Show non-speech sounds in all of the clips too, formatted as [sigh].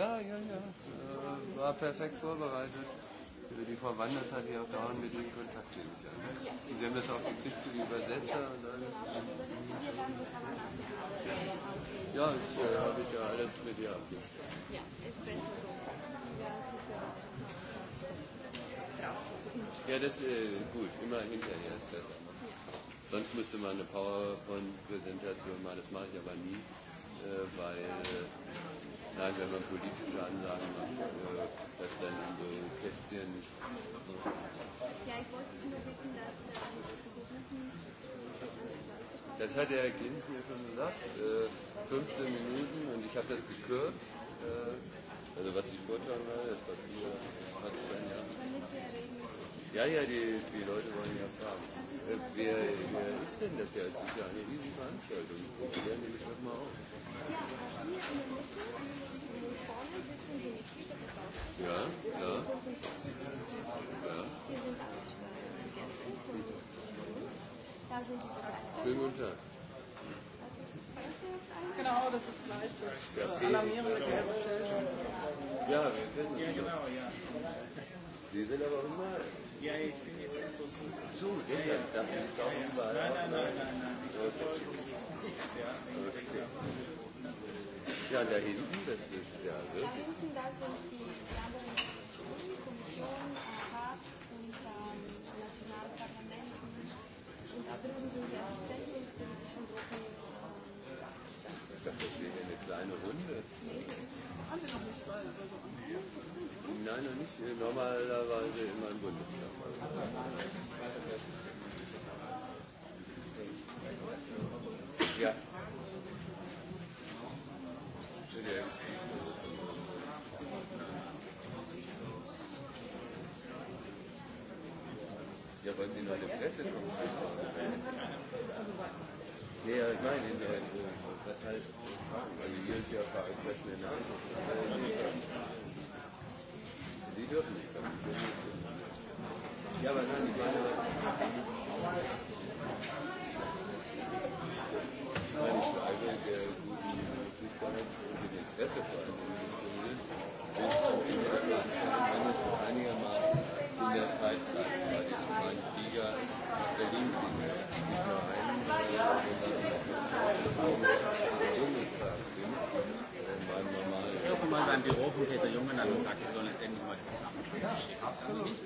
Ja, ja, ja. War perfekt vorbereitet. Die Frau Wanders hat ja auch dauernd mit Ihnen Kontakt Sie haben das auch gekriegt für die Übersetzer und alles. Ja, das habe ich ja alles mit ihr abgegeben. Ja, ist besser so. Ja, das äh, gut, immer hinterher ist besser. Sonst müsste man eine PowerPoint-Präsentation machen, das mache ich aber nie, äh, weil Nein, wenn man politische Ansagen macht, dass dann so Kästchen. Ja, ich wollte nur bitten, dass versuchen. Das hat der Herr Klins mir schon gesagt, 15 Minuten und ich habe das gekürzt. Also was ich vortragen werde, das Papier hat es dann ja. Ja, ja, die, die Leute wollen ja fragen. Wer, wer ist denn das ja? Es ist ja eine riesige Veranstaltung. Ich nämlich nochmal auf. Ja, ja. ja. Schönen guten Tag. Genau, das ist gleich das ja, alarmierende gelbe Schild. Ja, wir kennen Ja, genau, ja. Die sind aber Ja, ich bin jetzt Zu, Nein, nein, nein, nein, Ja, da hinten, das ist ja wirklich. Da hinten, da sind die anderen Institutionen, Kommission, Rat und nationale Parlamenten. Und da drüben sind die Assistenten und politischen Gruppen. Ich dachte, das wäre eine kleine Runde. Haben wir noch nicht Nein, noch nicht. Normalerweise immer im Bundestag. Ja. Ja, wollen sie nur eine Fresse kommt. ja, ich meine, in der Das heißt, weil hier ist ja Veranstaltung in der Sie dürfen nicht. kommen. Ja, aber nein, ich meine, Ich beim Büro von Peter Jungen dann gesagt, wir sollen jetzt endlich mal die Ja,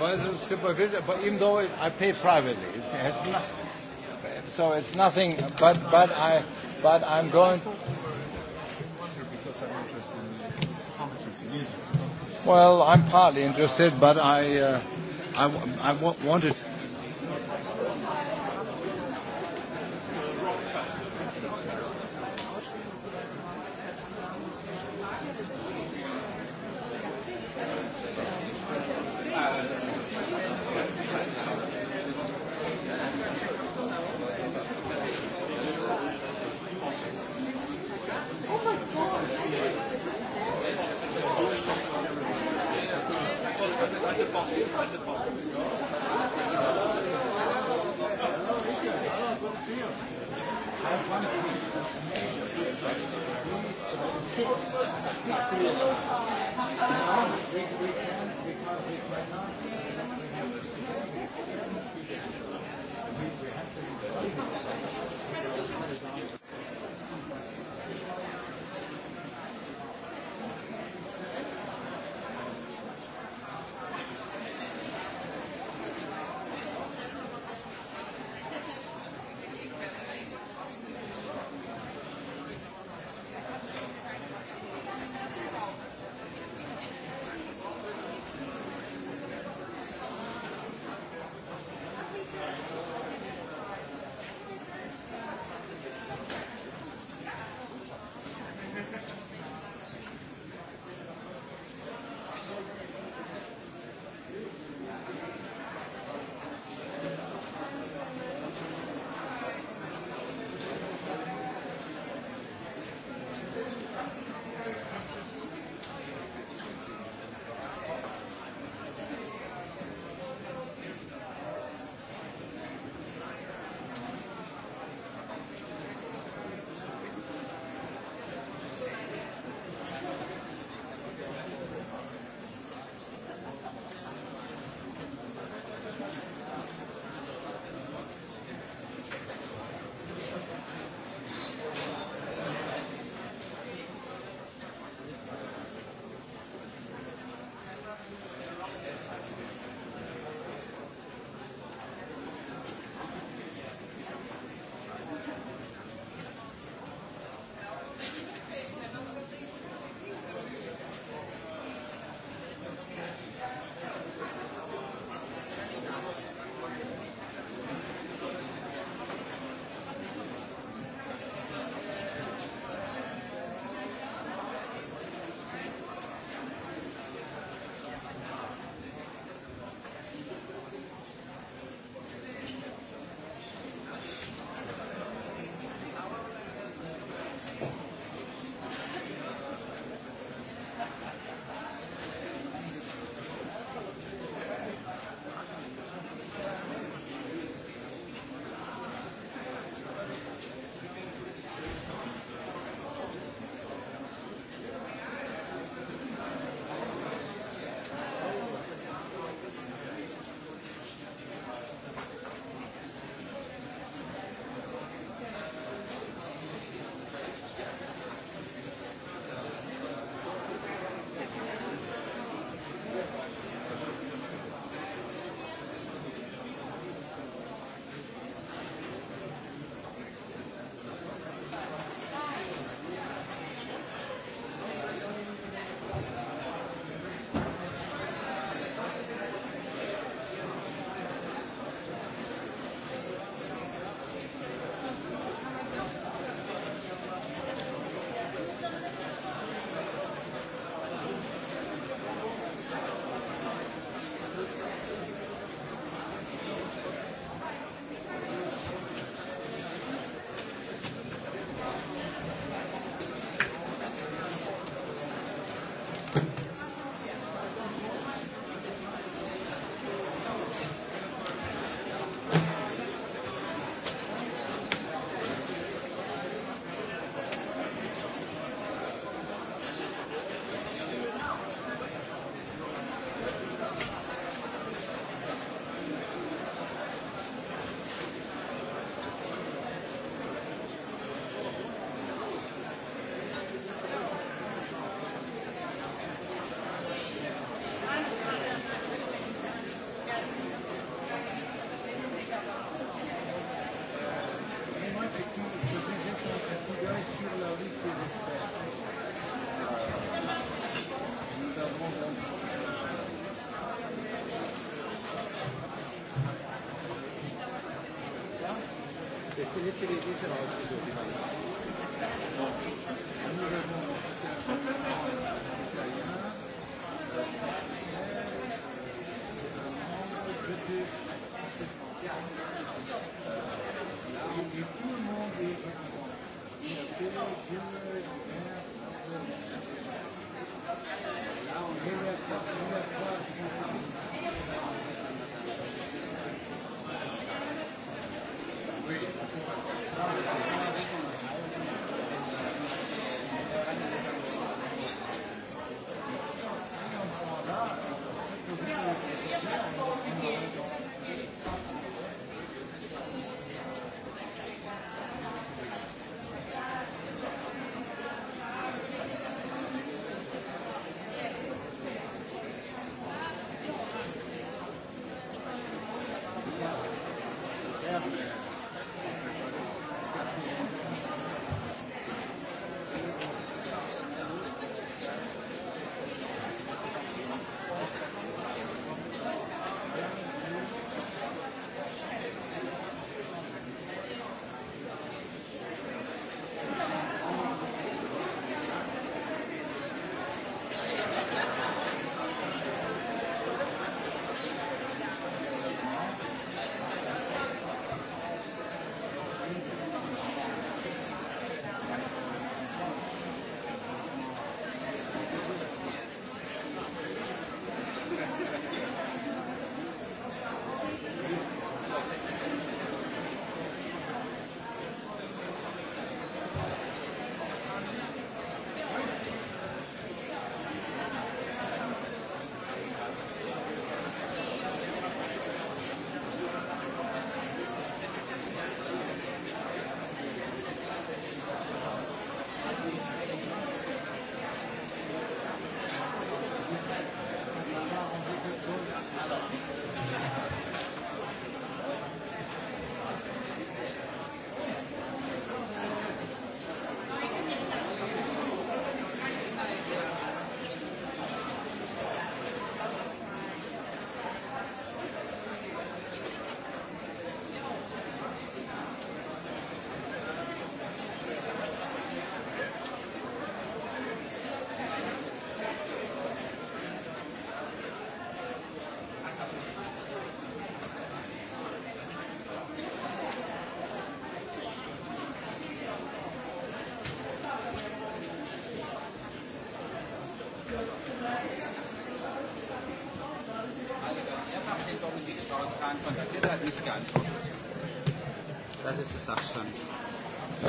supervisor, supervisor, but even though I pay privately, it's, so it's nothing. But but I but I'm going. Well, I'm partly interested, but I uh, I, I wanted.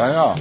Γεια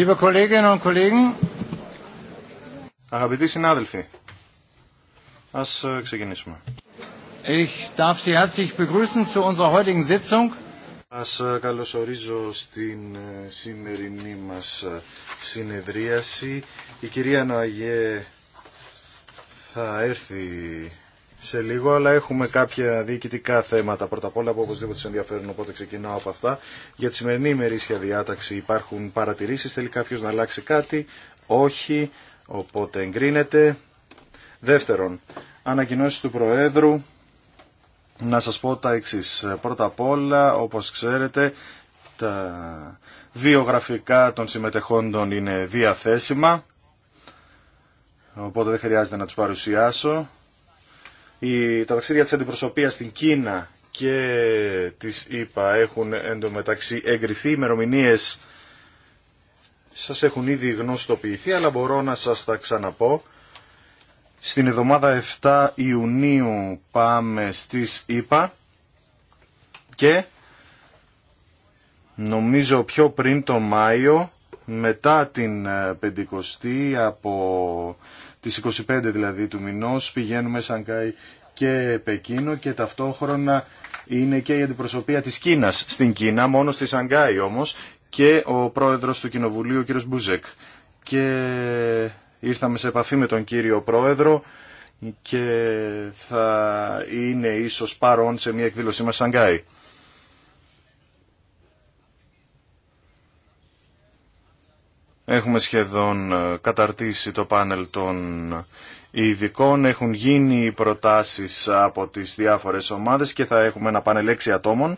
Liebe Kolleginnen und Kollegen. Αγαπητοί συνάδελφοι, ας ε, ξεκινήσουμε. Ich darf Sie herzlich begrüßen zu unserer heutigen Sitzung. Ας ε, καλωσορίζω στην ε, σημερινή μας συνεδρίαση. Η κυρία Νοαγέ θα έρθει σε λίγο, αλλά έχουμε κάποια διοικητικά θέματα πρώτα απ' όλα που οπωσδήποτε σε ενδιαφέρουν, οπότε ξεκινάω από αυτά. Για τη σημερινή ημερήσια διάταξη υπάρχουν παρατηρήσεις, θέλει κάποιο να αλλάξει κάτι, όχι, οπότε εγκρίνεται. Δεύτερον, ανακοινώσει του Προέδρου, να σας πω τα εξής. Πρώτα απ' όλα, όπως ξέρετε, τα βιογραφικά των συμμετεχόντων είναι διαθέσιμα, οπότε δεν χρειάζεται να τους παρουσιάσω η, τα ταξίδια της αντιπροσωπείας στην Κίνα και της ΕΠΑ έχουν εντωμεταξύ εγκριθεί ημερομηνίε. Σας έχουν ήδη γνωστοποιηθεί, αλλά μπορώ να σας τα ξαναπώ. Στην εβδομάδα 7 Ιουνίου πάμε στις ΕΠΑ και νομίζω πιο πριν το Μάιο μετά την Πεντηκοστή από τις 25 δηλαδή του μηνός, πηγαίνουμε Σανκάι και Πεκίνο και ταυτόχρονα είναι και η αντιπροσωπεία της Κίνας στην Κίνα, μόνο στη Σανγκάη όμως, και ο πρόεδρος του Κοινοβουλίου, ο κύριος Μπούζεκ. Και ήρθαμε σε επαφή με τον κύριο πρόεδρο και θα είναι ίσως παρόν σε μια εκδήλωσή μας Σανγκάη. Έχουμε σχεδόν ε, καταρτήσει το πάνελ των ειδικών. Έχουν γίνει οι προτάσεις από τις διάφορες ομάδες και θα έχουμε ένα πάνελ έξι ατόμων.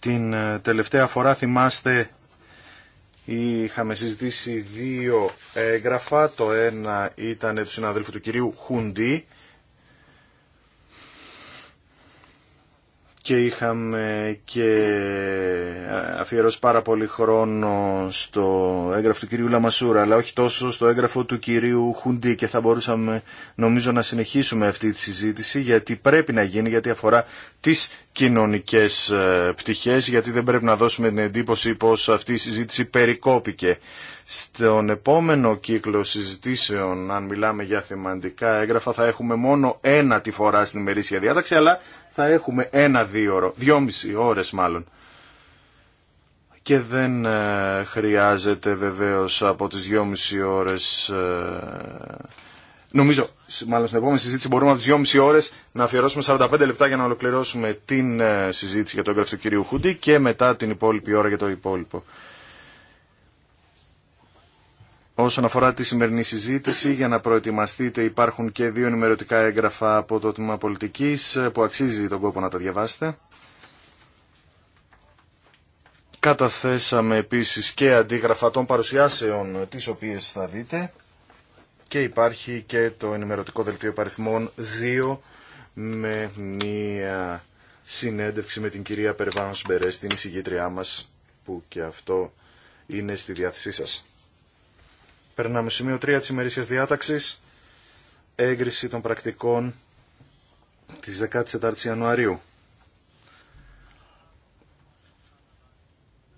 Την ε, τελευταία φορά θυμάστε είχαμε συζητήσει δύο έγγραφα. Το ένα ήταν του συναδέλφου του κυρίου Χουντή και είχαμε και αφιερώσει πάρα πολύ χρόνο στο έγγραφο του κυρίου Λαμασούρα αλλά όχι τόσο στο έγγραφο του κυρίου Χουντή και θα μπορούσαμε νομίζω να συνεχίσουμε αυτή τη συζήτηση γιατί πρέπει να γίνει γιατί αφορά τις κοινωνικές ε, πτυχές γιατί δεν πρέπει να δώσουμε την εντύπωση πως αυτή η συζήτηση περικόπηκε. Στον επόμενο κύκλο συζητήσεων, αν μιλάμε για θεμαντικά έγγραφα, θα έχουμε μόνο ένα τη φορά στην ημερήσια διάταξη, αλλά θα έχουμε ένα δύο ώρο, δυόμιση ώρες μάλλον. Και δεν ε, χρειάζεται βεβαίως από τις δυόμιση ώρες ε, Νομίζω, μάλλον στην επόμενη συζήτηση μπορούμε από τι 2,5 ώρε να αφιερώσουμε 45 λεπτά για να ολοκληρώσουμε την ε, συζήτηση για το έγγραφο του κυρίου Χούντι και μετά την υπόλοιπη ώρα για το υπόλοιπο. Όσον αφορά τη σημερινή συζήτηση, για να προετοιμαστείτε υπάρχουν και δύο ενημερωτικά έγγραφα από το Τμήμα πολιτική ε, που αξίζει τον κόπο να τα διαβάσετε. Καταθέσαμε επίσης και αντίγραφα των παρουσιάσεων τις οποίες θα δείτε και υπάρχει και το ενημερωτικό δελτίο παριθμών 2 με μία συνέντευξη με την κυρία Περβάνος Μπερές, την εισηγήτριά μας, που και αυτό είναι στη διάθεσή σας. Περνάμε σημείο 3 της ημερήσιας διάταξης, έγκριση των πρακτικών της 14 Ιανουαρίου.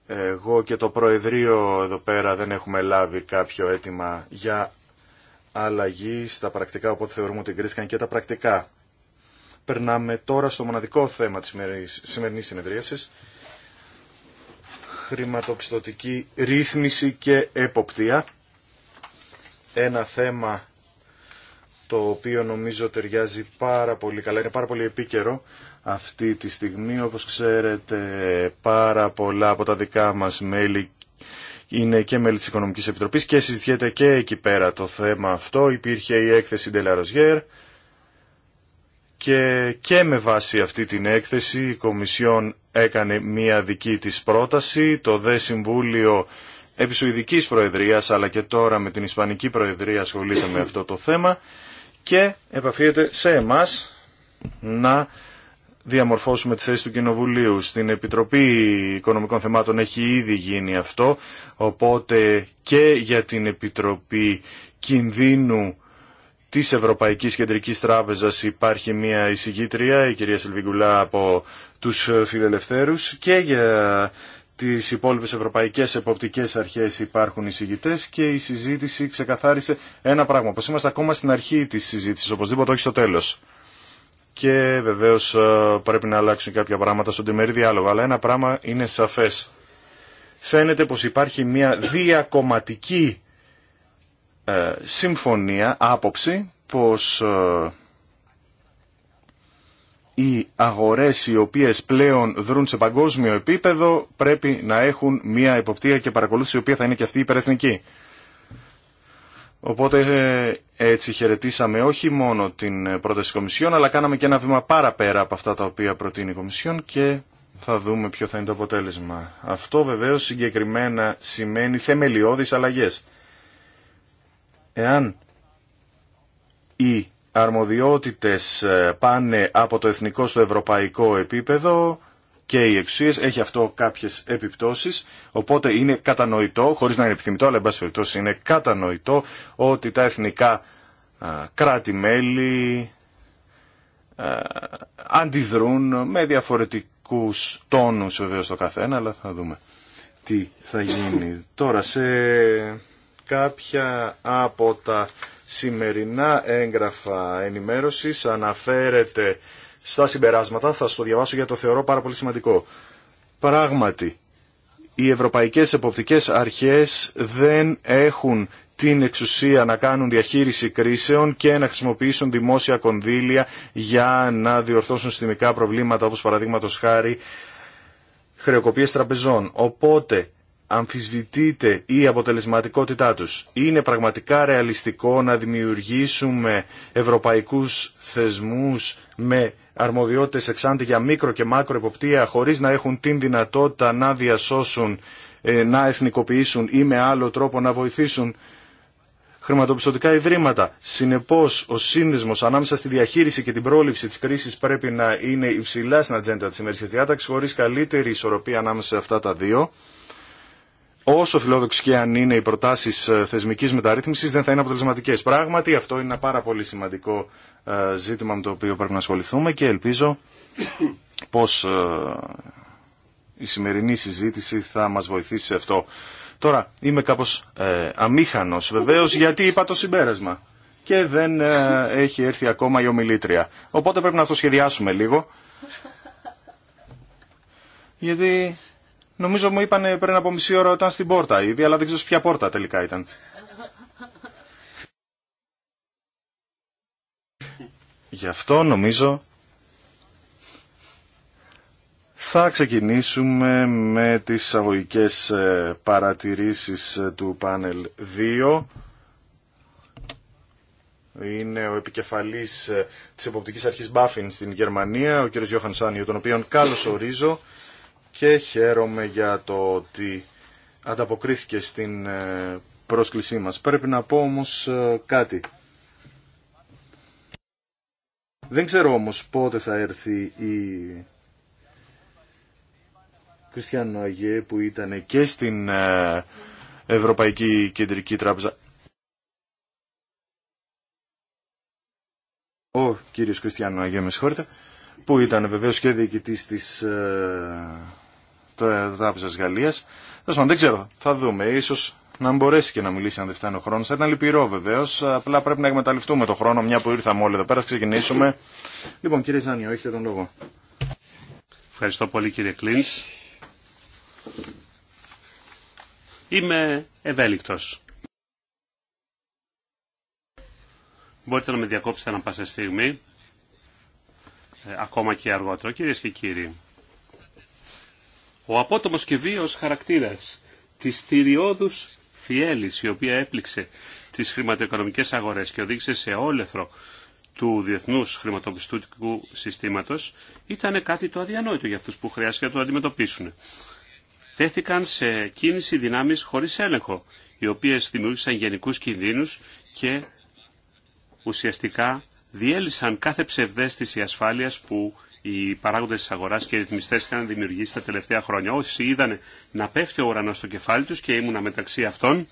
Εγώ και το Προεδρείο εδώ πέρα δεν έχουμε λάβει κάποιο αίτημα για αλλαγή στα πρακτικά, οπότε θεωρούμε ότι εγκρίθηκαν και τα πρακτικά. Περνάμε τώρα στο μοναδικό θέμα της σημερινής συνεδρίασης, χρηματοπιστωτική ρύθμιση και εποπτεία. Ένα θέμα το οποίο νομίζω ταιριάζει πάρα πολύ καλά, είναι πάρα πολύ επίκαιρο αυτή τη στιγμή. Όπως ξέρετε πάρα πολλά από τα δικά μας μέλη είναι και μέλη της Οικονομικής Επιτροπής και συζητιέται και εκεί πέρα το θέμα αυτό. Υπήρχε η έκθεση Ντελαροζιέρ και, και με βάση αυτή την έκθεση η Κομισιόν έκανε μία δική της πρόταση. Το ΔΕ Συμβούλιο επί Προεδρίας αλλά και τώρα με την Ισπανική Προεδρία ασχολείται αυτό το θέμα και επαφίεται σε εμάς να διαμορφώσουμε τη θέση του Κοινοβουλίου. Στην Επιτροπή Οικονομικών Θεμάτων έχει ήδη γίνει αυτό, οπότε και για την Επιτροπή Κινδύνου της Ευρωπαϊκής Κεντρικής Τράπεζας υπάρχει μια εισηγήτρια, η κυρία Σελβιγκουλά από τους φιλελευθέρους και για τις υπόλοιπες ευρωπαϊκές εποπτικές αρχές υπάρχουν εισηγητέ και η συζήτηση ξεκαθάρισε ένα πράγμα, πως είμαστε ακόμα στην αρχή της συζήτησης, οπωσδήποτε όχι στο τέλος και βεβαίως ε, πρέπει να αλλάξουν κάποια πράγματα στον τεμερή διάλογο. Αλλά ένα πράγμα είναι σαφές. Φαίνεται πως υπάρχει μια διακομματική ε, συμφωνία, άποψη, πως ε, οι αγορές οι οποίες πλέον δρούν σε παγκόσμιο επίπεδο πρέπει να έχουν μια εποπτεία και παρακολούθηση η οποία θα είναι και αυτή υπερεθνική. Οπότε ε, έτσι χαιρετήσαμε όχι μόνο την πρόταση Κομισιόν, αλλά κάναμε και ένα βήμα πάρα πέρα από αυτά τα οποία προτείνει η Κομισιόν και θα δούμε ποιο θα είναι το αποτέλεσμα. Αυτό βεβαίως συγκεκριμένα σημαίνει θεμελιώδεις αλλαγές. Εάν οι αρμοδιότητες ε, πάνε από το εθνικό στο ευρωπαϊκό επίπεδο, και οι εξουσίε. Έχει αυτό κάποιε επιπτώσει. Οπότε είναι κατανοητό, χωρί να είναι επιθυμητό, αλλά εν πάση περιπτώσει είναι κατανοητό ότι τα εθνικά κράτη-μέλη αντιδρούν με διαφορετικού τόνους βεβαίω το καθένα, αλλά θα δούμε τι θα γίνει. Τώρα σε κάποια από τα σημερινά έγγραφα ενημέρωσης αναφέρεται στα συμπεράσματα, θα στο διαβάσω γιατί το θεωρώ πάρα πολύ σημαντικό. Πράγματι, οι ευρωπαϊκές εποπτικές αρχές δεν έχουν την εξουσία να κάνουν διαχείριση κρίσεων και να χρησιμοποιήσουν δημόσια κονδύλια για να διορθώσουν συστημικά προβλήματα όπως παραδείγματο χάρη χρεοκοπίες τραπεζών. Οπότε αμφισβητείται η αποτελεσματικότητά τους. Είναι πραγματικά ρεαλιστικό να δημιουργήσουμε ευρωπαϊκούς θεσμούς με Αρμοδιότητε εξάντη για μικρο και μάκρο εποπτεία χωρίς να έχουν την δυνατότητα να διασώσουν, ε, να εθνικοποιήσουν ή με άλλο τρόπο να βοηθήσουν χρηματοπιστωτικά ιδρύματα. Συνεπώ ο σύνδεσμο ανάμεσα στη διαχείριση και την πρόληψη τη κρίση πρέπει να είναι υψηλά στην ατζέντα τη ημερήσια διάταξη, χωρί καλύτερη ισορροπία ανάμεσα σε αυτά τα δύο. Όσο φιλόδοξη και αν είναι οι προτάσει ε, θεσμική μεταρρύθμιση, δεν θα είναι αποτελεσματικέ. Πράγματι, αυτό είναι ένα πάρα πολύ σημαντικό ε, ζήτημα με το οποίο πρέπει να ασχοληθούμε και ελπίζω πως ε, η σημερινή συζήτηση θα μας βοηθήσει σε αυτό. Τώρα, είμαι κάπως ε, αμήχανος βεβαίως γιατί είπα το συμπέρασμα και δεν ε, έχει έρθει ακόμα η ομιλήτρια. Οπότε πρέπει να το σχεδιάσουμε λίγο. Γιατί νομίζω μου είπανε πριν από μισή ώρα όταν στην πόρτα ήδη, αλλά δεν ξέρω ποια πόρτα τελικά ήταν. Γι' αυτό νομίζω θα ξεκινήσουμε με τις αγωγικές ε, παρατηρήσεις ε, του πάνελ 2. Είναι ο επικεφαλής ε, της Εποπτικής Αρχής Μπάφιν στην Γερμανία, ο κ. Γιώχαν Σάνιο, τον οποίον καλώς ορίζω και χαίρομαι για το ότι ανταποκρίθηκε στην πρόσκλησή μας. Πρέπει να πω όμως κάτι. Δεν ξέρω όμως πότε θα έρθει η Κριστιανό Αγέ που ήταν και στην ε, Ευρωπαϊκή Κεντρική Τράπεζα. Ο κύριος Κριστιανό Αγέ, με συγχωρείτε, που ήταν βεβαίως και διοικητής της ε, Τράπεζας Γαλλίας. Δεν ξέρω, θα δούμε. Ίσως να μπορέσει και να μιλήσει αν δεν φτάνει ο χρόνο. Θα ήταν λυπηρό βεβαίω. Απλά πρέπει να εκμεταλλευτούμε το χρόνο, μια που ήρθαμε όλοι εδώ πέρα, ξεκινήσουμε. Λοιπόν, κύριε Ζάνιο, έχετε τον λόγο. Ευχαριστώ πολύ, κύριε Κλίν. Είμαι ευέλικτο. Μπορείτε να με διακόψετε να πάσα στιγμή, ε, ακόμα και αργότερο. Κυρίες και κύριοι, ο απότομος και βίαιος χαρακτήρας της θηριώδους διέλυση η οποία έπληξε τις χρηματοοικονομικές αγορές και οδήγησε σε όλεθρο του διεθνούς χρηματοπιστωτικού συστήματος, ήταν κάτι το αδιανόητο για αυτούς που χρειάστηκε να το αντιμετωπίσουν. Τέθηκαν σε κίνηση δυνάμεις χωρίς έλεγχο, οι οποίες δημιούργησαν γενικούς κινδύνους και ουσιαστικά διέλυσαν κάθε ψευδέστηση ασφάλειας που οι παράγοντε τη αγοράς και οι ρυθμιστέ είχαν δημιουργήσει τα τελευταία χρόνια. Όσοι είδαν να πέφτει ο ουρανό στο κεφάλι τους και ήμουνα μεταξύ αυτών.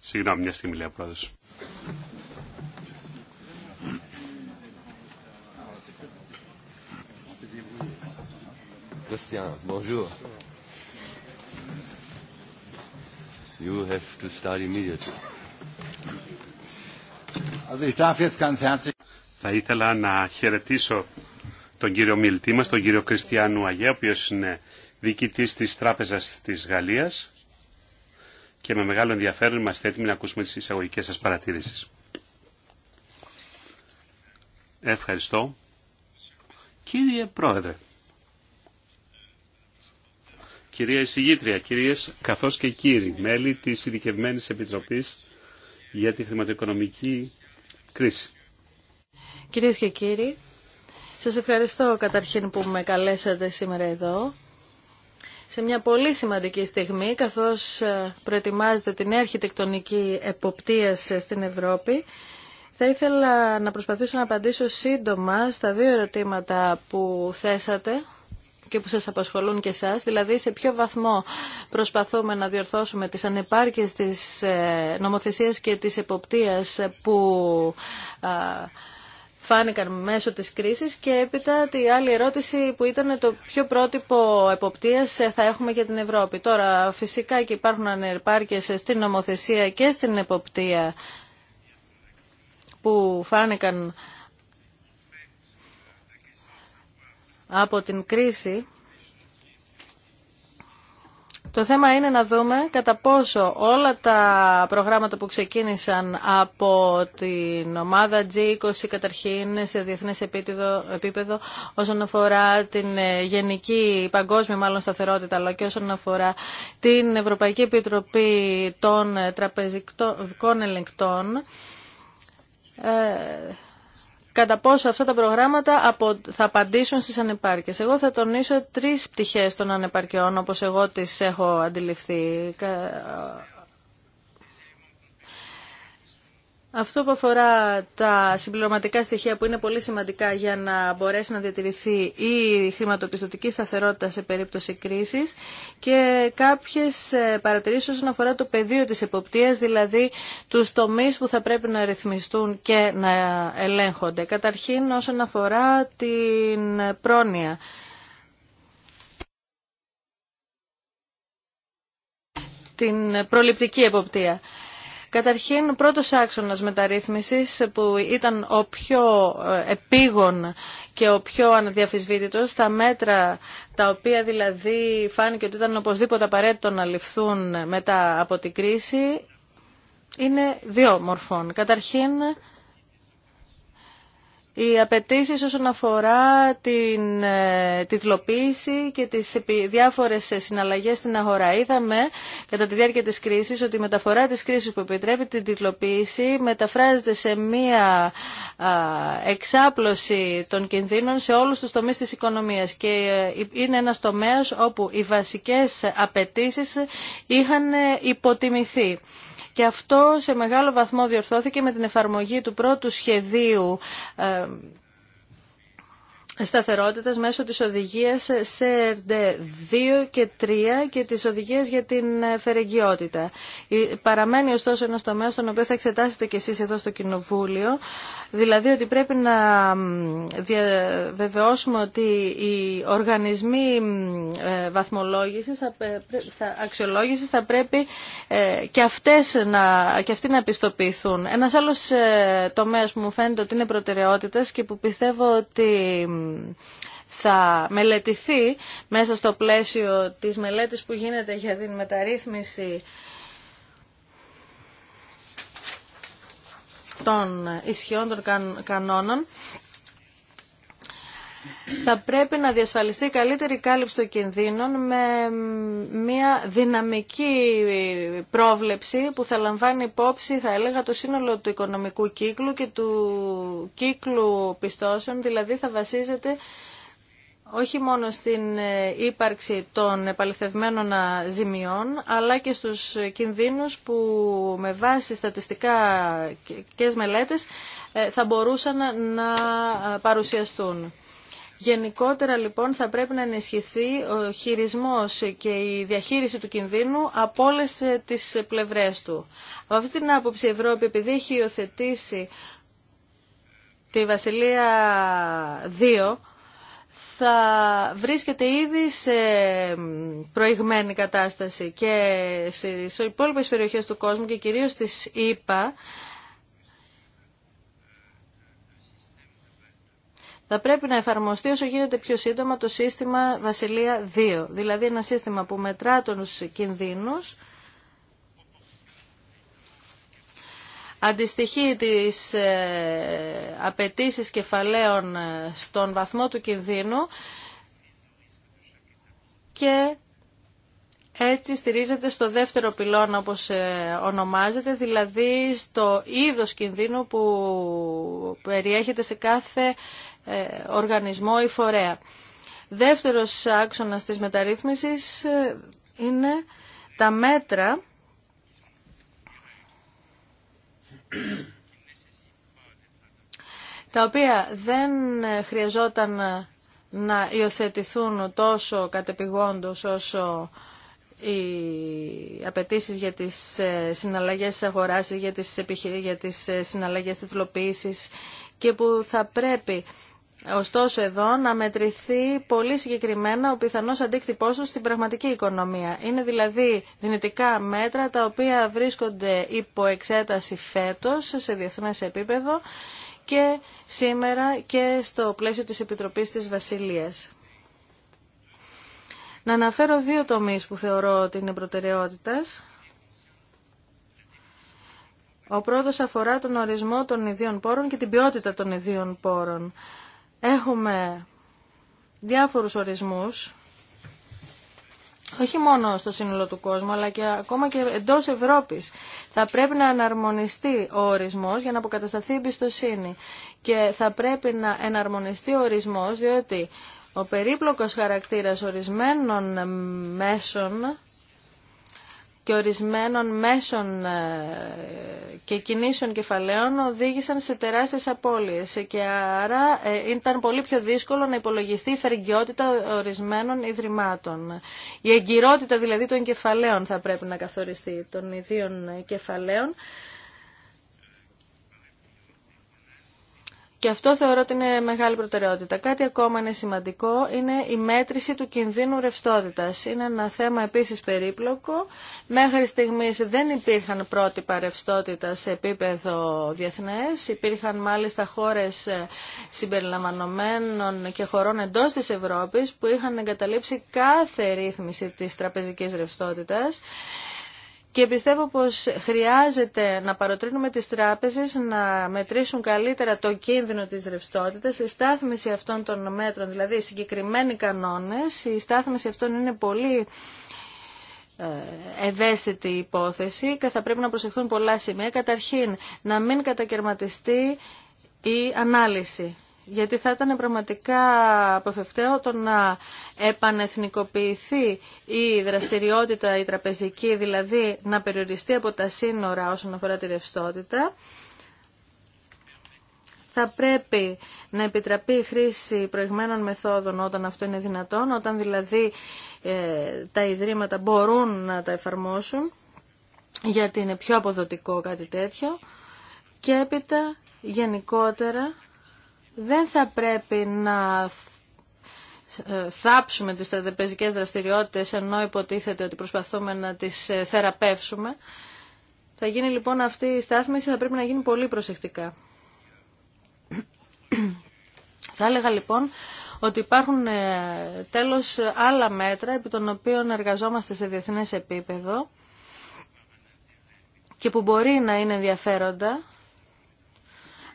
Συγγνώμη, μια στιγμή λέει ο πρόεδρο. bonjour. You have to start immediately. Θα ήθελα να χαιρετήσω τον κύριο μιλτή μας, τον κύριο Κριστιανού Αγέ, ο οποίος είναι διοικητής της Τράπεζας της Γαλλίας και με μεγάλο ενδιαφέρον είμαστε έτοιμοι να ακούσουμε τις εισαγωγικές σας παρατηρήσεις. Ευχαριστώ. Κύριε Πρόεδρε, κυρία Εισηγήτρια, κυρίες καθώς και κύριοι, μέλη της ειδικευμένη Επιτροπής για τη Χρηματοοικονομική κρίση. Κυρίες και κύριοι, σας ευχαριστώ καταρχήν που με καλέσατε σήμερα εδώ σε μια πολύ σημαντική στιγμή καθώς ε, προετοιμάζεται την αρχιτεκτονική εποπτεία στην Ευρώπη. Θα ήθελα να προσπαθήσω να απαντήσω σύντομα στα δύο ερωτήματα που θέσατε και που σας απασχολούν και εσάς, δηλαδή σε ποιο βαθμό προσπαθούμε να διορθώσουμε τις ανεπάρκειες της ε, νομοθεσίας και της εποπτείας που φάνηκαν μέσω της κρίσης και έπειτα τη άλλη ερώτηση που ήταν το πιο πρότυπο εποπτείας ε, θα έχουμε για την Ευρώπη. Τώρα φυσικά και υπάρχουν ανεπάρκειες στην νομοθεσία και στην εποπτεία που φάνηκαν από την κρίση, το θέμα είναι να δούμε κατά πόσο όλα τα προγράμματα που ξεκίνησαν από την ομάδα G20 καταρχήν σε διεθνές επίπεδο, επίπεδο όσον αφορά την ε, γενική παγκόσμια μάλλον σταθερότητα αλλά και όσον αφορά την Ευρωπαϊκή Επιτροπή των Τραπεζικών Ελεγκτών ε, κατά πόσο αυτά τα προγράμματα θα απαντήσουν στις ανεπάρκειες. Εγώ θα τονίσω τρεις πτυχές των ανεπαρκειών, όπως εγώ τις έχω αντιληφθεί. Αυτό που αφορά τα συμπληρωματικά στοιχεία που είναι πολύ σημαντικά για να μπορέσει να διατηρηθεί η χρηματοπιστωτική σταθερότητα σε περίπτωση κρίσης και κάποιες ε, παρατηρήσεις όσον αφορά το πεδίο της εποπτείας, δηλαδή τους τομείς που θα πρέπει να ρυθμιστούν και να ελέγχονται. Καταρχήν όσον αφορά την πρόνοια. Την προληπτική εποπτεία. Καταρχήν, πρώτος άξονας μεταρρύθμισης που ήταν ο πιο ε, επίγον και ο πιο αναδιαφυσβήτητος, τα μέτρα τα οποία δηλαδή φάνηκε ότι ήταν οπωσδήποτε απαραίτητο να ληφθούν μετά από την κρίση, είναι δύο μορφών. Καταρχήν, οι απαιτήσει όσον αφορά την ε, και τις διάφορε διάφορες συναλλαγές στην αγορά. Είδαμε κατά τη διάρκεια της κρίσης ότι η μεταφορά της κρίσης που επιτρέπει την τιτλοποίηση μεταφράζεται σε μία εξάπλωση των κινδύνων σε όλους τους τομείς της οικονομίας και ε, είναι ένας τομέας όπου οι βασικές απαιτήσει είχαν ε, υποτιμηθεί. Και αυτό σε μεγάλο βαθμό διορθώθηκε με την εφαρμογή του πρώτου σχεδίου ε, σταθερότητας μέσω της οδηγίας ΣΕΡΤΕ 2 και 3 και της οδηγίας για την φερεγγιότητα. Παραμένει ωστόσο ένας τομέας στον οποίο θα εξετάσετε και εσείς εδώ στο Κοινοβούλιο Δηλαδή ότι πρέπει να διαβεβαιώσουμε ότι οι οργανισμοί ε, βαθμολόγησης, αξιολόγησης θα πρέπει ε, και, αυτές να, και αυτοί να επιστοποιηθούν. Ένας άλλος ε, τομέας που μου φαίνεται ότι είναι προτεραιότητας και που πιστεύω ότι θα μελετηθεί μέσα στο πλαίσιο της μελέτης που γίνεται για την μεταρρύθμιση των ισχυών των κανόνων θα πρέπει να διασφαλιστεί καλύτερη κάλυψη των κινδύνων με μια δυναμική πρόβλεψη που θα λαμβάνει υπόψη, θα έλεγα, το σύνολο του οικονομικού κύκλου και του κύκλου πιστώσεων, δηλαδή θα βασίζεται όχι μόνο στην ε, ύπαρξη των επαληθευμένων ε, ζημιών, αλλά και στους κινδύνους που με βάση στατιστικά και μελέτες ε, θα μπορούσαν να παρουσιαστούν. Γενικότερα λοιπόν θα πρέπει να ενισχυθεί ο χειρισμός και η διαχείριση του κινδύνου από όλε τις πλευρές του. Από αυτή την άποψη η Ευρώπη επειδή έχει υιοθετήσει τη Βασιλεία 2 θα βρίσκεται ήδη σε προηγμένη κατάσταση και σε υπόλοιπες περιοχές του κόσμου και κυρίως στις ΗΠΑ θα πρέπει να εφαρμοστεί όσο γίνεται πιο σύντομα το σύστημα Βασιλεία 2, δηλαδή ένα σύστημα που μετρά τους κινδύνους αντιστοιχεί τις ε, απαιτήσεις κεφαλαίων ε, στον βαθμό του κινδύνου και έτσι στηρίζεται στο δεύτερο πυλώνα όπως ε, ονομάζεται, δηλαδή στο είδος κινδύνου που περιέχεται σε κάθε οργανισμό ή φορέα. Δεύτερος άξονας της μεταρρύθμισης είναι τα μέτρα τα οποία δεν χρειαζόταν να υιοθετηθούν τόσο κατεπηγόντως όσο οι απαιτήσει για τις ε, συναλλαγές της αγοράς, για τις, επιχει... για τις ε, συναλλαγές και που θα πρέπει Ωστόσο εδώ να μετρηθεί πολύ συγκεκριμένα ο πιθανός αντίκτυπός του στην πραγματική οικονομία. Είναι δηλαδή δυνητικά μέτρα τα οποία βρίσκονται υπό εξέταση φέτος σε διεθνές επίπεδο και σήμερα και στο πλαίσιο της Επιτροπής της Βασιλείας. Να αναφέρω δύο τομείς που θεωρώ ότι είναι προτεραιότητας. Ο πρώτος αφορά τον ορισμό των ιδίων πόρων και την ποιότητα των ιδίων πόρων. Έχουμε διάφορους ορισμούς, όχι μόνο στο σύνολο του κόσμου, αλλά και ακόμα και εντός Ευρώπης. Θα πρέπει να εναρμονιστεί ο ορισμός για να αποκατασταθεί η εμπιστοσύνη. Και θα πρέπει να εναρμονιστεί ο ορισμός, διότι ο περίπλοκος χαρακτήρας ορισμένων μέσων και ορισμένων μέσων ε, και κινήσεων κεφαλαίων οδήγησαν σε τεράστιες απώλειες και άρα ε, ήταν πολύ πιο δύσκολο να υπολογιστεί η φεργιότητα ορισμένων ιδρυμάτων. Η εγκυρότητα δηλαδή των κεφαλαίων θα πρέπει να καθοριστεί, των ιδίων κεφαλαίων Και αυτό θεωρώ ότι είναι μεγάλη προτεραιότητα. Κάτι ακόμα είναι σημαντικό, είναι η μέτρηση του κινδύνου ρευστότητα. Είναι ένα θέμα επίση περίπλοκο. Μέχρι στιγμή δεν υπήρχαν πρότυπα ρευστότητα σε επίπεδο διεθνέ. Υπήρχαν μάλιστα χώρε ε, συμπεριλαμβανομένων και χωρών εντό τη Ευρώπη που είχαν εγκαταλείψει κάθε ρύθμιση τη τραπεζική ρευστότητα και πιστεύω πως χρειάζεται να παροτρύνουμε τις τράπεζες να μετρήσουν καλύτερα το κίνδυνο της ρευστότητα, η στάθμιση αυτών των μέτρων, δηλαδή συγκεκριμένοι κανόνες, η στάθμιση αυτών είναι πολύ ε, ευαίσθητη υπόθεση και θα πρέπει να προσεχθούν πολλά σημεία. Καταρχήν, να μην κατακαιρματιστεί η ανάλυση γιατί θα ήταν πραγματικά αποφευκταίο το να επανεθνικοποιηθεί η δραστηριότητα η τραπεζική, δηλαδή να περιοριστεί από τα σύνορα όσον αφορά τη ρευστότητα. Θα πρέπει να επιτραπεί η χρήση προηγμένων μεθόδων όταν αυτό είναι δυνατόν, όταν δηλαδή ε, τα ιδρύματα μπορούν να τα εφαρμόσουν, γιατί είναι πιο αποδοτικό κάτι τέτοιο. Και έπειτα γενικότερα δεν θα πρέπει να θάψουμε τις τραπεζικές δραστηριότητες ενώ υποτίθεται ότι προσπαθούμε να τις ε, θεραπεύσουμε. Θα γίνει λοιπόν αυτή η στάθμιση, θα πρέπει να γίνει πολύ προσεκτικά. θα έλεγα λοιπόν ότι υπάρχουν ε, τέλος άλλα μέτρα επί των οποίων εργαζόμαστε σε διεθνές επίπεδο και που μπορεί να είναι ενδιαφέροντα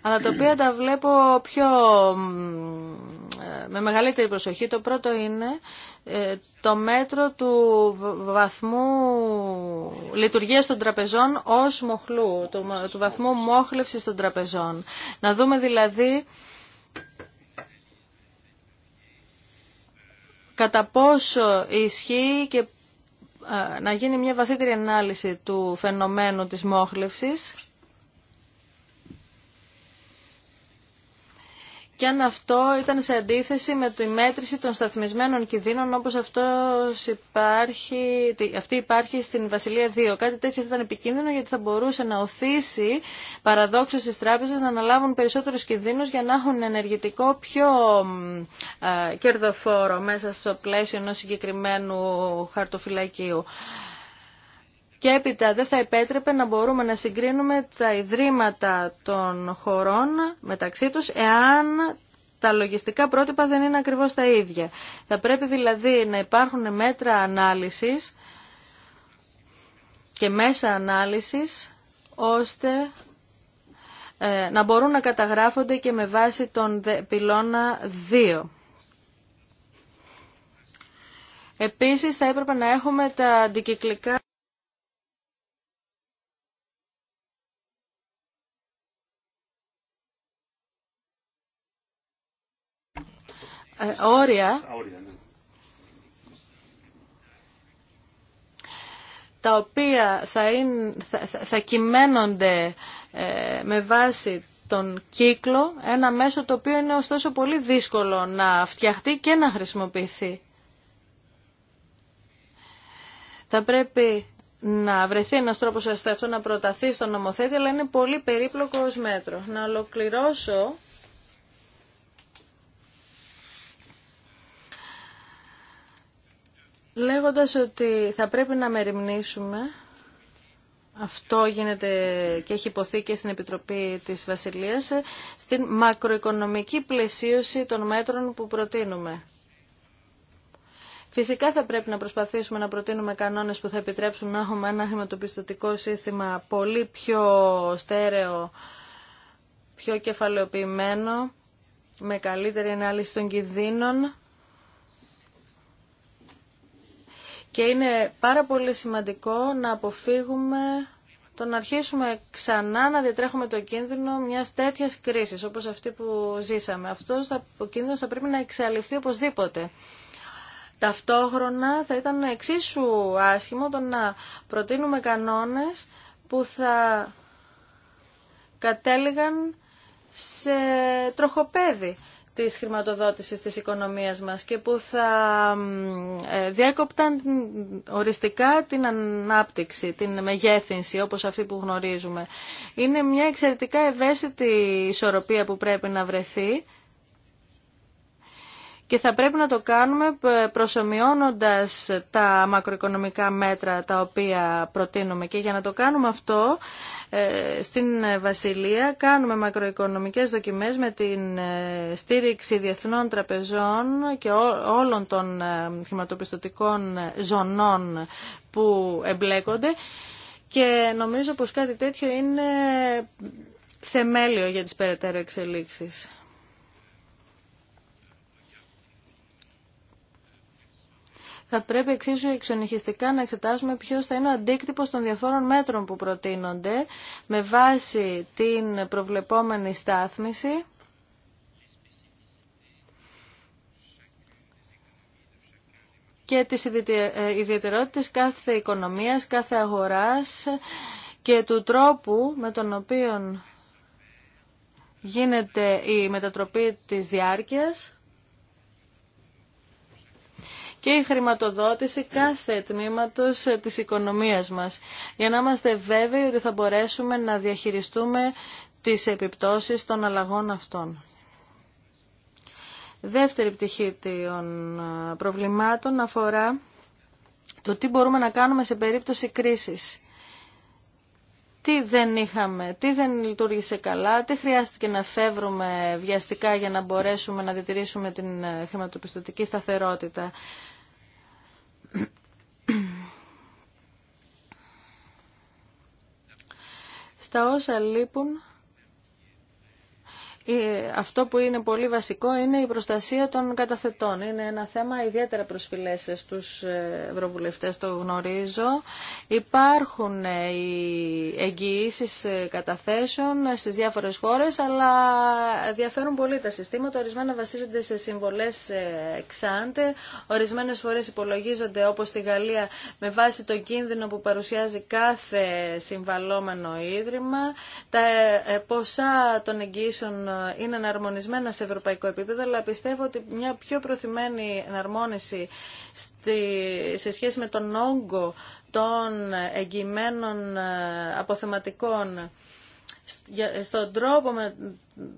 αλλά τα οποία τα βλέπω πιο ε, με μεγαλύτερη προσοχή. Το πρώτο είναι ε, το μέτρο του βαθμού λειτουργίας των τραπεζών ως μοχλού, του βαθμού μόχλευσης των τραπεζών. Να δούμε δηλαδή κατά πόσο ισχύει και ε, να γίνει μια βαθύτερη ανάλυση του φαινομένου της μόχλευσης και αν αυτό ήταν σε αντίθεση με τη μέτρηση των σταθμισμένων κινδύνων όπως αυτός υπάρχει, αυτή υπάρχει στην Βασιλεία 2. Κάτι τέτοιο θα ήταν επικίνδυνο γιατί θα μπορούσε να οθήσει παραδόξως στις τράπεζες να αναλάβουν περισσότερους κινδύνους για να έχουν ενεργητικό πιο κερδοφόρο μέσα στο πλαίσιο ενός συγκεκριμένου χαρτοφυλακίου και έπειτα δεν θα επέτρεπε να μπορούμε να συγκρίνουμε τα ιδρύματα των χωρών μεταξύ τους εάν τα λογιστικά πρότυπα δεν είναι ακριβώς τα ίδια. Θα πρέπει δηλαδή να υπάρχουν μέτρα ανάλυσης και μέσα ανάλυσης ώστε ε, να μπορούν να καταγράφονται και με βάση τον πυλώνα 2. Επίσης θα έπρεπε να έχουμε τα αντικυκλικά Ε, όρια ναι. τα οποία θα, είναι, θα, ε, με βάση τον κύκλο, ένα μέσο το οποίο είναι ωστόσο πολύ δύσκολο να φτιαχτεί και να χρησιμοποιηθεί. Θα πρέπει να βρεθεί ένας τρόπος ώστε αυτό να προταθεί στον νομοθέτη, αλλά είναι πολύ περίπλοκο ως μέτρο. Να ολοκληρώσω λέγοντας ότι θα πρέπει να μεριμνήσουμε αυτό γίνεται και έχει υποθεί και στην Επιτροπή της Βασιλείας στην μακροοικονομική πλαισίωση των μέτρων που προτείνουμε. Φυσικά θα πρέπει να προσπαθήσουμε να προτείνουμε κανόνες που θα επιτρέψουν να έχουμε ένα χρηματοπιστωτικό σύστημα πολύ πιο στέρεο, πιο κεφαλαιοποιημένο, με καλύτερη ανάλυση των κινδύνων Και είναι πάρα πολύ σημαντικό να αποφύγουμε το να αρχίσουμε ξανά να διατρέχουμε το κίνδυνο μια τέτοια κρίση όπω αυτή που ζήσαμε. Αυτό ο κίνδυνο θα πρέπει να εξαλειφθεί οπωσδήποτε. Ταυτόχρονα θα ήταν εξίσου άσχημο το να προτείνουμε κανόνες που θα κατέληγαν σε τροχοπέδι της χρηματοδότησης της οικονομίας μας και που θα ε, διέκοπταν οριστικά την ανάπτυξη, την μεγέθυνση όπως αυτή που γνωρίζουμε. Είναι μια εξαιρετικά ευαίσθητη ισορροπία που πρέπει να βρεθεί και θα πρέπει να το κάνουμε ε, προσωμιώνοντας τα μακροοικονομικά μέτρα τα οποία προτείνουμε. Και για να το κάνουμε αυτό, ε, στην Βασιλεία κάνουμε μακροοικονομικές δοκιμές με την ε, στήριξη διεθνών τραπεζών και όλων των χρηματοπιστωτικών ζωνών που εμπλέκονται και νομίζω πως κάτι τέτοιο είναι θεμέλιο για τις περαιτέρω εξελίξεις. θα πρέπει εξίσου εξονυχιστικά να εξετάσουμε ποιο θα είναι ο αντίκτυπο των διαφόρων μέτρων που προτείνονται με βάση την προβλεπόμενη στάθμιση. και τις ε, ιδιαιτερότητες κάθε οικονομίας, κάθε αγοράς και του τρόπου με τον οποίο γίνεται η μετατροπή της διάρκειας και η χρηματοδότηση κάθε τμήματος ε, της οικονομίας μας, για να είμαστε βέβαιοι ότι θα μπορέσουμε να διαχειριστούμε τις επιπτώσεις των αλλαγών αυτών. Δεύτερη πτυχή των ε, προβλημάτων αφορά το τι μπορούμε να κάνουμε σε περίπτωση κρίσης τι δεν είχαμε, τι δεν λειτουργήσε καλά, τι χρειάστηκε να φεύγουμε βιαστικά για να μπορέσουμε να διατηρήσουμε την ε, χρηματοπιστωτική σταθερότητα. Στα όσα λείπουν, αυτό που είναι πολύ βασικό είναι η προστασία των καταθετών. Είναι ένα θέμα ιδιαίτερα προσφυλές στους ε, ευρωβουλευτές, το γνωρίζω. Υπάρχουν ε, οι εγγυήσεις ε, καταθέσεων στις διάφορες χώρες, αλλά διαφέρουν πολύ τα συστήματα. Ορισμένα βασίζονται σε συμβολές εξάντε, ορισμένες φορές υπολογίζονται όπως στη Γαλλία με βάση το κίνδυνο που παρουσιάζει κάθε συμβαλόμενο ίδρυμα. Τα ποσά των εγγυήσεων είναι εναρμονισμένα σε ευρωπαϊκό επίπεδο, αλλά πιστεύω ότι μια πιο προθυμένη εναρμόνιση στη, σε σχέση με τον όγκο των εγγυημένων ε, αποθεματικών στον τρόπο με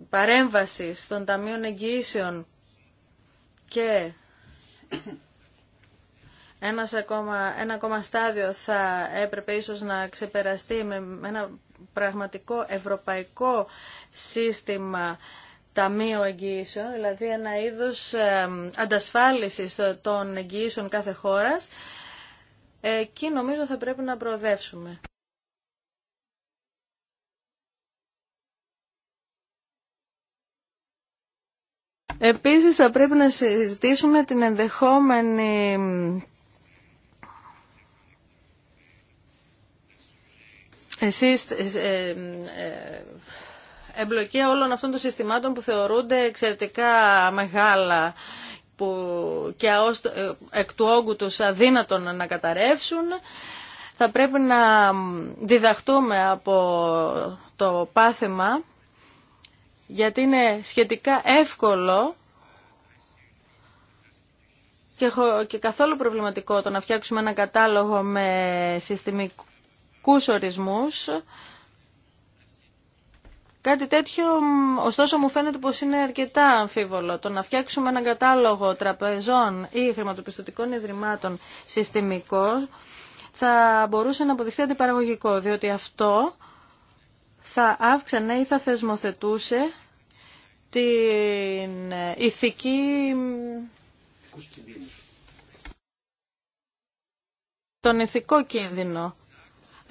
παρέμβασης των ταμείων εγγυήσεων και ένας ακόμα, ένα ακόμα στάδιο θα έπρεπε ίσως να ξεπεραστεί με ένα πραγματικό ευρωπαϊκό σύστημα ταμείο εγγυήσεων, δηλαδή ένα είδος ε, αντασφάλισης των εγγυήσεων κάθε χώρας, εκεί νομίζω θα πρέπει να προοδεύσουμε. Επίσης θα πρέπει να συζητήσουμε την ενδεχόμενη εσείς ε, ε, ε, εμπλοκή όλων αυτών των συστημάτων που θεωρούνται εξαιρετικά μεγάλα που και ε, εκ του όγκου τους αδύνατον να καταρρεύσουν. Θα πρέπει να διδαχτούμε από το πάθημα γιατί είναι σχετικά εύκολο και καθόλου προβληματικό το να φτιάξουμε ένα κατάλογο με συστημικό ορισμούς. Κάτι τέτοιο, ωστόσο μου φαίνεται πως είναι αρκετά αμφίβολο. Το να φτιάξουμε έναν κατάλογο τραπεζών ή χρηματοπιστωτικών ιδρυμάτων συστημικό θα μπορούσε να αποδειχθεί αντιπαραγωγικό, διότι αυτό θα αύξανε ή θα θεσμοθετούσε την ηθική τον ηθικό κίνδυνο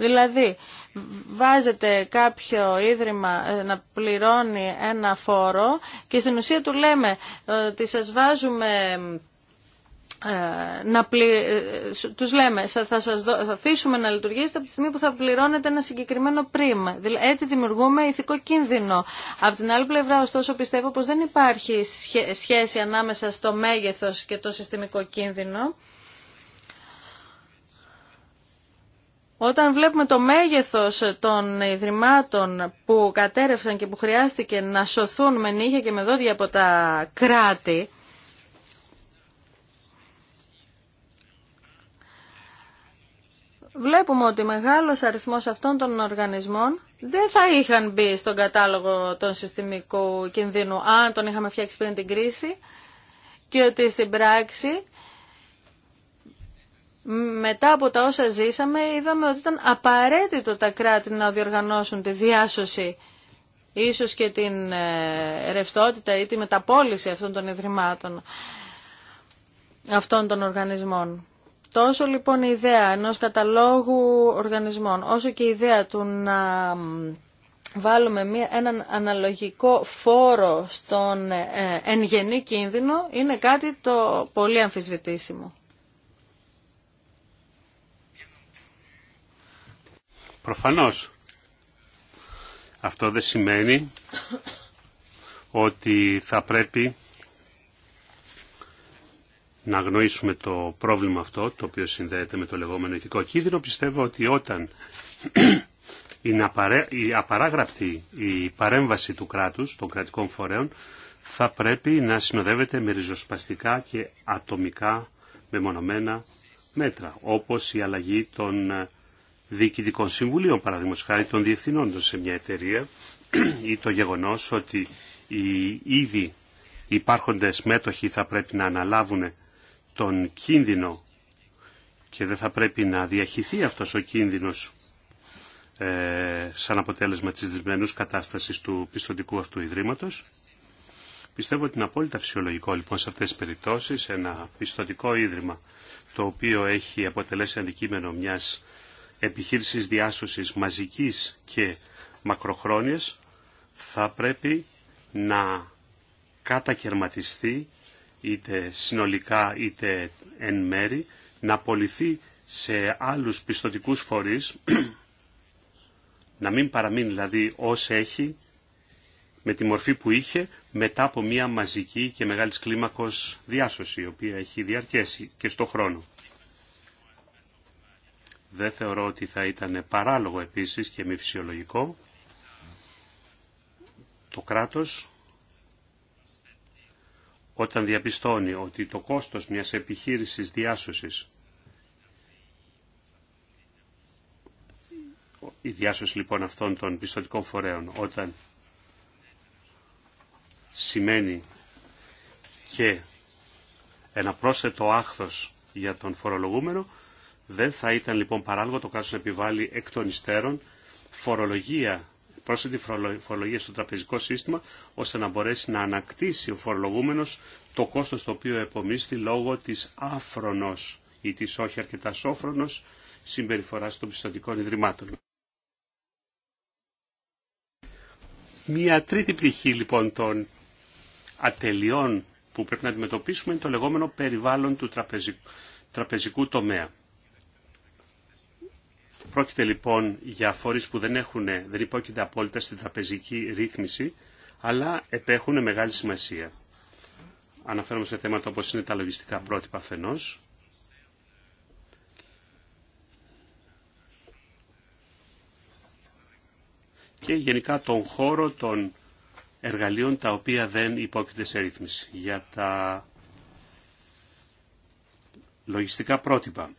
Δηλαδή, βάζετε κάποιο ίδρυμα ε, να πληρώνει ένα φόρο και στην ουσία του λέμε ε, ότι σας βάζουμε ε, να πλη... τους λέμε θα σας θα αφήσουμε να λειτουργήσετε από τη στιγμή που θα πληρώνετε ένα συγκεκριμένο πριμ έτσι δημιουργούμε ηθικό κίνδυνο από την άλλη πλευρά ωστόσο πιστεύω πως δεν υπάρχει σχέση ανάμεσα στο μέγεθος και το συστημικό κίνδυνο Όταν βλέπουμε το μέγεθος των ιδρυμάτων που κατέρευσαν και που χρειάστηκε να σωθούν με νύχια και με δόντια από τα κράτη, βλέπουμε ότι μεγάλος αριθμός αυτών των οργανισμών δεν θα είχαν μπει στον κατάλογο των συστημικού κινδύνου αν τον είχαμε φτιάξει πριν την κρίση και ότι στην πράξη μετά από τα όσα ζήσαμε είδαμε ότι ήταν απαραίτητο τα κράτη να διοργανώσουν τη διάσωση ίσως και την ε, ρευστότητα ή τη μεταπόληση αυτών των ιδρυμάτων, αυτών των οργανισμών. Τόσο λοιπόν η ιδέα ενός καταλόγου οργανισμών, όσο και η ιδέα του να βάλουμε μια, έναν αναλογικό φόρο στον ε, ε εν κίνδυνο, είναι κάτι το πολύ αμφισβητήσιμο. Προφανώς αυτό δεν σημαίνει ότι θα πρέπει να γνωρίσουμε το πρόβλημα αυτό, το οποίο συνδέεται με το λεγόμενο ηθικό κίνδυνο. Πιστεύω ότι όταν η απαράγραπτη η παρέμβαση του κράτους, των κρατικών φορέων, θα πρέπει να συνοδεύεται με ριζοσπαστικά και ατομικά μεμονωμένα μέτρα, όπως η αλλαγή των διοικητικών συμβουλίων, παραδείγματο χάρη των διευθυνόντων σε μια εταιρεία ή το γεγονό ότι οι ήδη υπάρχοντες μέτοχοι θα πρέπει να αναλάβουν τον κίνδυνο και δεν θα πρέπει να διαχυθεί αυτός ο κίνδυνος ε, σαν αποτέλεσμα της δυσμενούς κατάστασης του πιστοτικού αυτού ιδρύματος. Πιστεύω ότι είναι απόλυτα φυσιολογικό λοιπόν σε αυτές τις περιπτώσεις ένα πιστοτικό ίδρυμα το οποίο έχει αποτελέσει αντικείμενο μιας επιχείρησης διάσωσης μαζικής και μακροχρόνιας θα πρέπει να κατακαιρματιστεί είτε συνολικά είτε εν μέρη, να πολιθεί σε άλλους πιστοτικούς φορείς, να μην παραμείνει δηλαδή ως έχει, με τη μορφή που είχε, μετά από μια μαζική και μεγάλης κλίμακος διάσωση, η οποία έχει διαρκέσει και στο χρόνο. Δεν θεωρώ ότι θα ήταν παράλογο επίσης και μη φυσιολογικό το κράτος όταν διαπιστώνει ότι το κόστος μιας επιχείρησης διάσωσης η διάσωση λοιπόν αυτών των πιστοτικών φορέων όταν σημαίνει και ένα πρόσθετο άχθος για τον φορολογούμενο δεν θα ήταν λοιπόν παράλογο το κράτος να επιβάλλει εκ των υστέρων φορολογία, πρόσθετη φορολογία στο τραπεζικό σύστημα, ώστε να μπορέσει να ανακτήσει ο φορολογούμενος το κόστος το οποίο επομίστη λόγω της άφρονος ή της όχι αρκετά σόφρονος συμπεριφοράς των πιστοτικών ιδρυμάτων. Μια τρίτη πτυχή λοιπόν των ατελειών που πρέπει να αντιμετωπίσουμε είναι το λεγόμενο περιβάλλον του τραπεζικού, τραπεζικού τομέα. Πρόκειται λοιπόν για φορείς που δεν, έχουν, δεν υπόκειται απόλυτα στην τραπεζική ρύθμιση, αλλά επέχουν μεγάλη σημασία. Αναφέρομαι σε θέματα όπως είναι τα λογιστικά πρότυπα φαινός, και γενικά τον χώρο των εργαλείων τα οποία δεν υπόκειται σε ρύθμιση. Για τα λογιστικά πρότυπα.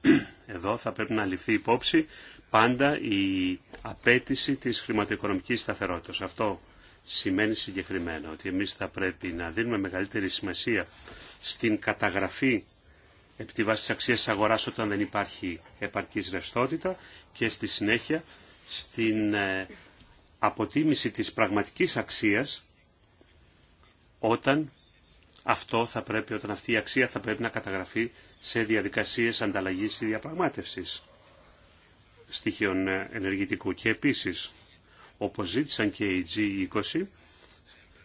Εδώ θα πρέπει να ληφθεί υπόψη πάντα η απέτηση της χρηματοοικονομικής σταθερότητας. Αυτό σημαίνει συγκεκριμένα ότι εμείς θα πρέπει να δίνουμε μεγαλύτερη σημασία στην καταγραφή επί τη βάση της αξίας αγοράς όταν δεν υπάρχει επαρκής ρευστότητα και στη συνέχεια στην ε, αποτίμηση της πραγματικής αξίας όταν αυτό θα πρέπει, όταν αυτή η αξία θα πρέπει να καταγραφεί σε διαδικασίες ανταλλαγής ή διαπραγμάτευσης στοιχείων ε, ενεργητικού. Και επίσης, όπως ζήτησαν και οι G20,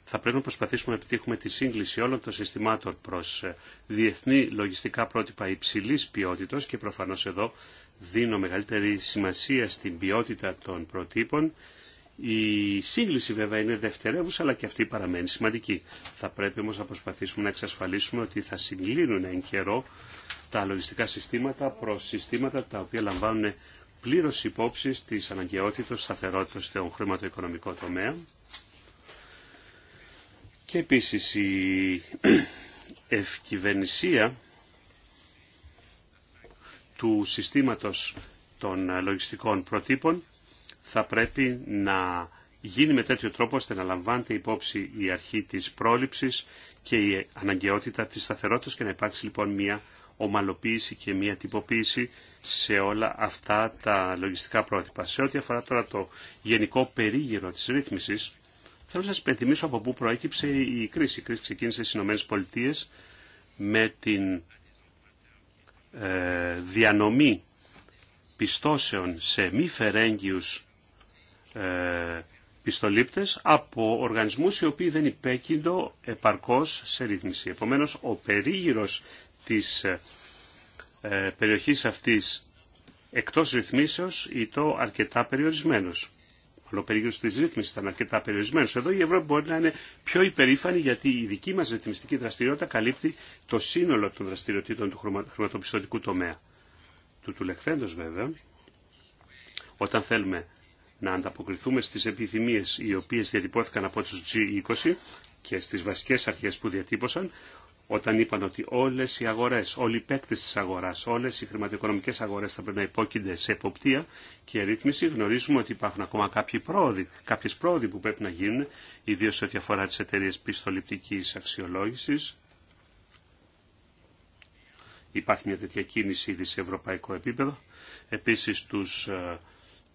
θα πρέπει να προσπαθήσουμε να επιτύχουμε τη σύγκληση όλων των συστημάτων προς ε, διεθνή λογιστικά πρότυπα υψηλής ποιότητα και προφανώς εδώ δίνω μεγαλύτερη σημασία στην ποιότητα των προτύπων. Η σύγκληση βέβαια είναι δευτερεύουσα αλλά και αυτή παραμένει σημαντική. Θα πρέπει όμως να προσπαθήσουμε να εξασφαλίσουμε ότι θα συγκλίνουν εν καιρό τα λογιστικά συστήματα προς συστήματα τα οποία λαμβάνουν πλήρως υπόψη της αναγκαιότητας σταθερότητας στον χρηματοοικονομικό τομέα και επίσης η [clears throat] ευκυβερνησία του συστήματος των λογιστικών προτύπων θα πρέπει να γίνει με τέτοιο τρόπο ώστε να λαμβάνεται υπόψη η αρχή της πρόληψης και η αναγκαιότητα της σταθερότητας και να υπάρξει λοιπόν μια ομαλοποίηση και μια τυποποίηση σε όλα αυτά τα λογιστικά πρότυπα. Σε ό,τι αφορά τώρα το γενικό περίγυρο της ρύθμισης, θέλω να σας πενθυμίσω από πού προέκυψε η κρίση. Η κρίση ξεκίνησε στις ΗΠΑ με την ε, διανομή πιστώσεων σε μη φερέγγιους ε, πιστολήπτες από οργανισμούς οι οποίοι δεν υπέκυντο επαρκώς σε ρύθμιση. Επομένως, ο περίγυρος της ε, ε, περιοχής αυτής εκτός ρυθμίσεως το αρκετά περιορισμένος. Ο περιγυρος τη ρύθμιση ήταν αρκετά περιορισμενος Εδώ η Ευρώπη μπορεί να είναι πιο υπερήφανη γιατί η δική μας ρυθμιστική δραστηριότητα καλύπτει το σύνολο των δραστηριοτήτων του χρηματοπιστωτικού τομέα. Του τουλεχθέντος βέβαια, όταν θέλουμε να ανταποκριθούμε στις επιθυμίες οι οποίες διατυπώθηκαν από τους G20 και στις βασικές αρχές που διατύπωσαν, όταν είπαν ότι όλε οι αγορέ, όλοι οι παίκτε τη αγορά, όλε οι χρηματοοικονομικές αγορέ θα πρέπει να υπόκεινται σε εποπτεία και ρύθμιση, γνωρίζουμε ότι υπάρχουν ακόμα κάποιοι πρόοδοι, κάποιες πρόοδοι που πρέπει να γίνουν, ιδίω σε ό,τι αφορά τι εταιρείε πιστοληπτική αξιολόγηση, Υπάρχει μια τέτοια κίνηση ήδη σε ευρωπαϊκό επίπεδο. επίση ε,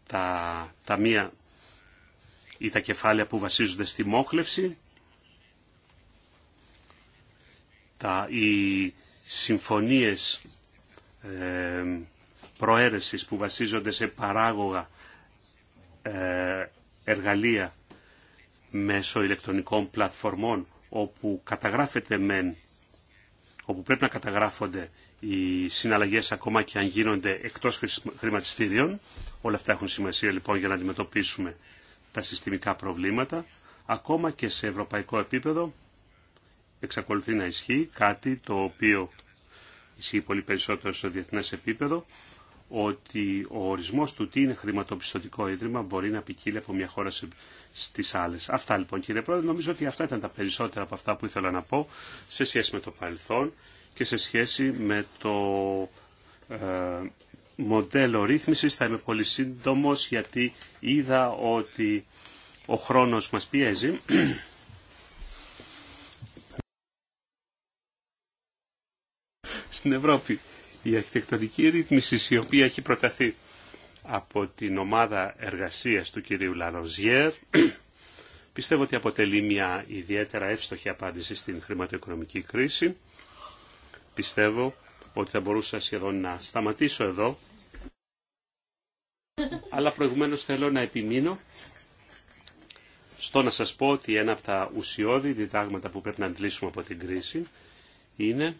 τα, τα μία ή τα κεφάλαια που βασίζονται στη μόχλευση τα, οι συμφωνίες ε, προαίρεσης που βασίζονται σε παράγωγα ε, εργαλεία μέσω ηλεκτρονικών πλατφορμών όπου καταγράφεται μεν όπου πρέπει να καταγράφονται οι συναλλαγές ακόμα και αν γίνονται εκτός χρηματιστήριων. Όλα αυτά έχουν σημασία λοιπόν για να αντιμετωπίσουμε τα συστημικά προβλήματα. Ακόμα και σε ευρωπαϊκό επίπεδο εξακολουθεί να ισχύει κάτι το οποίο ισχύει πολύ περισσότερο στο διεθνές επίπεδο ότι ο ορισμός του τι είναι χρηματοπιστωτικό ίδρυμα μπορεί να ποικίλει από μια χώρα στις άλλες. Αυτά λοιπόν κύριε Πρόεδρε, νομίζω ότι αυτά ήταν τα περισσότερα από αυτά που ήθελα να πω σε σχέση με το παρελθόν και σε σχέση με το ε, μοντέλο ρύθμισης. Θα είμαι πολύ σύντομο γιατί είδα ότι ο χρόνος μας πιέζει στην Ευρώπη. Η αρχιτεκτονική ρύθμιση η οποία έχει προταθεί από την ομάδα εργασίας του κυρίου Λαροζιέρ [clears throat] πιστεύω ότι αποτελεί μια ιδιαίτερα εύστοχη απάντηση στην χρηματοοικονομική κρίση. Πιστεύω ότι θα μπορούσα σχεδόν να σταματήσω εδώ αλλά προηγουμένως θέλω να επιμείνω στο να σας πω ότι ένα από τα ουσιώδη διδάγματα που πρέπει να αντλήσουμε από την κρίση είναι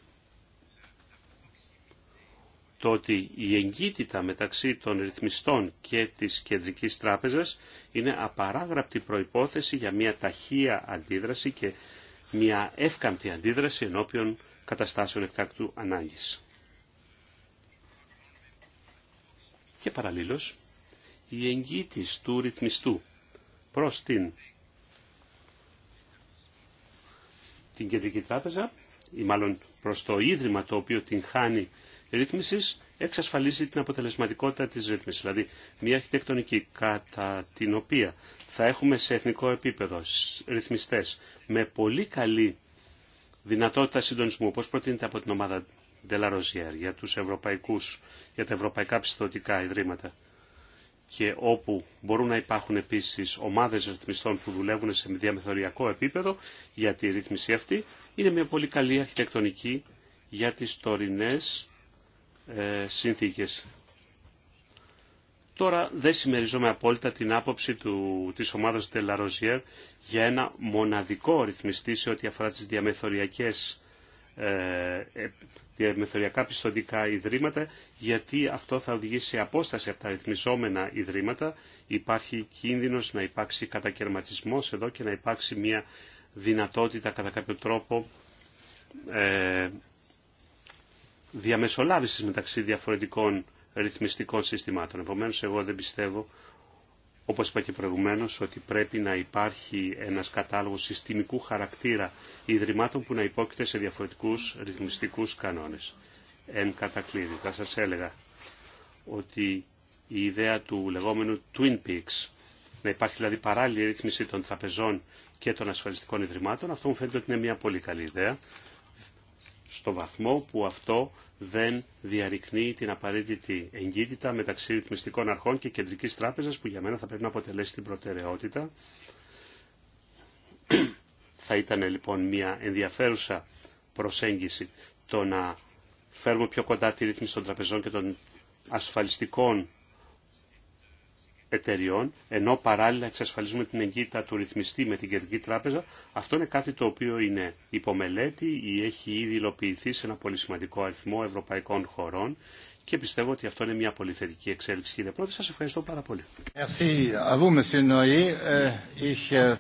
το ότι η εγκύτητα μεταξύ των ρυθμιστών και της Κεντρικής Τράπεζας είναι απαράγραπτη προϋπόθεση για μια ταχεία αντίδραση και μια εύκαμπτη αντίδραση ενώπιον καταστάσεων εκτάκτου ανάγκης. Και παραλλήλως, η εγκύτηση του ρυθμιστού προς την, την Κεντρική Τράπεζα ή μάλλον προς το Ίδρυμα το οποίο την χάνει Ρύθμιση, εξασφαλίζει την αποτελεσματικότητα τη ρυθμίση, Δηλαδή, μια αρχιτεκτονική κατά την οποία θα έχουμε σε εθνικό επίπεδο ρυθμιστέ, με πολύ καλή δυνατότητα συντονισμού, όπω προτείνεται από την ομάδα Ντελαροζιέρ για, του Ευρωπαϊκού, για τα ευρωπαϊκά πιστοτικά ιδρύματα και όπου μπορούν να υπάρχουν επίσης ομάδες ρυθμιστών που δουλεύουν σε διαμεθοριακό επίπεδο για τη ρύθμιση αυτή, είναι μια πολύ καλή αρχιτεκτονική για τις τωρινές ε, συνθήκες. Τώρα δεν συμμεριζόμαι απόλυτα την άποψη του, της ομάδας Τελαροζιέρ για ένα μοναδικό ρυθμιστή σε ό,τι αφορά τις διαμεθοριακές ε, ε διαμεθοριακά πιστοντικά ιδρύματα, γιατί αυτό θα οδηγήσει σε απόσταση από τα ρυθμιζόμενα ιδρύματα. Υπάρχει κίνδυνος να υπάρξει κατακαιρματισμός εδώ και να υπάρξει μια δυνατότητα κατά κάποιο τρόπο ε, Διαμεσολάβηση μεταξύ διαφορετικών ρυθμιστικών συστημάτων. Επομένως, εγώ δεν πιστεύω, όπως είπα και προηγουμένως, ότι πρέπει να υπάρχει ένας κατάλογος συστημικού χαρακτήρα ιδρυμάτων που να υπόκειται σε διαφορετικούς ρυθμιστικούς κανόνες. Εν κατακλείδη, θα σας έλεγα ότι η ιδέα του λεγόμενου Twin Peaks, να υπάρχει δηλαδή παράλληλη ρύθμιση των τραπεζών και των ασφαλιστικών ιδρυμάτων, αυτό μου φαίνεται ότι είναι μια πολύ καλή ιδέα στο βαθμό που αυτό δεν διαρρυκνεί την απαραίτητη εγκύτητα μεταξύ ρυθμιστικών αρχών και κεντρικής τράπεζας που για μένα θα πρέπει να αποτελέσει την προτεραιότητα. [clears throat] θα ήταν λοιπόν μια ενδιαφέρουσα προσέγγιση το να φέρουμε πιο κοντά τη ρύθμιση των τραπεζών και των ασφαλιστικών εταιριών, ενώ παράλληλα εξασφαλίζουμε την εγκύτητα του ρυθμιστή με την Κεντρική Τράπεζα, αυτό είναι κάτι το οποίο είναι υπομελέτη ή έχει ήδη υλοποιηθεί σε ένα πολύ σημαντικό αριθμό ευρωπαϊκών χωρών και πιστεύω ότι αυτό είναι μια πολύ θετική εξέλιξη. Κύριε Πρόεδρε, Σα ευχαριστώ πάρα πολύ. Ε,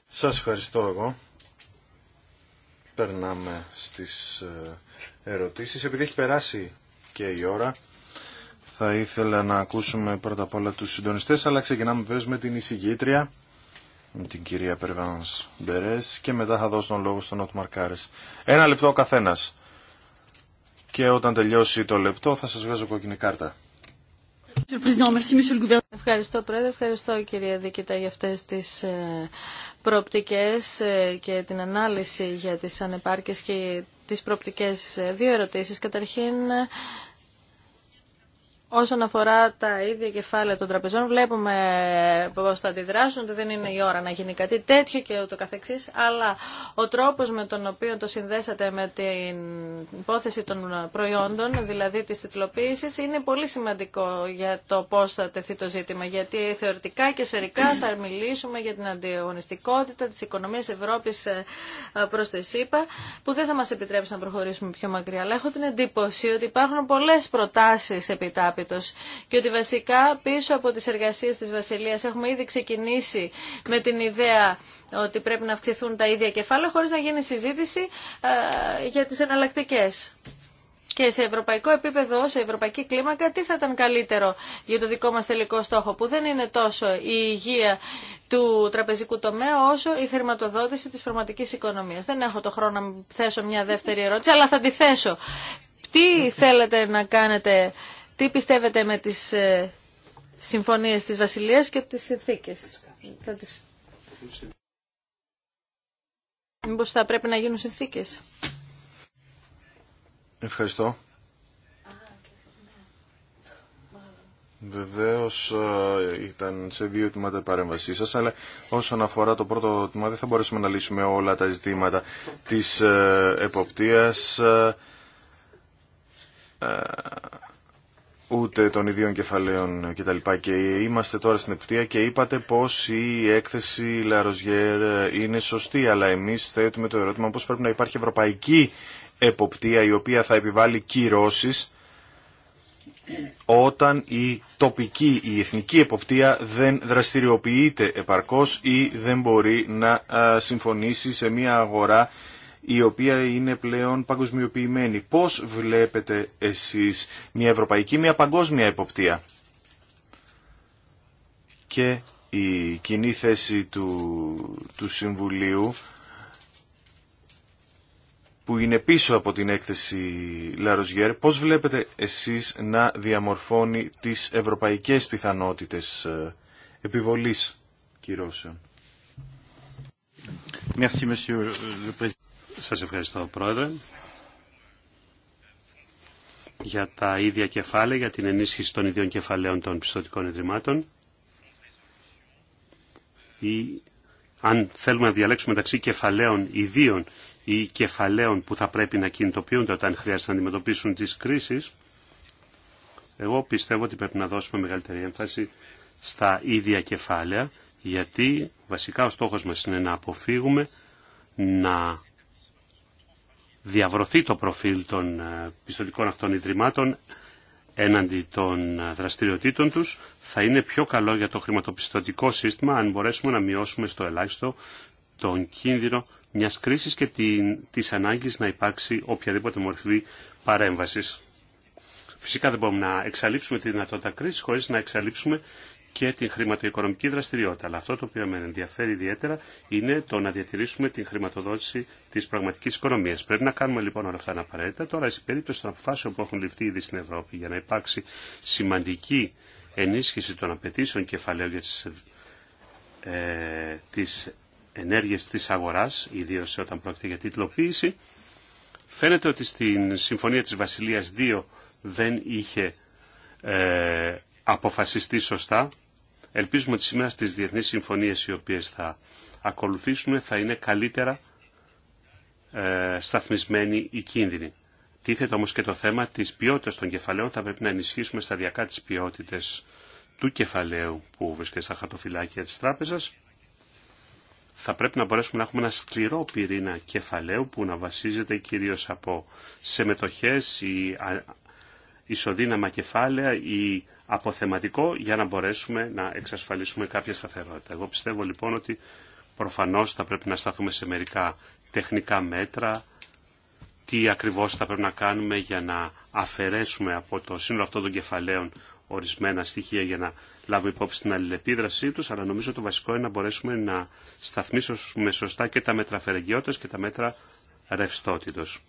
Σα ευχαριστώ εγώ. Περνάμε στι ε, ερωτήσει, Επειδή έχει περάσει και η ώρα, θα ήθελα να ακούσουμε πρώτα απ' όλα τους συντονιστές, αλλά ξεκινάμε βέβαια με την εισηγήτρια, με την κυρία Περβάνς Μπερές και μετά θα δώσω τον λόγο στον Οτμαρ Μαρκάρης. Ένα λεπτό ο καθένας και όταν τελειώσει το λεπτό θα σας βγάζω κόκκινη κάρτα. Ευχαριστώ Πρόεδρε, ευχαριστώ κυρία Δίκητα για αυτές τις ε, προοπτικές ε, και την ανάλυση για τις ανεπάρκειες και τις προοπτικές ε, δύο ερωτήσεις. Καταρχήν, Όσον αφορά τα ίδια κεφάλαια των τραπεζών, βλέπουμε πώ θα αντιδράσουν, ότι δεν είναι η ώρα να γίνει κάτι τέτοιο και ούτω καθεξής, αλλά ο τρόπος με τον οποίο το συνδέσατε με την υπόθεση των προϊόντων, δηλαδή της τιτλοποίησης, είναι πολύ σημαντικό για το πώς θα τεθεί το ζήτημα, γιατί θεωρητικά και σφαιρικά θα μιλήσουμε για την αντιογωνιστικότητα της οικονομίας Ευρώπης ε, προς τη ΣΥΠΑ, που δεν θα μας επιτρέψει να προχωρήσουμε πιο μακριά. Αλλά έχω την εντύπωση ότι υπάρχουν πολλές προτάσεις επιτάπη και ότι βασικά πίσω από τι εργασίε τη Βασιλεία έχουμε ήδη ξεκινήσει με την ιδέα ότι πρέπει να αυξηθούν τα ίδια κεφάλαια χωρί να γίνει συζήτηση ε, για τι εναλλακτικέ. Και σε ευρωπαϊκό επίπεδο, σε ευρωπαϊκή κλίμακα, τι θα ήταν καλύτερο για το δικό μας τελικό στόχο, που δεν είναι τόσο η υγεία του τραπεζικού τομέα, όσο η χρηματοδότηση της πραγματικής οικονομίας. Δεν έχω το χρόνο να θέσω μια δεύτερη ερώτηση, αλλά θα τη θέσω. Τι θέλετε να κάνετε τι πιστεύετε με τις ε, συμφωνίες της Βασιλείας και τις συνθήκες. Θα τις... Μήπως θα πρέπει να γίνουν συνθήκες. Ευχαριστώ. Βεβαίω ε, ήταν σε δύο τμήματα η παρέμβασή σα, αλλά όσον αφορά το πρώτο τμήμα δεν θα μπορέσουμε να λύσουμε όλα τα ζητήματα τη ε, εποπτεία ούτε των ιδίων κεφαλαίων κτλ. Και είμαστε τώρα στην εποπτεία και είπατε πως η έκθεση Λαροζιέρ είναι σωστή, αλλά εμείς θέτουμε το ερώτημα πως πρέπει να υπάρχει ευρωπαϊκή εποπτεία η οποία θα επιβάλλει κυρώσεις όταν η τοπική, η εθνική εποπτεία δεν δραστηριοποιείται επαρκώς ή δεν μπορεί να συμφωνήσει σε μια αγορά η οποία είναι πλέον παγκοσμιοποιημένη. Πώς βλέπετε εσείς μια ευρωπαϊκή, μια παγκόσμια εποπτεία. Και η κοινή θέση του, του Συμβουλίου που είναι πίσω από την έκθεση Λαροζιέρ, πώς βλέπετε εσείς να διαμορφώνει τις ευρωπαϊκές πιθανότητες ε, επιβολής κυρώσεων. Merci, σας ευχαριστώ Πρόεδρε για τα ίδια κεφάλαια, για την ενίσχυση των ιδιών κεφαλαίων των πιστοτικών ιδρυμάτων ή αν θέλουμε να διαλέξουμε μεταξύ κεφαλαίων ιδίων ή κεφαλαίων που θα πρέπει να κινητοποιούνται όταν χρειάζεται να αντιμετωπίσουν τις κρίσεις, εγώ πιστεύω ότι πρέπει να δώσουμε μεγαλύτερη έμφαση στα ίδια κεφάλαια, γιατί βασικά ο στόχος μας είναι να αποφύγουμε να διαβρωθεί το προφίλ των ε, πιστοτικών αυτών ιδρυμάτων έναντι των ε, δραστηριοτήτων τους θα είναι πιο καλό για το χρηματοπιστωτικό σύστημα αν μπορέσουμε να μειώσουμε στο ελάχιστο τον κίνδυνο μιας κρίσης και της ανάγκης να υπάρξει οποιαδήποτε μορφή παρέμβασης. Φυσικά δεν μπορούμε να εξαλείψουμε τη δυνατότητα κρίση χωρίς να εξαλείψουμε και την χρηματοοικονομική δραστηριότητα. Αλλά αυτό το οποίο με ενδιαφέρει ιδιαίτερα είναι το να διατηρήσουμε την χρηματοδότηση τη πραγματική οικονομία. Πρέπει να κάνουμε λοιπόν όλα αυτά απαραίτητα. Τώρα, σε περίπτωση των αποφάσεων που έχουν ληφθεί ήδη στην Ευρώπη για να υπάρξει σημαντική ενίσχυση των απαιτήσεων κεφαλαίου για τι ε, τις ενέργειες της αγοράς, ιδίως όταν πρόκειται για τίτλοποίηση, φαίνεται ότι στην Συμφωνία της Βασιλείας 2 δεν είχε ε, αποφασιστεί σωστά Ελπίζουμε ότι σήμερα στις διεθνείς συμφωνίες οι οποίες θα ακολουθήσουμε θα είναι καλύτερα ε, σταθμισμένοι οι κίνδυνοι. Τίθεται όμως και το θέμα της ποιότητας των κεφαλαίων. Θα πρέπει να ενισχύσουμε σταδιακά τις ποιότητες του κεφαλαίου που βρίσκεται στα χαρτοφυλάκια της τράπεζας. Θα πρέπει να μπορέσουμε να έχουμε ένα σκληρό πυρήνα κεφαλαίου που να βασίζεται κυρίως από μετοχές, ή ισοδύναμα κεφάλαια ή αποθεματικό για να μπορέσουμε να εξασφαλίσουμε κάποια σταθερότητα. Εγώ πιστεύω λοιπόν ότι προφανώς θα πρέπει να σταθούμε σε μερικά τεχνικά μέτρα, τι ακριβώς θα πρέπει να κάνουμε για να αφαιρέσουμε από το σύνολο αυτό των κεφαλαίων ορισμένα στοιχεία για να λάβουμε υπόψη την αλληλεπίδρασή τους, αλλά νομίζω το βασικό είναι να μπορέσουμε να σταθμίσουμε σωστά και τα μέτρα φερεγγιότητας και τα μέτρα ρευστότητος.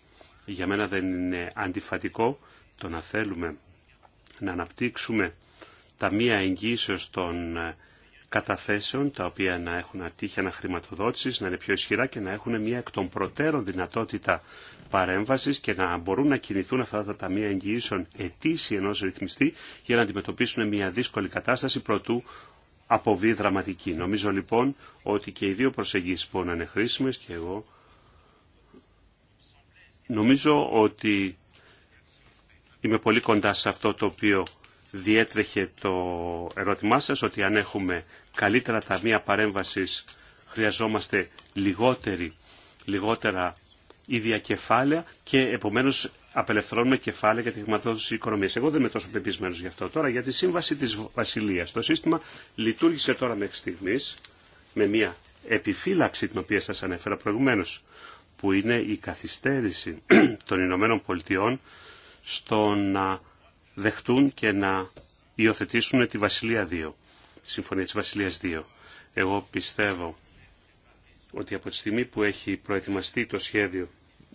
Για μένα δεν είναι αντιφατικό το να θέλουμε να αναπτύξουμε τα μία εγγύησεως των ε, καταθέσεων, τα οποία να έχουν ατύχει να να είναι πιο ισχυρά και να έχουν μια εκ των προτέρων δυνατότητα παρέμβασης και να μπορούν να κινηθούν αυτά τα ταμεία εγγυήσεων ετήσι ενός ρυθμιστή για να αντιμετωπίσουν μια δύσκολη κατάσταση προτού αποβεί δραματική. Νομίζω λοιπόν ότι και οι δύο προσεγγίσεις μπορούν να είναι χρήσιμες και εγώ νομίζω ότι Είμαι πολύ κοντά σε αυτό το οποίο διέτρεχε το ερώτημά σας, ότι αν έχουμε καλύτερα ταμεία παρέμβασης χρειαζόμαστε λιγότερη, λιγότερα ίδια κεφάλαια και επομένως απελευθερώνουμε κεφάλαια για τη χρηματοδότηση τη οικονομία. Εγώ δεν είμαι τόσο πεπισμένος γι' αυτό τώρα, για τη σύμβαση της Βασιλείας. Το σύστημα λειτουργήσε τώρα μέχρι στιγμή με μια επιφύλαξη την οποία σας ανέφερα προηγουμένω, που είναι η καθυστέρηση των Ηνωμένων Πολιτειών στο να δεχτούν και να υιοθετήσουν τη Βασιλεία 2, τη Συμφωνία της Βασιλείας 2. Εγώ πιστεύω ότι από τη στιγμή που έχει προετοιμαστεί το σχέδιο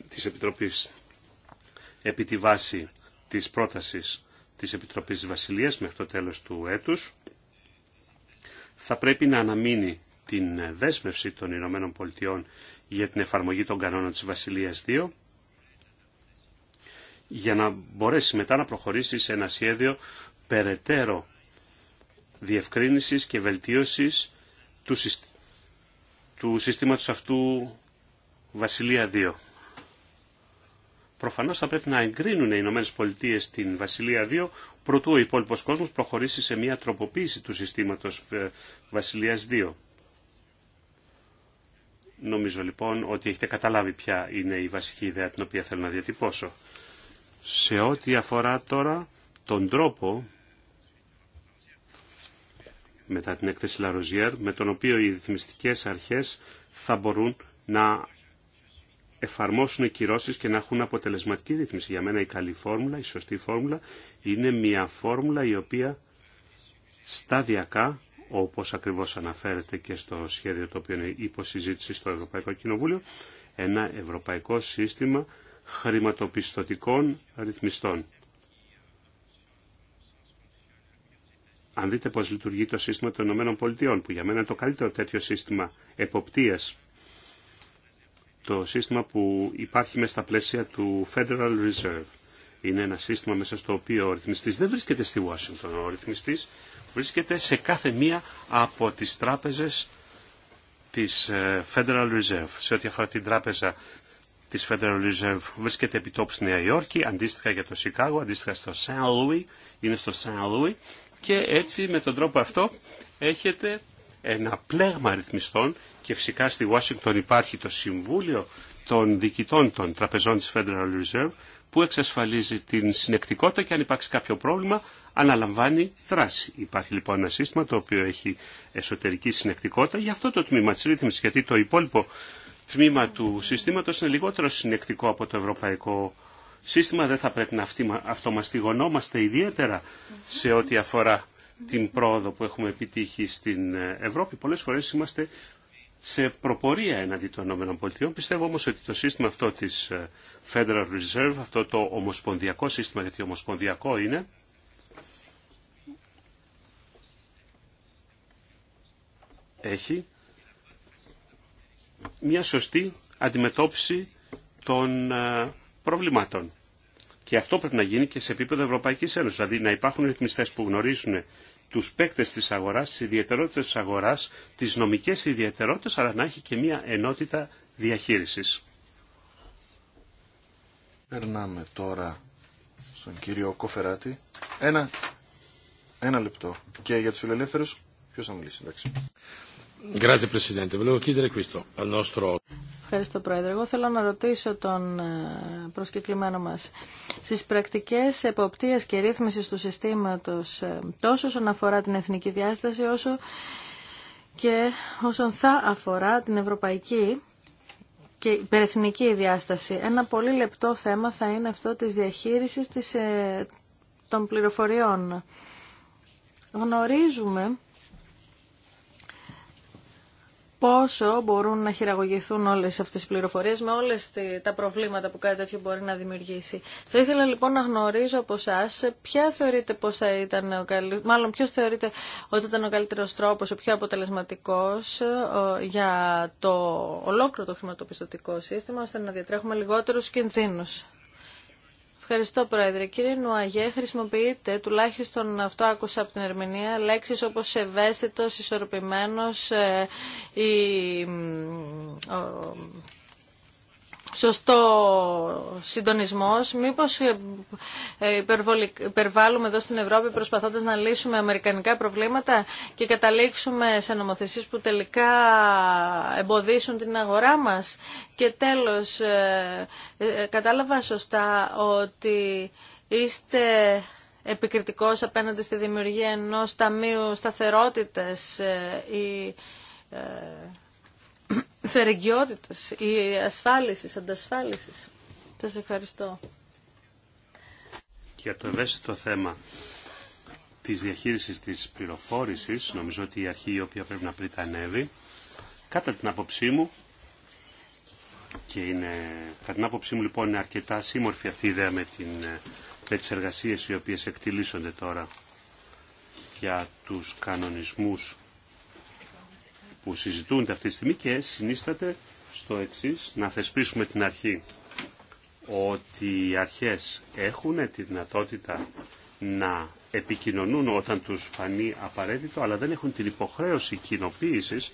της Επιτροπής επί τη βάση της πρότασης της Επιτροπής της Βασιλείας μέχρι το τέλος του έτους, θα πρέπει να αναμείνει την δέσμευση των Ηνωμένων Πολιτειών για την εφαρμογή των κανόνων της Βασιλείας 2 για να μπορέσει μετά να προχωρήσει σε ένα σχέδιο περαιτέρω διευκρίνησης και βελτίωσης του, συστήματο συστήματος αυτού Βασιλεία 2. Προφανώς θα πρέπει να εγκρίνουν οι Ηνωμένες Πολιτείες την Βασιλεία 2 προτού ο υπόλοιπο κόσμος προχωρήσει σε μια τροποποίηση του συστήματος ε, Βασιλείας 2. Νομίζω λοιπόν ότι έχετε καταλάβει ποια είναι η βασική ιδέα την οποία θέλω να διατυπώσω. Σε ό,τι αφορά τώρα τον τρόπο μετά την έκθεση Λαροζιέρ, με τον οποίο οι ρυθμιστικές αρχές θα μπορούν να εφαρμόσουν κυρώσεις και να έχουν αποτελεσματική ρύθμιση. Για μένα η καλή φόρμουλα, η σωστή φόρμουλα, είναι μια φόρμουλα η οποία σταδιακά, όπως ακριβώς αναφέρεται και στο σχέδιο το οποίο είναι υποσυζήτηση στο Ευρωπαϊκό Κοινοβούλιο, ένα ευρωπαϊκό σύστημα χρηματοπιστωτικών ρυθμιστών. Αν δείτε πώς λειτουργεί το σύστημα των ΗΠΑ, που για μένα είναι το καλύτερο τέτοιο σύστημα εποπτείας, το σύστημα που υπάρχει μέσα στα πλαίσια του Federal Reserve. Είναι ένα σύστημα μέσα στο οποίο ο ρυθμιστής δεν βρίσκεται στη Washington. Ο ρυθμιστής βρίσκεται σε κάθε μία από τις τράπεζες της ε, Federal Reserve, σε ό,τι αφορά την τράπεζα της Federal Reserve βρίσκεται τόπου στη Νέα Υόρκη, αντίστοιχα για το Σικάγο, αντίστοιχα στο Σαν Λούι, είναι στο Σαν Λούι και έτσι με τον τρόπο αυτό έχετε ένα πλέγμα ρυθμιστών και φυσικά στη Washington υπάρχει το Συμβούλιο των Διοικητών των Τραπεζών της Federal Reserve που εξασφαλίζει την συνεκτικότητα και αν υπάρξει κάποιο πρόβλημα αναλαμβάνει δράση. Υπάρχει λοιπόν ένα σύστημα το οποίο έχει εσωτερική συνεκτικότητα για αυτό το τμήμα της ρύθμισης γιατί το υπόλοιπο τμήμα του συστήματος είναι λιγότερο συνεκτικό από το ευρωπαϊκό σύστημα. Δεν θα πρέπει να αυτομαστιγωνόμαστε ιδιαίτερα σε ό,τι αφορά την πρόοδο που έχουμε επιτύχει στην ε, Ευρώπη. Πολλές φορές είμαστε σε προπορία εναντί των ΗΠΑ. Πιστεύω όμως ότι το σύστημα αυτό της ε, Federal Reserve, αυτό το ομοσπονδιακό σύστημα, γιατί ομοσπονδιακό είναι, έχει μια σωστή αντιμετώπιση των ε, προβλημάτων. Και αυτό πρέπει να γίνει και σε επίπεδο Ευρωπαϊκή Ένωση. Δηλαδή να υπάρχουν ρυθμιστέ που γνωρίζουν του παίκτε τη αγορά, τι ιδιαιτερότητε τη αγορά, τι νομικέ ιδιαιτερότητε, αλλά να έχει και μια ενότητα διαχείριση. Περνάμε τώρα στον κύριο Κοφεράτη. Ένα, ένα λεπτό. Και για του φιλελεύθερου, ποιο θα μιλήσει, εντάξει. Ευχαριστώ, Πρόεδρε. Εγώ θέλω να ρωτήσω τον ε, προσκεκλημένο μας. Στις πρακτικές εποπτείας και ρύθμισης του συστήματος, ε, τόσο όσον αφορά την εθνική διάσταση, όσο και όσον θα αφορά την ευρωπαϊκή και υπερεθνική διάσταση. Ένα πολύ λεπτό θέμα θα είναι αυτό της διαχείρισης ε, των πληροφοριών. Γνωρίζουμε πόσο μπορούν να χειραγωγηθούν όλες αυτές οι πληροφορίες με όλες τα προβλήματα που κάτι τέτοιο μπορεί να δημιουργήσει. Θα ήθελα λοιπόν να γνωρίζω από εσά ποια θεωρείτε πως θα ήταν ο καλύτερος, μάλλον ποιος θεωρείτε ότι ήταν ο καλύτερος τρόπος, ο πιο αποτελεσματικός ε, για το ολόκληρο το χρηματοπιστωτικό σύστημα, ώστε να διατρέχουμε λιγότερους κινδύνους. Ευχαριστώ, Πρόεδρε. Κύριε Νουαγέ, χρησιμοποιείτε, τουλάχιστον αυτό άκουσα από την ερμηνεία, λέξεις όπως ευαίσθητος, ισορροπημένος, ε, η σωστό συντονισμός, μήπως ε, ε, υπερβάλλουμε εδώ στην Ευρώπη προσπαθώντας να λύσουμε αμερικανικά προβλήματα και καταλήξουμε σε νομοθεσίες που τελικά εμποδίσουν την αγορά μας. Και τέλος, ε, κατάλαβα σωστά ότι είστε επικριτικός απέναντι στη δημιουργία ενός ταμείου σταθερότητας φερεγγιότητας ή ασφάλισης, αντασφάλισης. Σας ευχαριστώ. Για το ευαίσθητο θέμα της διαχείρισης της πληροφόρησης, νομίζω ότι η αρχή η οποία πρέπει να ανέβει, κατά την άποψή μου, και είναι, κατά την άποψή μου λοιπόν είναι αρκετά σύμμορφη αυτή η ιδέα με, την, με τις εργασίες οι οποίες εκτιλήσονται τώρα για τους κανονισμούς που συζητούνται αυτή τη στιγμή και συνίσταται στο εξή να θεσπίσουμε την αρχή ότι οι αρχές έχουν τη δυνατότητα να επικοινωνούν όταν τους φανεί απαραίτητο, αλλά δεν έχουν την υποχρέωση κοινοποίηση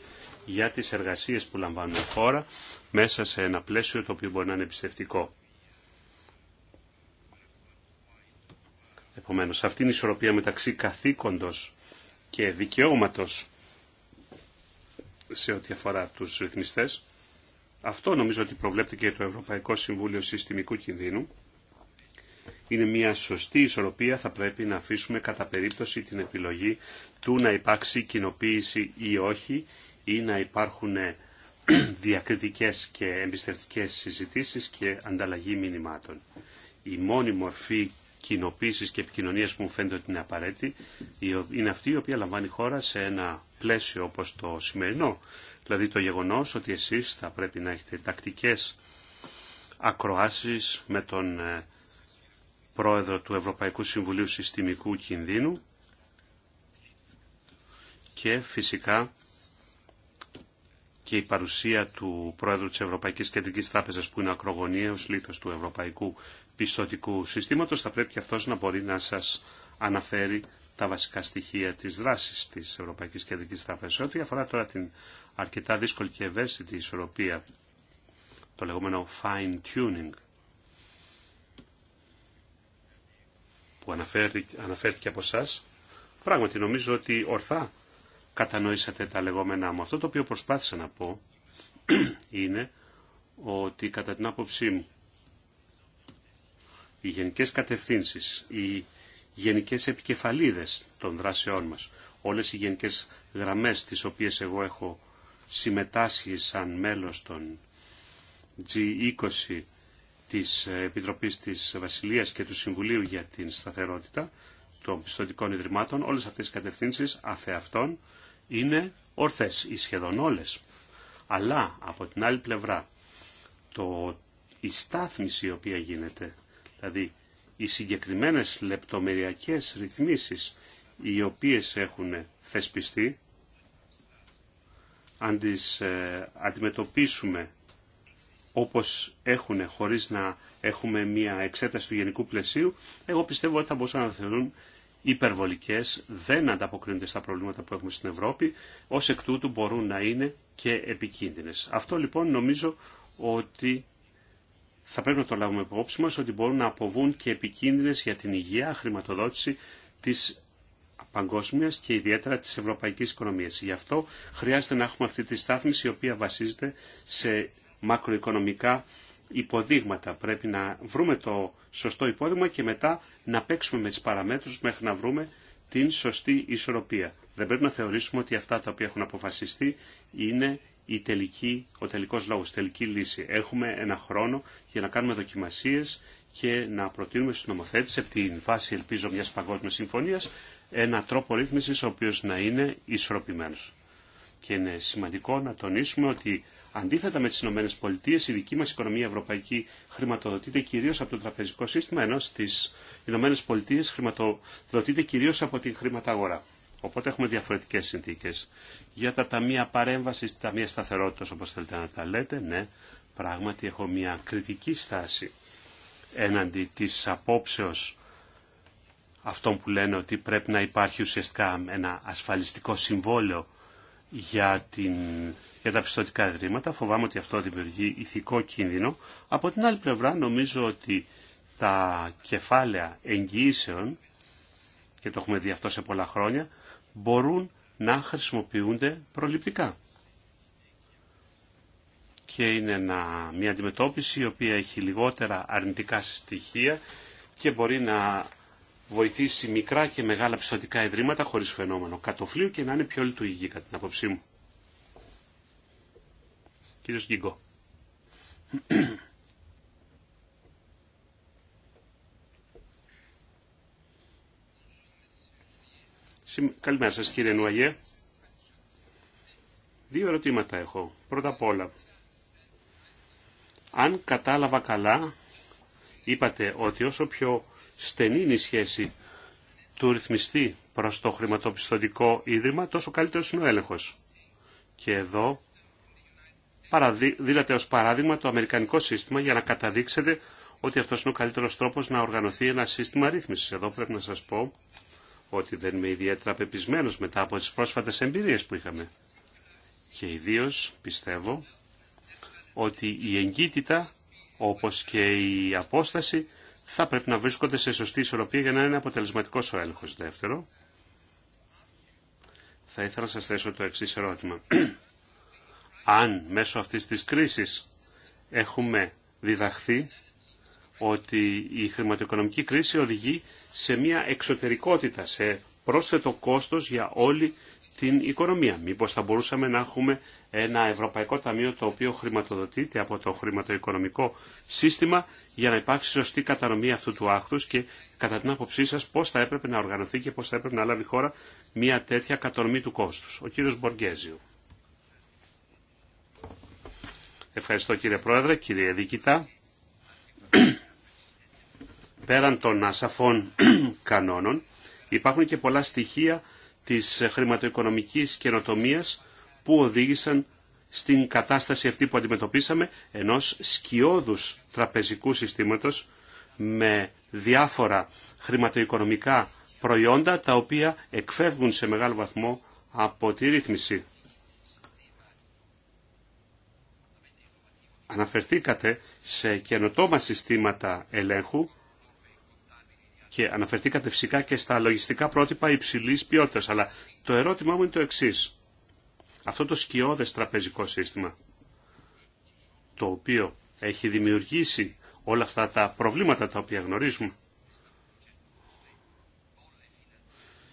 για τις εργασίες που λαμβάνουν χώρα μέσα σε ένα πλαίσιο το οποίο μπορεί να είναι πιστευτικό. Επομένως, αυτή είναι η ισορροπία μεταξύ καθήκοντος και δικαιώματος σε ό,τι αφορά τους ρυθμιστές. Αυτό νομίζω ότι προβλέπεται και το Ευρωπαϊκό Συμβούλιο Συστημικού Κινδύνου. Είναι μια σωστή ισορροπία, θα πρέπει να αφήσουμε κατά περίπτωση την επιλογή του να υπάρξει κοινοποίηση ή όχι ή να υπάρχουν [clears throat] διακριτικές και εμπιστευτικές συζητήσεις και ανταλλαγή μηνυμάτων. Η μόνη μορφή κοινοποίηση και επικοινωνία που μου φαίνεται ότι είναι απαραίτητη, είναι αυτή η οποία λαμβάνει χώρα σε ένα πλαίσιο όπω το σημερινό. Δηλαδή το γεγονό ότι εσεί θα πρέπει να έχετε τακτικέ ακροάσει με τον ε, πρόεδρο του Ευρωπαϊκού Συμβουλίου Συστημικού Κινδύνου και φυσικά και η παρουσία του Πρόεδρου της Ευρωπαϊκής Κεντρικής Τράπεζας που είναι ακρογωνίαος λίθος του Ευρωπαϊκού πιστοτικού συστήματος, θα πρέπει και αυτός να μπορεί να σας αναφέρει τα βασικά στοιχεία της δράσης της Ευρωπαϊκής Κεντρικής Τράπεζας. Ό,τι αφορά τώρα την αρκετά δύσκολη και ευαίσθητη ισορροπία, το λεγόμενο fine tuning, που αναφέρθηκε από εσά. Πράγματι νομίζω ότι ορθά κατανοήσατε τα λεγόμενά μου. Αυτό το οποίο προσπάθησα να πω [clears throat] είναι ότι κατά την άποψή μου οι γενικές κατευθύνσεις, οι γενικές επικεφαλίδες των δράσεών μας, όλες οι γενικές γραμμές τις οποίες εγώ έχω συμμετάσχει σαν μέλος των G20 της Επιτροπής της Βασιλείας και του Συμβουλίου για την Σταθερότητα των Πιστοτικών Ιδρυμάτων, όλες αυτές οι κατευθύνσεις αφεαυτών είναι ορθές ή σχεδόν όλες. Αλλά από την άλλη πλευρά το, η στάθμιση η οποία γίνεται Δηλαδή, οι συγκεκριμένες λεπτομεριακές ρυθμίσεις οι οποίες έχουν θεσπιστεί, αν τις ε, αντιμετωπίσουμε όπως έχουν χωρίς να έχουμε μια εξέταση του γενικού πλαισίου, εγώ πιστεύω ότι θα μπορούσαν να θεωρούν υπερβολικές, δεν ανταποκρίνονται στα προβλήματα που έχουμε στην Ευρώπη, ως εκ τούτου μπορούν να είναι και επικίνδυνες. Αυτό λοιπόν νομίζω ότι θα πρέπει να το λάβουμε υπόψη μας ότι μπορούν να αποβούν και επικίνδυνες για την υγεία χρηματοδότηση της παγκόσμια και ιδιαίτερα της ευρωπαϊκής οικονομίας. Γι' αυτό χρειάζεται να έχουμε αυτή τη στάθμιση η οποία βασίζεται σε μακροοικονομικά υποδείγματα. Πρέπει να βρούμε το σωστό υπόδειγμα και μετά να παίξουμε με τις παραμέτρους μέχρι να βρούμε την σωστή ισορροπία. Δεν πρέπει να θεωρήσουμε ότι αυτά τα οποία έχουν αποφασιστεί είναι η τελική, ο τελικός λόγος, η τελική λύση. Έχουμε ένα χρόνο για να κάνουμε δοκιμασίες και να προτείνουμε στους νομοθέτες, από την βάση ελπίζω μιας Παγκόσμια συμφωνίας, ένα τρόπο ρύθμισης ο οποίος να είναι ισορροπημένος. Και είναι σημαντικό να τονίσουμε ότι αντίθετα με τις ΗΠΑ η δική μας οικονομία ευρωπαϊκή χρηματοδοτείται κυρίως από το τραπεζικό σύστημα, ενώ στις ΗΠΑ χρηματοδοτείται κυρίως από την χρηματαγορά. Οπότε έχουμε διαφορετικέ συνθήκε. Για τα ταμεία παρέμβαση, τα ταμεία σταθερότητα, όπω θέλετε να τα λέτε, ναι, πράγματι έχω μια κριτική στάση έναντι τη απόψεω αυτών που λένε ότι πρέπει να υπάρχει ουσιαστικά ένα ασφαλιστικό συμβόλαιο για, την, για τα πιστωτικά ιδρύματα. Φοβάμαι ότι αυτό δημιουργεί ηθικό κίνδυνο. Από την άλλη πλευρά νομίζω ότι τα κεφάλαια εγγυήσεων, και το έχουμε δει αυτό σε πολλά χρόνια, μπορούν να χρησιμοποιούνται προληπτικά. Και είναι μια αντιμετώπιση η οποία έχει λιγότερα αρνητικά στοιχεία και μπορεί να βοηθήσει μικρά και μεγάλα πιστοτικά ιδρύματα χωρίς φαινόμενο κατοφλίου και να είναι πιο λειτουργική κατά την απόψή μου. Κύριος Γκίγκο. Καλημέρα σας κύριε Νουαγέ. Δύο ερωτήματα έχω. Πρώτα απ' όλα, αν κατάλαβα καλά, είπατε ότι όσο πιο στενή είναι η σχέση του ρυθμιστή προς το χρηματοπιστωτικό ίδρυμα, τόσο καλύτερος είναι ο έλεγχος. Και εδώ δίλατε ως παράδειγμα το αμερικανικό σύστημα για να καταδείξετε ότι αυτός είναι ο καλύτερος τρόπος να οργανωθεί ένα σύστημα ρύθμισης. Εδώ πρέπει να σας πω ότι δεν είμαι ιδιαίτερα πεπισμένο μετά από τις πρόσφατες εμπειρίες που είχαμε. Και ιδίω πιστεύω ότι η εγκύτητα όπως και η απόσταση θα πρέπει να βρίσκονται σε σωστή ισορροπία για να είναι αποτελεσματικός ο έλεγχος. Δεύτερο, θα ήθελα να σας θέσω το εξής ερώτημα. Αν μέσω αυτής της κρίσης έχουμε διδαχθεί ότι η χρηματοοικονομική κρίση οδηγεί σε μια εξωτερικότητα, σε πρόσθετο κόστος για όλη την οικονομία. Μήπως θα μπορούσαμε να έχουμε ένα Ευρωπαϊκό Ταμείο το οποίο χρηματοδοτείται από το χρηματοοικονομικό σύστημα για να υπάρξει σωστή κατανομή αυτού του άχθους και κατά την άποψή σας πώς θα έπρεπε να οργανωθεί και πώς θα έπρεπε να λάβει η χώρα μια τέτοια κατανομή του κόστους. Ο κύριος Μποργέζιου. Ευχαριστώ κύριε Πρόεδρε, κύριε Δίκητα πέραν των ασαφών κανόνων, υπάρχουν και πολλά στοιχεία της χρηματοοικονομικής καινοτομίας που οδήγησαν στην κατάσταση αυτή που αντιμετωπίσαμε ενός σκιώδους τραπεζικού συστήματος με διάφορα χρηματοοικονομικά προϊόντα τα οποία εκφεύγουν σε μεγάλο βαθμό από τη ρύθμιση. αναφερθήκατε σε καινοτόμα συστήματα ελέγχου και αναφερθήκατε φυσικά και στα λογιστικά πρότυπα υψηλής ποιότητας. Αλλά το ερώτημά μου είναι το εξής. Αυτό το σκιώδες τραπεζικό σύστημα, το οποίο έχει δημιουργήσει όλα αυτά τα προβλήματα τα οποία γνωρίζουμε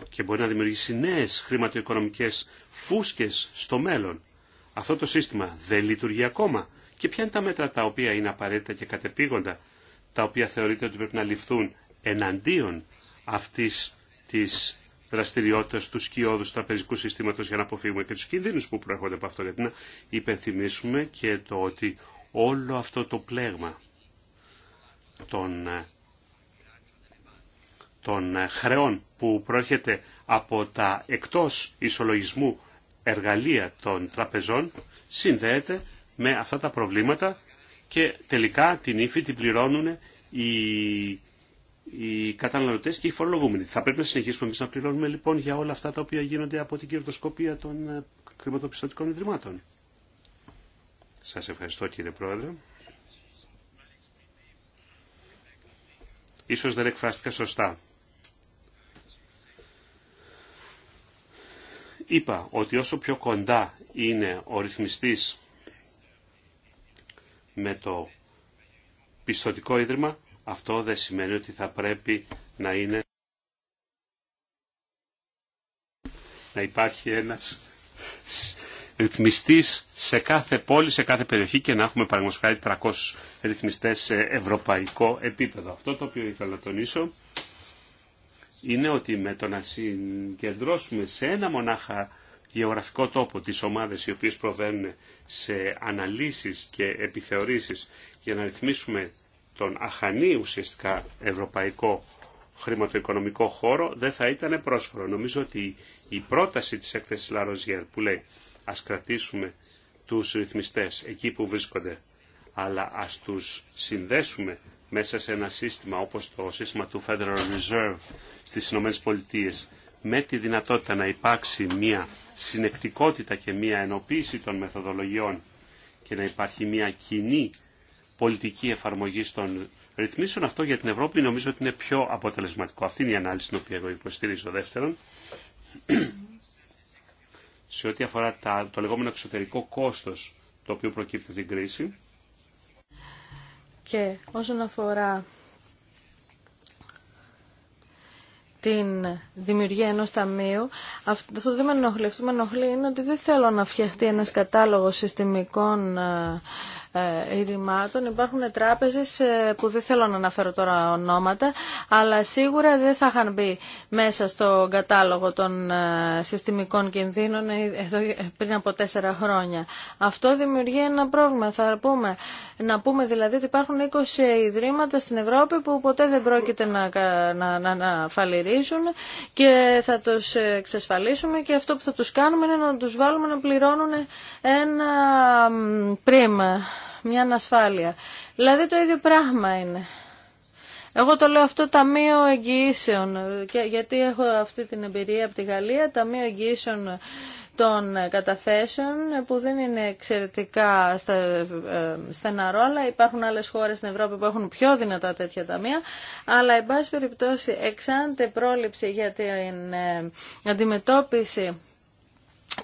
και μπορεί να δημιουργήσει νέες χρηματοοικονομικές φούσκες στο μέλλον. Αυτό το σύστημα δεν λειτουργεί ακόμα και ποια είναι τα μέτρα τα οποία είναι απαραίτητα και κατεπήγοντα, τα οποία θεωρείται ότι πρέπει να ληφθούν εναντίον αυτής της δραστηριότητας του σκιώδου του τραπεζικού συστήματος για να αποφύγουμε και τους κινδύνους που προέρχονται από αυτό, γιατί να υπενθυμίσουμε και το ότι όλο αυτό το πλέγμα των, ε, των ε, χρεών που προέρχεται από τα εκτός ισολογισμού εργαλεία των τραπεζών συνδέεται με αυτά τα προβλήματα και τελικά την ύφη την πληρώνουν οι, οι καταναλωτές και οι φορολογούμενοι. Θα πρέπει να συνεχίσουμε εμείς να πληρώνουμε λοιπόν για όλα αυτά τα οποία γίνονται από την κερδοσκοπία των ε, χρηματοπιστωτικών ιδρυμάτων. Σας ευχαριστώ κύριε Πρόεδρε. Ίσως δεν εκφράστηκα σωστά. Είπα ότι όσο πιο κοντά είναι ο ρυθμιστής με το πιστοτικό ίδρυμα, αυτό δεν σημαίνει ότι θα πρέπει να υπάρχει ένας ρυθμιστής σε κάθε πόλη, σε κάθε περιοχή και να έχουμε παραγωγικά 300 ρυθμιστές σε ευρωπαϊκό επίπεδο. Αυτό το οποίο ήθελα να τονίσω είναι ότι με το να συγκεντρώσουμε σε ένα μονάχα γεωγραφικό τόπο, τις ομάδες οι οποίες προβαίνουν σε αναλύσεις και επιθεωρήσεις για να ρυθμίσουμε τον αχανή ουσιαστικά ευρωπαϊκό χρηματοοικονομικό χώρο δεν θα ήταν πρόσφορο. Νομίζω ότι η πρόταση της έκθεσης Λαροζιέρ που λέει ας κρατήσουμε τους ρυθμιστές εκεί που βρίσκονται αλλά ας τους συνδέσουμε μέσα σε ένα σύστημα όπως το σύστημα του Federal Reserve στις Ηνωμένες Πολιτείες με τη δυνατότητα να υπάρξει μια συνεκτικότητα και μια ενοποίηση των μεθοδολογιών και να υπάρχει μια κοινή πολιτική εφαρμογή των ρυθμίσεων, αυτό για την Ευρώπη νομίζω ότι είναι πιο αποτελεσματικό. Αυτή είναι η ανάλυση την οποία εγώ υποστηρίζω. Δεύτερον, σε ό,τι αφορά το λεγόμενο εξωτερικό κόστος το οποίο προκύπτει την κρίση. Και όσον αφορά την δημιουργία ενός ταμείου. Αυτό δεν με ενοχλεί, αυτό με ενοχλεί είναι ότι δεν θέλω να φτιαχτεί ένας κατάλογος συστημικών ε, ε, ιδρυμάτων. Υπάρχουν τράπεζες ε, που δεν θέλω να αναφέρω τώρα ονόματα, αλλά σίγουρα δεν θα είχαν μπει μέσα στο κατάλογο των ε, συστημικών κινδύνων πριν από τέσσερα χρόνια. Αυτό δημιουργεί ένα πρόβλημα. Θα πούμε, να πούμε δηλαδή ότι υπάρχουν 20 ιδρύματα στην Ευρώπη που ποτέ δεν πρόκειται να, να, να, και θα τους εξασφαλίσουμε και αυτό που θα τους κάνουμε είναι να τους βάλουμε να πληρώνουν ένα πρίμα μια ανασφάλεια. Δηλαδή το ίδιο πράγμα είναι. Εγώ το λέω αυτό ταμείο εγγυήσεων, γιατί έχω αυτή την εμπειρία από τη Γαλλία, ταμείο εγγυήσεων των καταθέσεων που δεν είναι εξαιρετικά ε, στεναρόλα. αλλά υπάρχουν άλλες χώρες στην Ευρώπη που έχουν πιο δυνατά τέτοια ταμεία αλλά εν πάση περιπτώσει εξάντε πρόληψη για την ε, αντιμετώπιση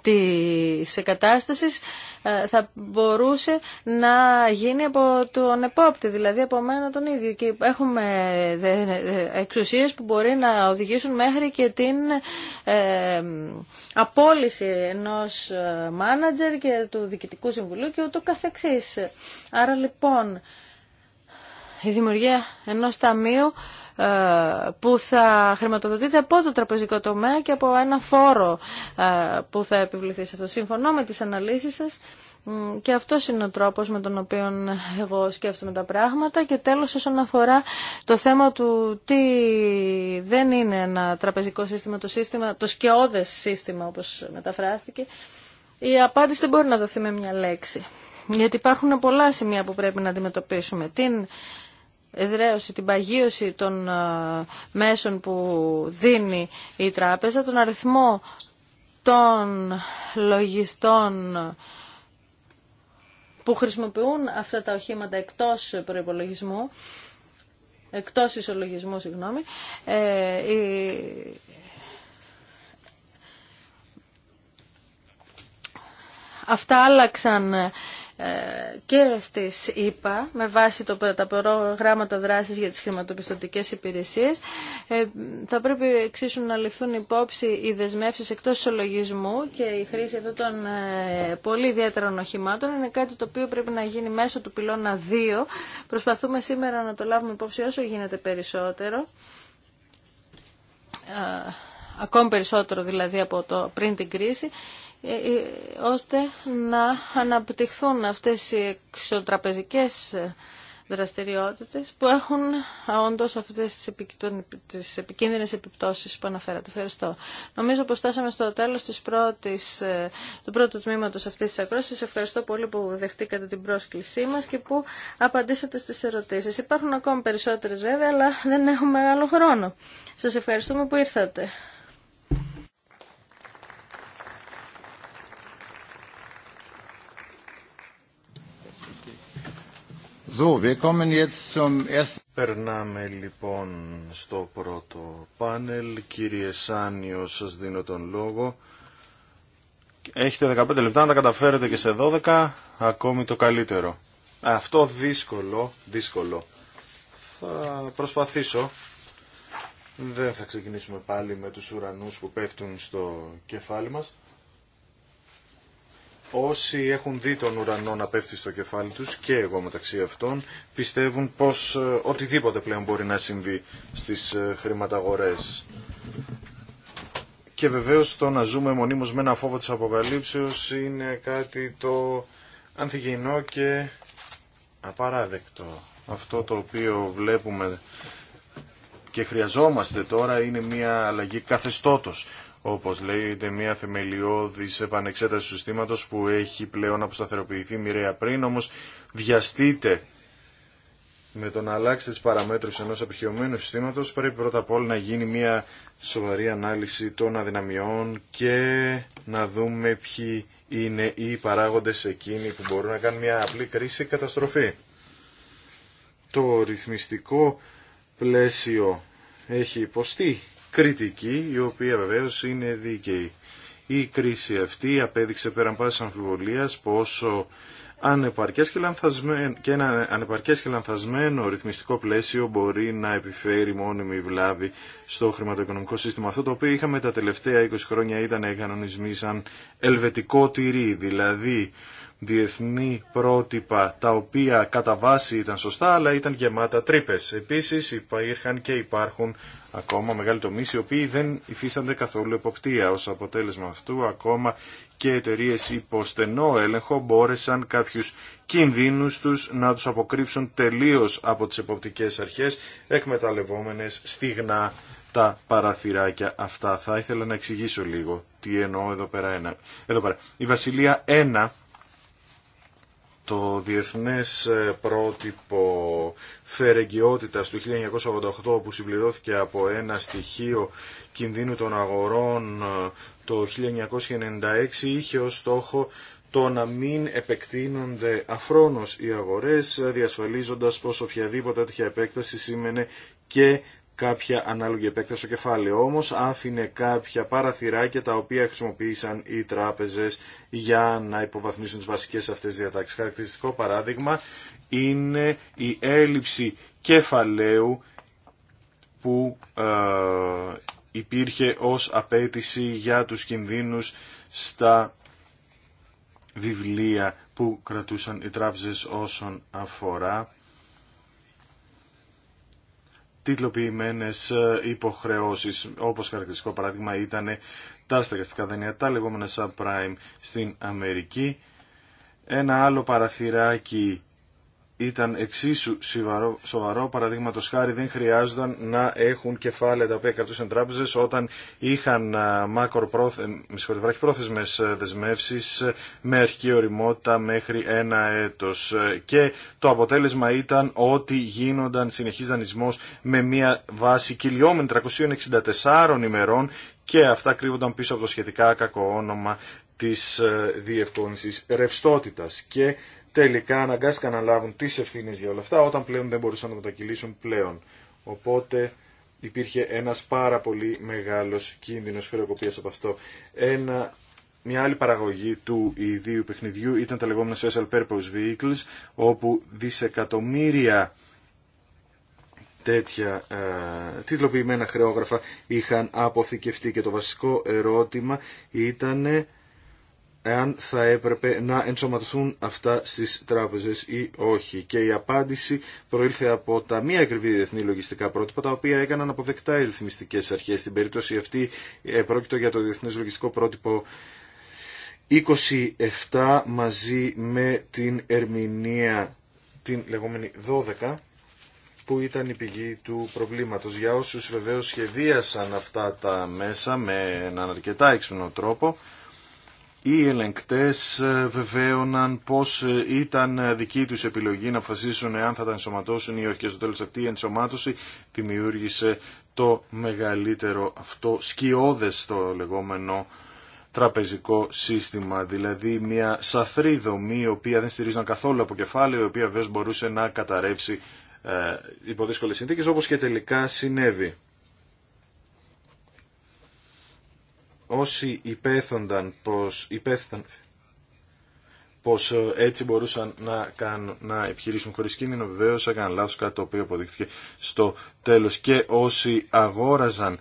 της κατάστασης ε, θα μπορούσε να γίνει από τον επόπτη, δηλαδή από μένα τον ίδιο. Και έχουμε εξουσίες που μπορεί να οδηγήσουν μέχρι και την ε, απόλυση ενός ε, μάνατζερ και του Διοικητικού Συμβουλίου και ούτω καθεξής. Άρα λοιπόν η δημιουργία ενός ταμείου ε, που θα χρηματοδοτείται από το τραπεζικό τομέα και από ένα φόρο ε, που θα επιβληθεί σε αυτό. Συμφωνώ με τις αναλύσεις σας και αυτό είναι ο τρόπος με τον οποίο εγώ σκέφτομαι τα πράγματα και τέλος όσον αφορά το θέμα του τι δεν είναι ένα τραπεζικό σύστημα, το σύστημα, το σκιώδες σύστημα όπως μεταφράστηκε, η απάντηση δεν μπορεί να δοθεί με μια λέξη. Γιατί υπάρχουν πολλά σημεία που πρέπει να αντιμετωπίσουμε. Την εδραίωση, την παγίωση των ε, μέσων που δίνει η τράπεζα, τον αριθμό των λογιστών που χρησιμοποιούν αυτά τα οχήματα εκτός προϋπολογισμού, εκτός ισολογισμού, συγγνώμη, ε, Αυτά άλλαξαν ε, και στις ΗΠΑ με βάση το, τα προγράμματα δράσης για τις χρηματοπιστωτικές υπηρεσίες. Ε, θα πρέπει εξίσου να ληφθούν υπόψη οι δεσμεύσεις εκτός ισολογισμού και η χρήση αυτών των ε, πολύ ιδιαίτερων οχημάτων είναι κάτι το οποίο πρέπει να γίνει μέσω του πυλώνα 2. Προσπαθούμε σήμερα να το λάβουμε υπόψη όσο γίνεται περισσότερο ακόμη περισσότερο δηλαδή από πριν την κρίση ε, ε, ώστε να αναπτυχθούν αυτές οι εξωτραπεζικές δραστηριότητες που έχουν όντως αυτές τις επικίνδυνες επιπτώσεις που αναφέρατε. Ευχαριστώ. Νομίζω πως στάσαμε στο τέλος της πρώτης, ε, του πρώτου τμήματος αυτής της ακρόσης. Ευχαριστώ πολύ που δεχτήκατε την πρόσκλησή μας και που απαντήσατε στις ερωτήσεις. Υπάρχουν ακόμα περισσότερες βέβαια, αλλά δεν έχουμε άλλο χρόνο. Σας ευχαριστούμε που ήρθατε. Περνάμε λοιπόν στο πρώτο πάνελ. Κύριε Σάνιο, σα δίνω τον λόγο. Έχετε 15 λεπτά να τα καταφέρετε και σε 12, ακόμη το καλύτερο. Αυτό δύσκολο, δύσκολο. Θα προσπαθήσω. Δεν θα ξεκινήσουμε πάλι με τους ουρανούς που πέφτουν στο κεφάλι μας. Όσοι έχουν δει τον ουρανό να πέφτει στο κεφάλι τους, και εγώ μεταξύ αυτών, πιστεύουν πως ε, οτιδήποτε πλέον μπορεί να συμβεί στις ε, χρηματαγορές. Και βεβαίως το να ζούμε μονίμως με ένα φόβο της αποκαλύψεως είναι κάτι το ανθιγεινό και απαράδεκτο. Αυτό το οποίο βλέπουμε και χρειαζόμαστε τώρα είναι μια αλλαγή καθεστώτος όπως λέγεται, μια θεμελιώδης επανεξέταση του συστήματος που έχει πλέον αποσταθεροποιηθεί μοιραία πριν, όμως βιαστείτε με το να αλλάξετε τις παραμέτρους ενός απειχαιωμένου συστήματος, πρέπει πρώτα απ' όλα να γίνει μια σοβαρή ανάλυση των αδυναμιών και να δούμε ποιοι είναι οι παράγοντες εκείνοι που μπορούν να κάνουν μια απλή κρίση καταστροφή. Το ρυθμιστικό πλαίσιο έχει υποστεί κριτική, η οποία βεβαίω είναι δίκαιη. Η κρίση αυτή απέδειξε πέραν πάσης αμφιβολίας πόσο ανεπαρκές και, λανθασμένο, και ένα ανεπαρκές και λανθασμένο ρυθμιστικό πλαίσιο μπορεί να επιφέρει μόνιμη βλάβη στο χρηματοοικονομικό σύστημα. Αυτό το οποίο είχαμε τα τελευταία 20 χρόνια ήταν οι κανονισμοί σαν ελβετικό τυρί, δηλαδή διεθνή πρότυπα τα οποία κατά βάση ήταν σωστά αλλά ήταν γεμάτα τρύπε. Επίση, υπήρχαν και υπάρχουν ακόμα μεγάλοι τομεί, οι οποίοι δεν υφίστανται καθόλου εποπτεία. ω αποτέλεσμα αυτού ακόμα και εταιρείε υπό στενό έλεγχο μπόρεσαν κάποιου κινδύνου του να του αποκρύψουν τελείω από τι εποπτικέ αρχές εκμεταλλευόμενε στιγνά τα παραθυράκια αυτά. Θα ήθελα να εξηγήσω λίγο τι εννοώ εδώ πέρα. Ένα. Εδώ πέρα. Η Βασιλεία 1 το διεθνές ε, πρότυπο φερεγγιότητας του 1988 που συμπληρώθηκε από ένα στοιχείο κινδύνου των αγορών ε, το 1996 είχε ως στόχο το να μην επεκτείνονται αφρόνως οι αγορές ε, διασφαλίζοντας πως οποιαδήποτε τέτοια επέκταση σήμαινε και κάποια ανάλογη επέκταση στο κεφάλαιο. Όμως άφηνε κάποια παραθυράκια τα οποία χρησιμοποίησαν οι τράπεζες για να υποβαθμίσουν τι βασικές αυτές διατάξει. Χαρακτηριστικό παράδειγμα είναι η έλλειψη κεφαλαίου που ε, υπήρχε ως απέτηση για τους κινδύνους στα βιβλία που κρατούσαν οι τράπεζες όσον αφορά τίτλοποιημένες ε, υποχρεώσεις, όπως χαρακτηριστικό παράδειγμα ήταν τα στεγαστικά δανεία, τα λεγόμενα subprime στην Αμερική. Ένα άλλο παραθυράκι ήταν εξίσου σοβαρό, σοβαρό παραδείγματο χάρη δεν χρειάζονταν να έχουν κεφάλαια τα οποία κρατούσαν τράπεζε όταν είχαν μακροπρόθεσμε δεσμεύσει με αρχική οριμότητα μέχρι ένα έτο. Και το αποτέλεσμα ήταν ότι γίνονταν συνεχή δανεισμό με μια βάση κυλιόμενη 364 ημερών και αυτά κρύβονταν πίσω από το σχετικά κακό όνομα της διευκόνησης ρευστότητας και τελικά αναγκάστηκαν να λάβουν τις ευθύνε για όλα αυτά όταν πλέον δεν μπορούσαν να μετακυλήσουν πλέον. Οπότε υπήρχε ένας πάρα πολύ μεγάλος κίνδυνος χρεοκοπίας από αυτό. Ένα, μια άλλη παραγωγή του ιδίου παιχνιδιού ήταν τα λεγόμενα special purpose vehicles όπου δισεκατομμύρια τέτοια ε, τίτλοποιημένα χρεόγραφα είχαν αποθηκευτεί και το βασικό ερώτημα ήταν εάν θα έπρεπε να ενσωματωθούν αυτά στις τράπεζες ή όχι. Και η απάντηση προήλθε από τα μία ακριβή διεθνή λογιστικά πρότυπα, τα οποία έκαναν αποδεκτά οι ρυθμιστικές αρχές. Στην περίπτωση αυτή ε, πρόκειτο για το διεθνές λογιστικό πρότυπο 27 μαζί με την ερμηνεία την λεγόμενη 12 που ήταν η πηγή του προβλήματος. Για όσους βεβαίως σχεδίασαν αυτά τα μέσα με έναν αρκετά έξυπνο τρόπο, οι ελεγκτές ε, βεβαίωναν πως ε, ήταν ε, δική τους επιλογή να αποφασίσουν εάν θα τα ενσωματώσουν ή όχι και στο τέλος αυτή η ενσωμάτωση δημιούργησε το μεγαλύτερο αυτό σκιώδες το λεγόμενο τραπεζικό σύστημα, δηλαδή μια σαθρή δομή η οποία δεν στηρίζει καθόλου από κεφάλαιο, η οποία βέβαια μπορούσε να καταρρεύσει υπό δύσκολε συνθήκε, όπως και τελικά συνέβη. όσοι υπέθονταν πως, υπέθονταν πως ε, έτσι μπορούσαν να, κάνουν, να επιχειρήσουν χωρίς κίνδυνο βεβαίως έκαναν λάθος κάτι το οποίο αποδείχθηκε στο τέλος και όσοι αγόραζαν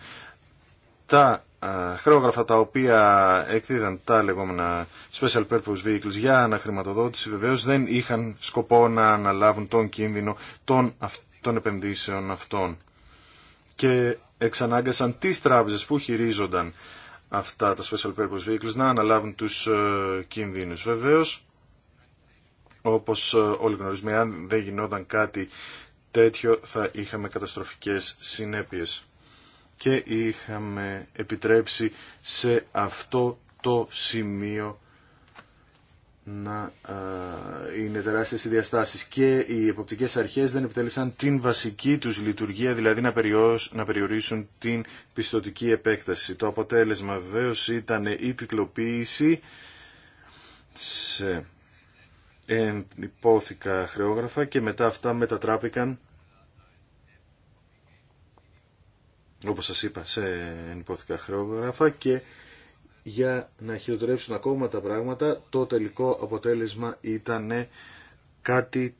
τα ε, χρεόγραφα τα οποία εκδίδαν τα λεγόμενα special purpose vehicles για αναχρηματοδότηση βεβαίως δεν είχαν σκοπό να αναλάβουν τον κίνδυνο των, των επενδύσεων αυτών και εξανάγκασαν τις τράπεζες που χειρίζονταν αυτά τα special purpose vehicles να αναλάβουν τους ε, κινδύνους. Βεβαίως, όπως ε, όλοι γνωρίζουμε, αν δεν γινόταν κάτι τέτοιο θα είχαμε καταστροφικές συνέπειες και είχαμε επιτρέψει σε αυτό το σημείο να είναι τεράστιες οι διαστάσεις και οι εποπτικές αρχές δεν επιτέλεσαν την βασική τους λειτουργία, δηλαδή να, να περιορίσουν την πιστοτική επέκταση. Το αποτέλεσμα βεβαίω ήταν η τιτλοποίηση σε υπόθηκα χρεόγραφα και μετά αυτά μετατράπηκαν όπως σας είπα σε υπόθηκα χρεόγραφα και για να χειροτερεύσουν ακόμα τα πράγματα, το τελικό αποτέλεσμα ήταν κάτι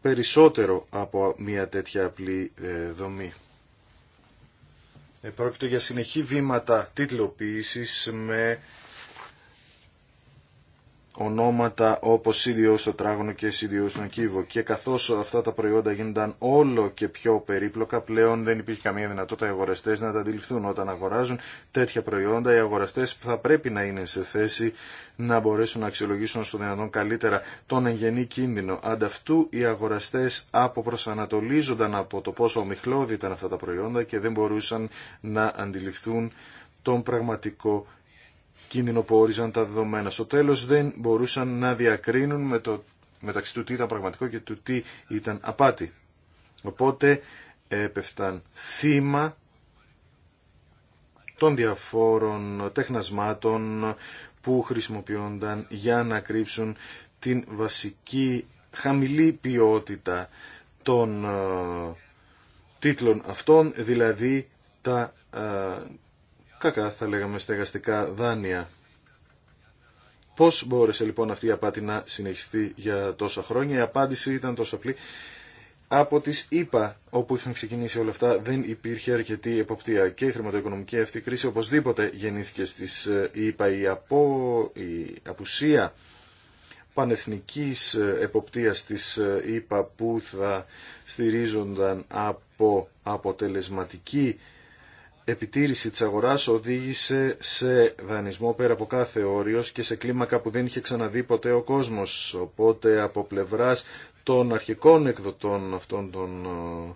περισσότερο από μια τέτοια απλή ε, δομή. Ε, πρόκειται για συνεχή βήματα τίτλοποίησης με ονόματα όπως CDO στο τράγωνο και CDO στον κύβο και καθώς αυτά τα προϊόντα γίνονταν όλο και πιο περίπλοκα πλέον δεν υπήρχε καμία δυνατότητα οι αγοραστές να τα αντιληφθούν όταν αγοράζουν τέτοια προϊόντα οι αγοραστές θα πρέπει να είναι σε θέση να μπορέσουν να αξιολογήσουν στο δυνατόν καλύτερα τον εγγενή κίνδυνο ανταυτού οι αγοραστές αποπροσανατολίζονταν από το πόσο ομιχλώδη ήταν αυτά τα προϊόντα και δεν μπορούσαν να αντιληφθούν τον πραγματικό κινδυνοπόριζαν τα δεδομένα. Στο τέλος δεν μπορούσαν να διακρίνουν με το, μεταξύ του τι ήταν πραγματικό και του τι ήταν απάτη. Οπότε έπεφταν θύμα των διαφόρων τεχνασμάτων που χρησιμοποιούνταν για να κρύψουν την βασική χαμηλή ποιότητα των ε, τίτλων αυτών, δηλαδή τα ε, κακά θα λέγαμε στεγαστικά δάνεια. Πώς μπόρεσε λοιπόν αυτή η απάτη να συνεχιστεί για τόσα χρόνια. Η απάντηση ήταν τόσο απλή. Από τις ΙΠΑ όπου είχαν ξεκινήσει όλα αυτά δεν υπήρχε αρκετή εποπτεία και η χρηματοοικονομική αυτή κρίση οπωσδήποτε γεννήθηκε στις ΙΠΑ ε, η, απο... η απουσία πανεθνικής ε, εποπτείας της ΕΠΑ που θα στηρίζονταν από αποτελεσματική επιτήρηση της αγοράς οδήγησε σε δανεισμό πέρα από κάθε όριος και σε κλίμακα που δεν είχε ξαναδεί ποτέ ο κόσμος. Οπότε από πλευράς των αρχικών εκδοτών αυτών των ε,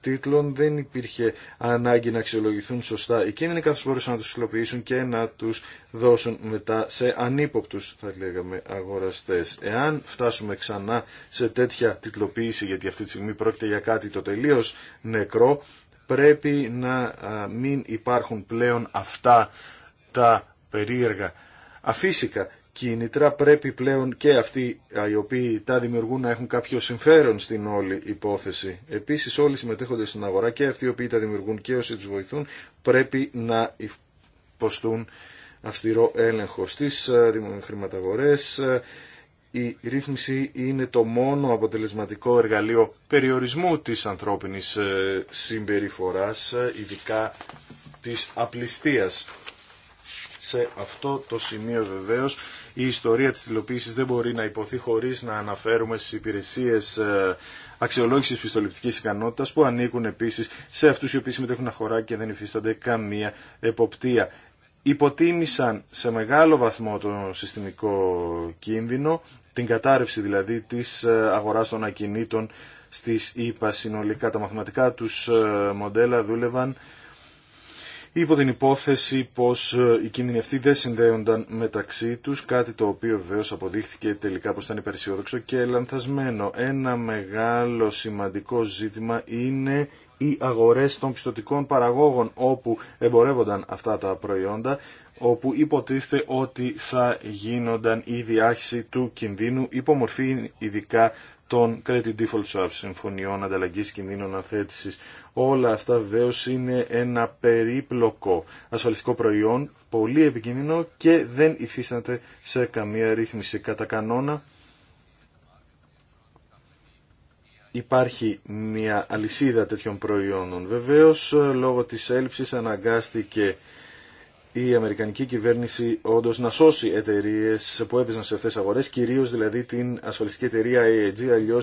τίτλων δεν υπήρχε ανάγκη να αξιολογηθούν σωστά. Οι κίνδυνοι καθώς μπορούσαν να τους υλοποιήσουν και να τους δώσουν μετά σε ανύποπτους, θα λέγαμε, αγοραστές. Εάν φτάσουμε ξανά σε τέτοια τιτλοποίηση, γιατί αυτή τη στιγμή πρόκειται για κάτι το τελείως νεκρό, πρέπει να μην υπάρχουν πλέον αυτά τα περίεργα. Αφύσικα κίνητρα πρέπει πλέον και αυτοί οι οποίοι τα δημιουργούν να έχουν κάποιο συμφέρον στην όλη υπόθεση. Επίσης όλοι οι συμμετέχοντες στην αγορά και αυτοί οι οποίοι τα δημιουργούν και όσοι τους βοηθούν πρέπει να υποστούν αυστηρό έλεγχο στις χρηματαγορές η ρύθμιση είναι το μόνο αποτελεσματικό εργαλείο περιορισμού της ανθρώπινης ε, συμπεριφοράς, ε, ειδικά της απληστίας. Σε αυτό το σημείο βεβαίως η ιστορία της τηλεοποίησης δεν μπορεί να υποθεί χωρίς να αναφέρουμε στις υπηρεσίες ε, αξιολόγησης πιστοληπτικής ικανότητας που ανήκουν επίσης σε αυτούς οι οποίοι συμμετέχουν χωρά και δεν υφίστανται καμία εποπτεία. Υποτίμησαν σε μεγάλο βαθμό το συστημικό κίνδυνο την κατάρρευση δηλαδή της ε, αγοράς των ακινήτων στις ΙΠΑ συνολικά. Τα μαθηματικά τους ε, μοντέλα δούλευαν υπό την υπόθεση πως ε, οι κίνδυνοι αυτοί δεν συνδέονταν μεταξύ τους, κάτι το οποίο βεβαίως αποδείχθηκε τελικά πως ήταν υπεραισιόδοξο και λανθασμένο. Ένα μεγάλο σημαντικό ζήτημα είναι οι αγορές των πιστοτικών παραγόγων όπου εμπορεύονταν αυτά τα προϊόντα όπου υποτίθεται ότι θα γίνονταν η διάχυση του κινδύνου υπομορφή ειδικά των credit default swap συμφωνιών ανταλλαγής κινδύνων ανθέτησης. Όλα αυτά βεβαίω είναι ένα περίπλοκο ασφαλιστικό προϊόν, πολύ επικίνδυνο και δεν υφίσταται σε καμία ρύθμιση. Κατά κανόνα υπάρχει μια αλυσίδα τέτοιων προϊόνων. Βεβαίως λόγω της έλλειψης αναγκάστηκε η Αμερικανική κυβέρνηση όντω να σώσει εταιρείε που έπαιζαν σε αυτέ τι αγορέ, κυρίω δηλαδή την ασφαλιστική εταιρεία AEG, αλλιώ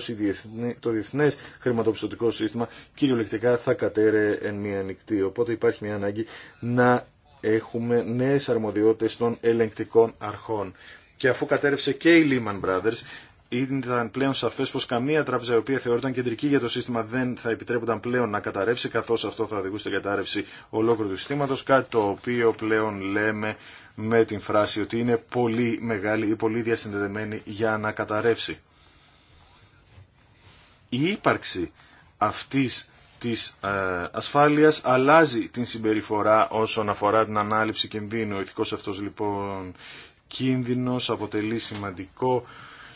το διεθνέ χρηματοπιστωτικό σύστημα κυριολεκτικά θα κατέρε εν μία νυχτή. Οπότε υπάρχει μια ανάγκη να έχουμε νέε αρμοδιότητε των ελεγκτικών αρχών. Και αφού κατέρευσε και η Lehman Brothers, ήταν πλέον σαφέ πω καμία τράπεζα η οποία θεωρούνταν κεντρική για το σύστημα δεν θα επιτρέπονταν πλέον να καταρρεύσει καθώ αυτό θα οδηγούσε στην κατάρρευση ολόκληρου του συστήματο κάτι το οποίο πλέον λέμε με την φράση ότι είναι πολύ μεγάλη ή πολύ διασυνδεδεμένη για να καταρρεύσει. Η ύπαρξη αυτής της ε, ασφάλειας αλλάζει την συμπεριφορά όσον αφορά την ανάληψη κινδύνου. Ο ηθικός αυτός λοιπόν κίνδυνος αποτελεί σημαντικό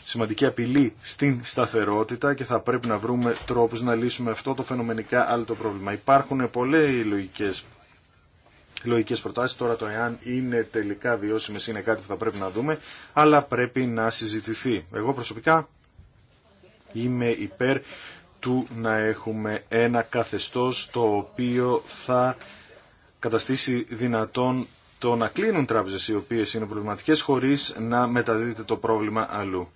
σημαντική απειλή στην σταθερότητα και θα πρέπει να βρούμε τρόπους να λύσουμε αυτό το φαινομενικά άλλο το πρόβλημα. Υπάρχουν πολλές λογικές λογικές προτάσεις. Τώρα το εάν είναι τελικά βιώσιμες είναι κάτι που θα πρέπει να δούμε, αλλά πρέπει να συζητηθεί. Εγώ προσωπικά είμαι υπέρ του να έχουμε ένα καθεστώς το οποίο θα καταστήσει δυνατόν το να κλείνουν τράπεζες οι οποίες είναι προβληματικές χωρίς να μεταδίδεται το πρόβλημα αλλού.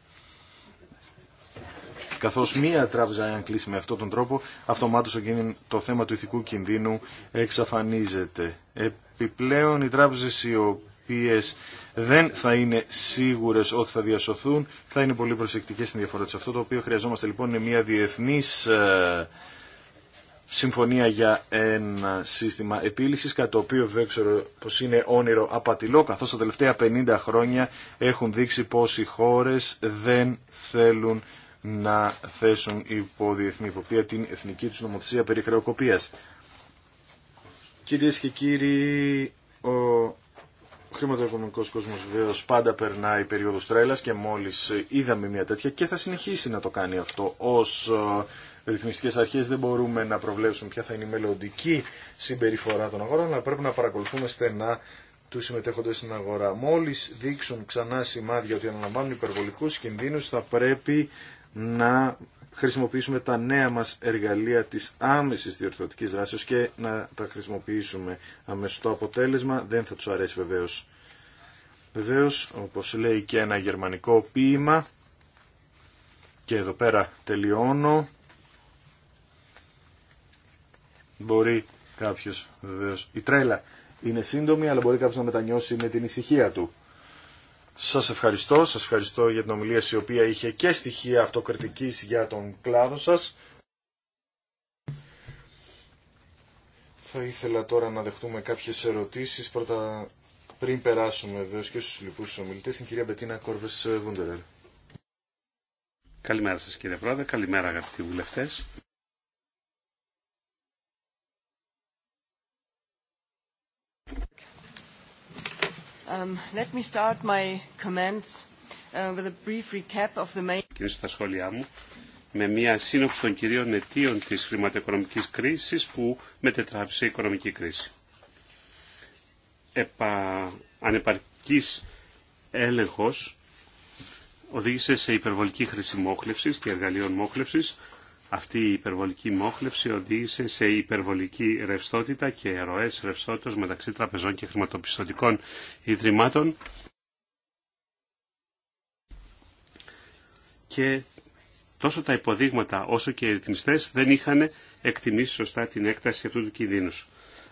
Καθώ μία τράπεζα, αν κλείσει με αυτόν τον τρόπο, αυτομάτω το θέμα του ηθικού κινδύνου εξαφανίζεται. Επιπλέον, οι τράπεζε οι οποίε δεν θα είναι σίγουρε ότι θα διασωθούν, θα είναι πολύ προσεκτικέ στην διαφορά του, Αυτό το οποίο χρειαζόμαστε λοιπόν είναι μία διεθνή ε, συμφωνία για ένα σύστημα επίλυση, κατά το οποίο δεν ξέρω πω είναι όνειρο απατηλό, καθώ τα τελευταία 50 χρόνια έχουν δείξει πώ οι χώρε δεν θέλουν να θέσουν υπό διεθνή υποπτία την εθνική τους νομοθεσία περί χρεοκοπίας. Κυρίες και κύριοι, ο χρηματοοικονομικός κόσμος βεβαίω πάντα περνάει περίοδο τρέλα και μόλις είδαμε μια τέτοια και θα συνεχίσει να το κάνει αυτό ως ε, ρυθμιστικές αρχέ δεν μπορούμε να προβλέψουμε ποια θα είναι η μελλοντική συμπεριφορά των αγορών αλλά πρέπει να παρακολουθούμε στενά του συμμετέχοντες στην αγορά. Μόλι δείξουν ξανά σημάδια ότι αναλαμβάνουν υπερβολικού κινδύνου, θα πρέπει να χρησιμοποιήσουμε τα νέα μας εργαλεία της άμεσης διορθωτικής δράσης και να τα χρησιμοποιήσουμε αμέσως. Το αποτέλεσμα δεν θα τους αρέσει βεβαίως. Βεβαίως, όπως λέει και ένα γερμανικό ποίημα, και εδώ πέρα τελειώνω, μπορεί κάποιος βεβαίως, η τρέλα είναι σύντομη, αλλά μπορεί κάποιος να μετανιώσει με την ησυχία του. Σας ευχαριστώ, σας ευχαριστώ για την ομιλία η οποία είχε και στοιχεία αυτοκριτική για τον κλάδο σας. Θα ήθελα τώρα να δεχτούμε κάποιες ερωτήσεις. Πρώτα πριν περάσουμε βεβαίω και στους λοιπούς ομιλητές, την κυρία Μπετίνα Κόρβε Βούντερερ. Καλημέρα σας κύριε Πρόεδρε, καλημέρα αγαπητοί βουλευτέ. Um, let me σχόλιά μου, με μια σύνοψη των κυρίων αιτίων της χρηματοοικονομικής κρίσης που μετετράψει η οικονομική κρίση. Επα... Ανεπαρκής έλεγχος οδήγησε σε υπερβολική χρήση μόχλευσης και εργαλείων μόχλευσης αυτή η υπερβολική μόχλευση οδήγησε σε υπερβολική ρευστότητα και ροές ρευστότητας μεταξύ τραπεζών και χρηματοπιστωτικών ιδρυμάτων και τόσο τα υποδείγματα όσο και οι ρυθμιστές δεν είχαν εκτιμήσει σωστά την έκταση αυτού του κινδύνου.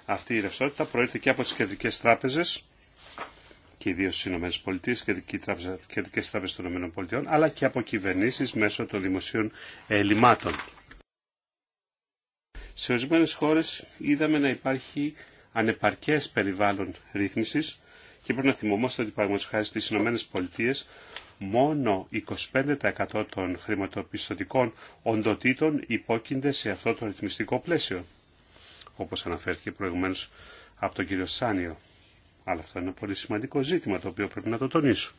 Αυτή η ρευστότητα προέρχεται και από τις κεντρικές τράπεζες και ιδίω στι ΗΠΑ και κεντρικέ τράπεζε των ΗΠΑ, αλλά και από κυβερνήσει μέσω των δημοσίων ελλημάτων. Σε ορισμένε χώρε είδαμε να υπάρχει ανεπαρκέ περιβάλλον ρύθμιση και πρέπει να θυμόμαστε ότι παραδείγματο χάρη στι ΗΠΑ μόνο 25% των χρηματοπιστωτικών οντοτήτων υπόκεινται σε αυτό το ρυθμιστικό πλαίσιο, όπως αναφέρθηκε προηγουμένως από τον κύριο Σάνιο. Αλλά αυτό είναι ένα πολύ σημαντικό ζήτημα το οποίο πρέπει να το τονίσω.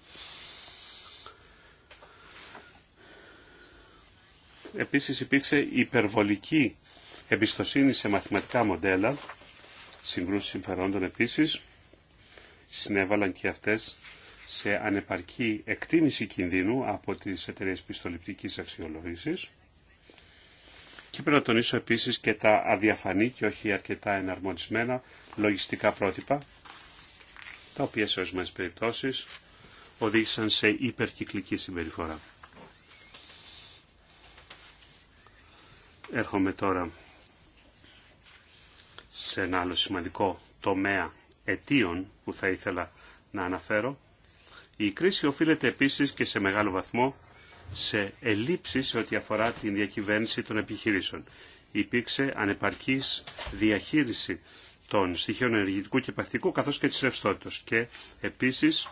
Επίσης υπήρξε υπερβολική εμπιστοσύνη σε μαθηματικά μοντέλα, συγκρούσεις συμφερόντων επίσης, συνέβαλαν και αυτές σε ανεπαρκή εκτίμηση κινδύνου από τις εταιρείες πιστοληπτικής αξιολόγησης. Και πρέπει να τονίσω επίσης και τα αδιαφανή και όχι αρκετά εναρμονισμένα λογιστικά πρότυπα τα οποία σε ορισμένε περιπτώσεις οδήγησαν σε υπερκυκλική συμπεριφορά. Έρχομαι τώρα σε ένα άλλο σημαντικό τομέα αιτίων που θα ήθελα να αναφέρω. Η κρίση οφείλεται επίσης και σε μεγάλο βαθμό σε ελλείψεις σε ό,τι αφορά την διακυβέρνηση των επιχειρήσεων. Υπήρξε ανεπαρκής διαχείριση των στοιχείων ενεργητικού και παθητικού καθώς και της ρευστότητας. Και επίσης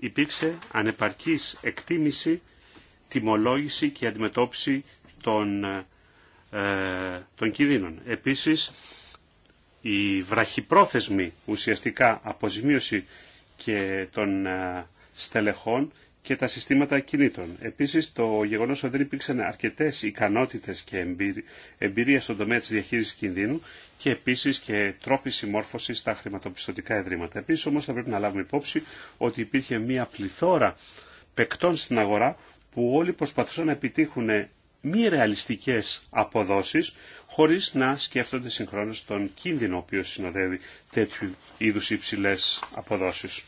υπήρξε ανεπαρκής εκτίμηση, τιμολόγηση και αντιμετώπιση των, ε, των κινδύνων. Επίσης η βραχυπρόθεσμη ουσιαστικά αποζημίωση και των ε, στελεχών και τα συστήματα κινήτων. Επίση, το γεγονό ότι δεν υπήρξαν αρκετέ ικανότητες και εμπειρία στον τομέα τη διαχείριση κινδύνου και επίση και τρόποι συμμόρφωση στα χρηματοπιστωτικά ιδρύματα. Επίση όμω θα πρέπει να λάβουμε υπόψη ότι υπήρχε μία πληθώρα παικτών στην αγορά που όλοι προσπαθούσαν να επιτύχουν μη ρεαλιστικές αποδόσεις χωρίς να σκέφτονται συγχρόνως τον κίνδυνο ο οποίος συνοδεύει τέτοιου είδου υψηλές αποδόσεις.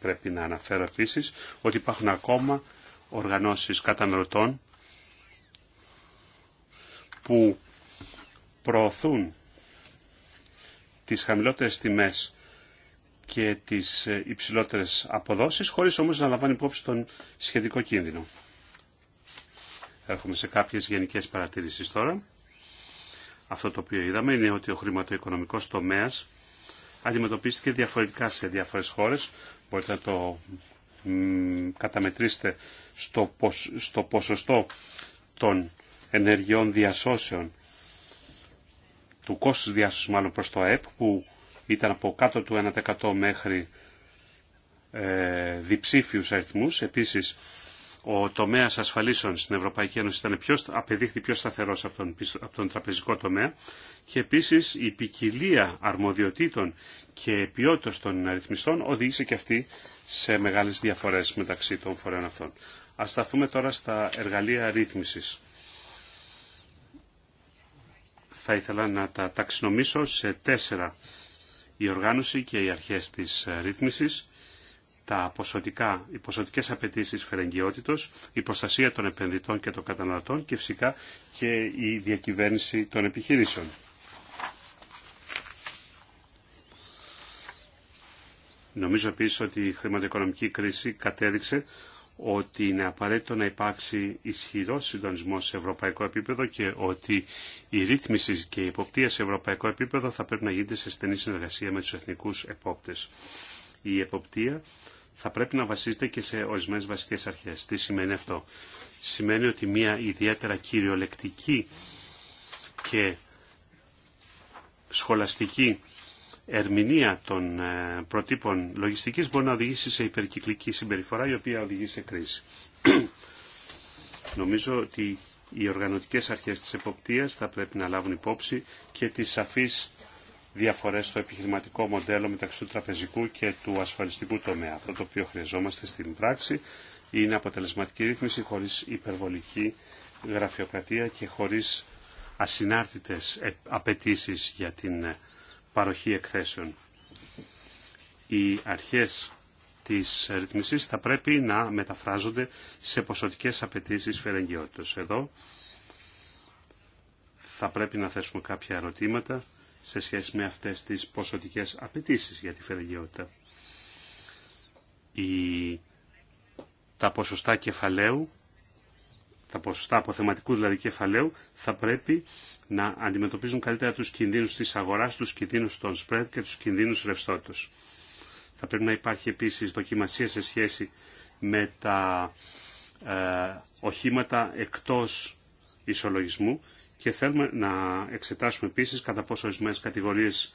Πρέπει να αναφέρω επίσης ότι υπάρχουν ακόμα οργανώσεις καταναλωτών που προωθούν τις χαμηλότερες τιμές και τις ε, υψηλότερες αποδόσεις, χωρίς όμως να λαμβάνει υπόψη τον σχετικό κίνδυνο. Έρχομαι σε κάποιες γενικές παρατηρήσεις τώρα. Αυτό το οποίο είδαμε είναι ότι ο χρηματοοικονομικός τομέας αντιμετωπίστηκε διαφορετικά σε διάφορες χώρες μπορείτε να το καταμετρήσετε στο, στο ποσοστό των ενεργειών διασώσεων, του κόστους διάσωσης μάλλον προς το ΑΕΠ, που ήταν από κάτω του 1% μέχρι ε, διψήφιους αριθμούς. Επίσης, ο τομέας ασφαλίσεων στην Ευρωπαϊκή Ένωση ήταν πιο, απεδείχθη πιο σταθερός από τον, από τον τραπεζικό τομέα και επίσης η ποικιλία αρμοδιοτήτων και ποιότητα των αριθμιστών οδήγησε και αυτή σε μεγάλες διαφορές μεταξύ των φορέων αυτών. Α σταθούμε τώρα στα εργαλεία ρύθμιση. Θα ήθελα να τα ταξινομήσω σε τέσσερα η οργάνωση και οι αρχές της ρύθμισης, τα ποσοτικά, οι ποσοτικές απαιτήσει φερεγγιότητος, η προστασία των επενδυτών και των καταναλωτών και φυσικά και η διακυβέρνηση των επιχειρήσεων. Νομίζω επίσης ότι η χρηματοοικονομική κρίση κατέδειξε ότι είναι απαραίτητο να υπάρξει ισχυρό συντονισμό σε ευρωπαϊκό επίπεδο και ότι η ρύθμιση και η υποπτία σε ευρωπαϊκό επίπεδο θα πρέπει να γίνεται σε στενή συνεργασία με του εθνικού επόπτε η εποπτεία θα πρέπει να βασίζεται και σε ορισμένες βασικές αρχές. Τι σημαίνει αυτό. Σημαίνει ότι μια ιδιαίτερα κυριολεκτική και σχολαστική ερμηνεία των ε, προτύπων λογιστικής μπορεί να οδηγήσει σε υπερκυκλική συμπεριφορά η οποία οδηγεί σε κρίση. Νομίζω ότι οι οργανωτικές αρχές της εποπτείας θα πρέπει να λάβουν υπόψη και τις σαφείς διαφορές στο επιχειρηματικό μοντέλο μεταξύ του τραπεζικού και του ασφαλιστικού τομέα. Αυτό το οποίο χρειαζόμαστε στην πράξη είναι αποτελεσματική ρύθμιση χωρίς υπερβολική γραφειοκρατία και χωρίς ασυνάρτητες απαιτήσει για την ε, παροχή εκθέσεων. Οι αρχές της ρυθμισής θα πρέπει να μεταφράζονται σε ποσοτικές απαιτήσει φερεγγιότητας. Εδώ θα πρέπει να θέσουμε κάποια ερωτήματα σε σχέση με αυτές τις ποσοτικές απαιτήσεις για τη φεραγιότητα. Η... Τα ποσοστά κεφαλαίου, τα ποσοστά αποθεματικού δηλαδή κεφαλαίου, θα πρέπει να αντιμετωπίζουν καλύτερα τους κινδύνους της αγοράς, τους κινδύνους των spread και τους κινδύνους ρευστότητος. Θα πρέπει να υπάρχει επίσης δοκιμασία σε σχέση με τα ε, οχήματα εκτός ισολογισμού και θέλουμε να εξετάσουμε επίσης κατά πόσο ορισμένε κατηγορίες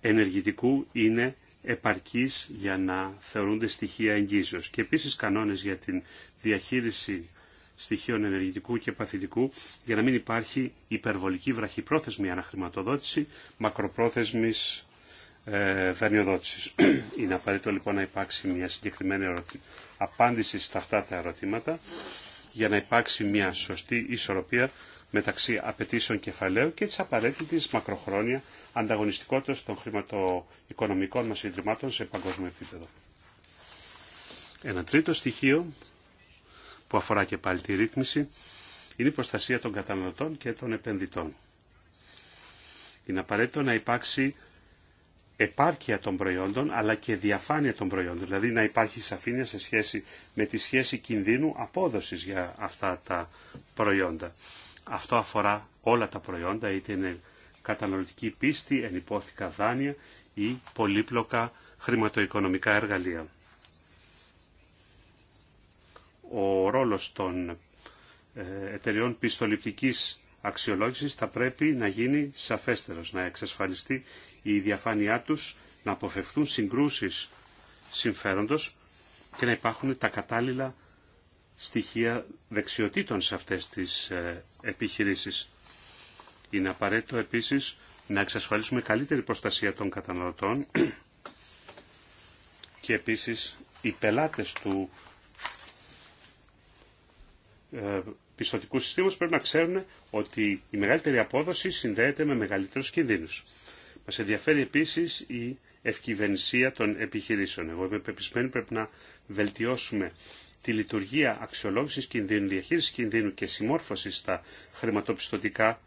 ενεργητικού είναι επαρκείς για να θεωρούνται στοιχεία εγγύσεως. Και επίσης κανόνες για την διαχείριση στοιχείων ενεργητικού και παθητικού για να μην υπάρχει υπερβολική βραχυπρόθεσμη αναχρηματοδότηση μακροπρόθεσμης ε, δανειοδότησης. [clears throat] Είναι απαραίτητο λοιπόν να υπάρξει μια συγκεκριμένη ερωτη... απάντηση στα αυτά τα ερωτήματα για να υπάρξει μια σωστή ισορροπία μεταξύ απαιτήσεων κεφαλαίου και της απαραίτητη μακροχρόνια ανταγωνιστικότητα των χρηματοοικονομικών μα ιδρυμάτων σε παγκόσμιο επίπεδο. Ένα τρίτο στοιχείο που αφορά και πάλι τη ρύθμιση είναι η προστασία των καταναλωτών και των επενδυτών. Είναι απαραίτητο να υπάρξει επάρκεια των προϊόντων αλλά και διαφάνεια των προϊόντων, δηλαδή να υπάρχει σαφήνεια σε σχέση με τη σχέση κινδύνου απόδοσης για αυτά τα προϊόντα. Αυτό αφορά όλα τα προϊόντα, είτε είναι καταναλωτική πίστη, ενυπόθηκα δάνεια ή πολύπλοκα χρηματοοικονομικά εργαλεία. Ο ρόλος των ε, εταιριών πιστοληπτικής αξιολόγησης θα πρέπει να γίνει σαφέστερος, να εξασφαλιστεί η διαφάνειά τους, να αποφευθούν συγκρούσεις συμφέροντος και να υπάρχουν τα κατάλληλα στοιχεία δεξιοτήτων σε αυτές τις ε, επιχειρήσεις. Είναι απαραίτητο επίσης να εξασφαλίσουμε καλύτερη προστασία των καταναλωτών [clears throat] και επίσης οι πελάτες του ε, πιστοτικού συστήματος πρέπει να ξέρουν ότι η μεγαλύτερη απόδοση συνδέεται με μεγαλύτερους κινδύνους. Μας ενδιαφέρει επίσης η ευκυβερνησία των επιχειρήσεων. Εγώ είμαι πεπισμένη πρέπει να βελτιώσουμε τη λειτουργία αξιολόγησης κινδύνου, διαχείρισης κινδύνου και συμμόρφωσης στα χρηματοπιστωτικά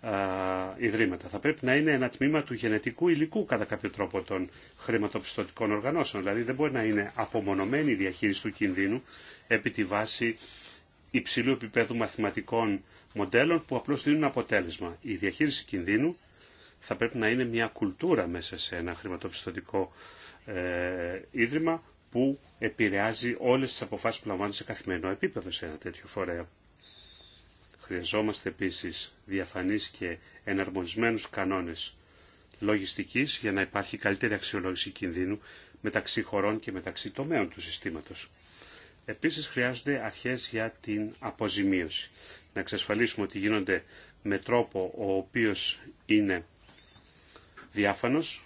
α, ιδρύματα. Θα πρέπει να είναι ένα τμήμα του γενετικού υλικού κατά κάποιο τρόπο των χρηματοπιστωτικών οργανώσεων. Δηλαδή δεν μπορεί να είναι απομονωμένη η διαχείριση του κινδύνου επί τη βάση υψηλού επίπεδου μαθηματικών μοντέλων που απλώς δίνουν αποτέλεσμα. Η διαχείριση κινδύνου θα πρέπει να είναι μια κουλτούρα μέσα σε ένα χρηματοπιστωτικό ε, ίδρυμα που επηρεάζει όλες τις αποφάσεις που λαμβάνουν σε καθημερινό επίπεδο σε ένα τέτοιο φορέα. Χρειαζόμαστε επίσης διαφανείς και εναρμονισμένους κανόνες λογιστικής για να υπάρχει καλύτερη αξιολόγηση κινδύνου μεταξύ χωρών και μεταξύ τομέων του συστήματος. Επίσης χρειάζονται αρχές για την αποζημίωση. Να εξασφαλίσουμε ότι γίνονται με τρόπο ο οποίος είναι διάφανος,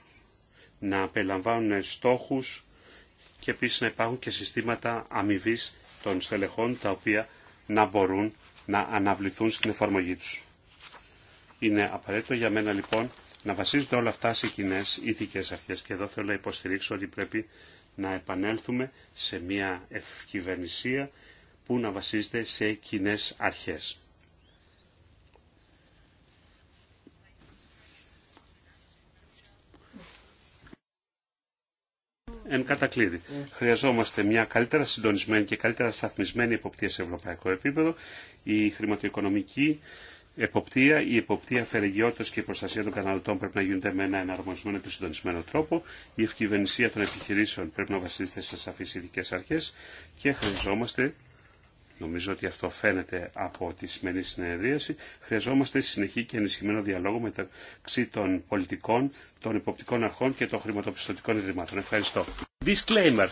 να περιλαμβάνουν στόχους και επίσης να υπάρχουν και συστήματα αμοιβή των στελεχών τα οποία να μπορούν να αναβληθούν στην εφαρμογή τους. Είναι απαραίτητο για μένα λοιπόν να βασίζονται όλα αυτά σε κοινέ ηθικές αρχέ, και εδώ θέλω να υποστηρίξω ότι πρέπει να επανέλθουμε σε μια ευκυβερνησία που να βασίζεται σε κοινέ αρχές. εν κατακλείδη. Χρειαζόμαστε μια καλύτερα συντονισμένη και καλύτερα σταθμισμένη εποπτεία σε ευρωπαϊκό επίπεδο. Η χρηματοοικονομική εποπτεία, η εποπτεία αφαιρεγιότητα και η προστασία των καταναλωτών πρέπει να γίνεται με ένα εναρμονισμένο και συντονισμένο τρόπο. Η ευκυβερνησία των επιχειρήσεων πρέπει να βασίζεται σε σαφεί ειδικέ αρχέ και χρειαζόμαστε Νομίζω ότι αυτό φαίνεται από τη σημερινή συνεδρίαση. Χρειαζόμαστε συνεχή και ενισχυμένο διαλόγο μεταξύ των πολιτικών, των υποπτικών αρχών και των χρηματοπιστωτικών ιδρυμάτων. Ευχαριστώ. Disclaimer.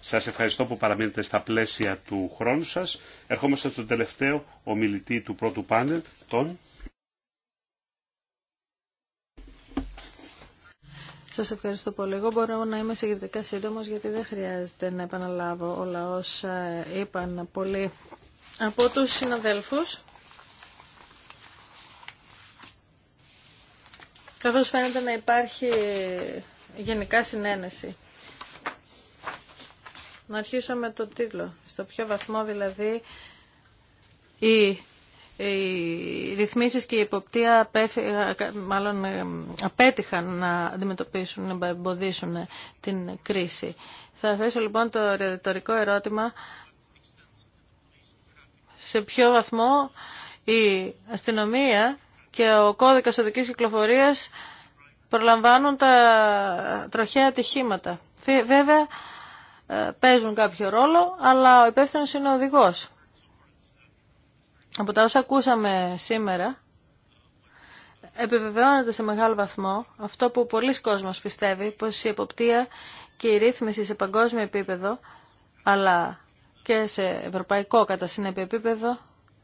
Σας ευχαριστώ που παραμείνετε στα πλαίσια του χρόνου σας. Ερχόμαστε στον τελευταίο ομιλητή του πρώτου πάνελ, τον Σας ευχαριστώ πολύ. Εγώ μπορώ να είμαι συγκεκριτικά σύντομο, γιατί δεν χρειάζεται να επαναλάβω όλα όσα είπαν πολλοί από τους συναδέλφους. Καθώ φαίνεται να υπάρχει γενικά συνένεση. Να αρχίσω με το τίτλο. Στο ποιο βαθμό δηλαδή η οι ρυθμίσεις και η εποπτεία μάλλον ε, απέτυχαν να αντιμετωπίσουν, να εμποδίσουν την κρίση. Θα θέσω λοιπόν το ρητορικό ερώτημα σε ποιο βαθμό η αστυνομία και ο κώδικας οδικής κυκλοφορίας προλαμβάνουν τα τροχαία ατυχήματα. Βέβαια ε, παίζουν κάποιο ρόλο, αλλά ο υπεύθυνος είναι ο οδηγός από τα όσα ακούσαμε σήμερα, επιβεβαιώνεται σε μεγάλο βαθμό αυτό που πολλοί κόσμος πιστεύει, πως η εποπτεία και η ρύθμιση σε παγκόσμιο επίπεδο, αλλά και σε ευρωπαϊκό κατά επίπεδο,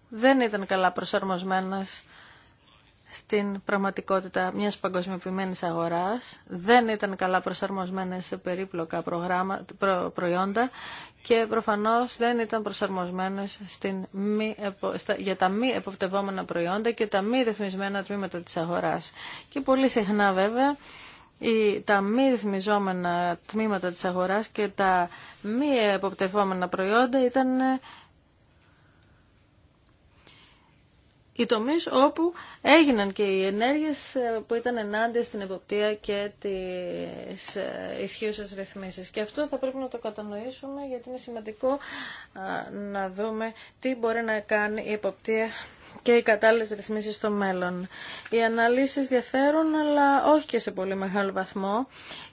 δεν ήταν καλά προσαρμοσμένες στην πραγματικότητα μιας παγκοσμιοποιημένης αγοράς, δεν ήταν καλά προσαρμοσμένες σε περίπλοκα προγράμματα, προϊόντα και προφανώς δεν ήταν προσαρμοσμένες στην για τα μη εποπτευόμενα προϊόντα και τα μη ρυθμισμένα τμήματα της αγοράς. Και πολύ συχνά βέβαια η, τα μη ρυθμιζόμενα τμήματα της αγοράς και τα μη εποπτευόμενα προϊόντα ήταν οι τομεί όπου έγιναν και οι ενέργειες ε, που ήταν ενάντια στην εποπτεία και τις ε, ισχύουσες ρυθμίσει. Και αυτό θα πρέπει να το κατανοήσουμε γιατί είναι σημαντικό να δούμε τι μπορεί να κάνει η εποπτεία και οι κατάλληλε ρυθμίσει στο μέλλον. Οι αναλύσει διαφέρουν, αλλά όχι και σε πολύ μεγάλο βαθμό.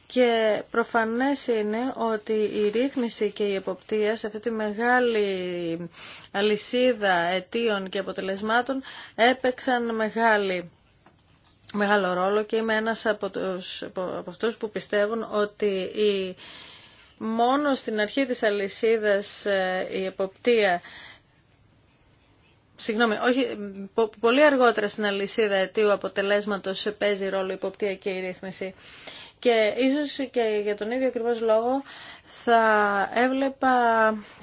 Και προφανές είναι ότι η ρύθμιση και η εποπτεία σε αυτή τη μεγάλη αλυσίδα αιτίων και αποτελεσμάτων έπαιξαν μεγάλη μεγάλο ρόλο και είμαι ένας από, τους, αυτούς που πιστεύουν ότι η, μόνο στην αρχή της αλυσίδας ε, η εποπτεία Συγγνώμη, όχι, πολύ αργότερα στην αλυσίδα αιτίου αποτελέσματος παίζει ρόλο η υποπτία και η ρύθμιση και ίσως και για τον ίδιο ακριβώς λόγο θα έβλεπα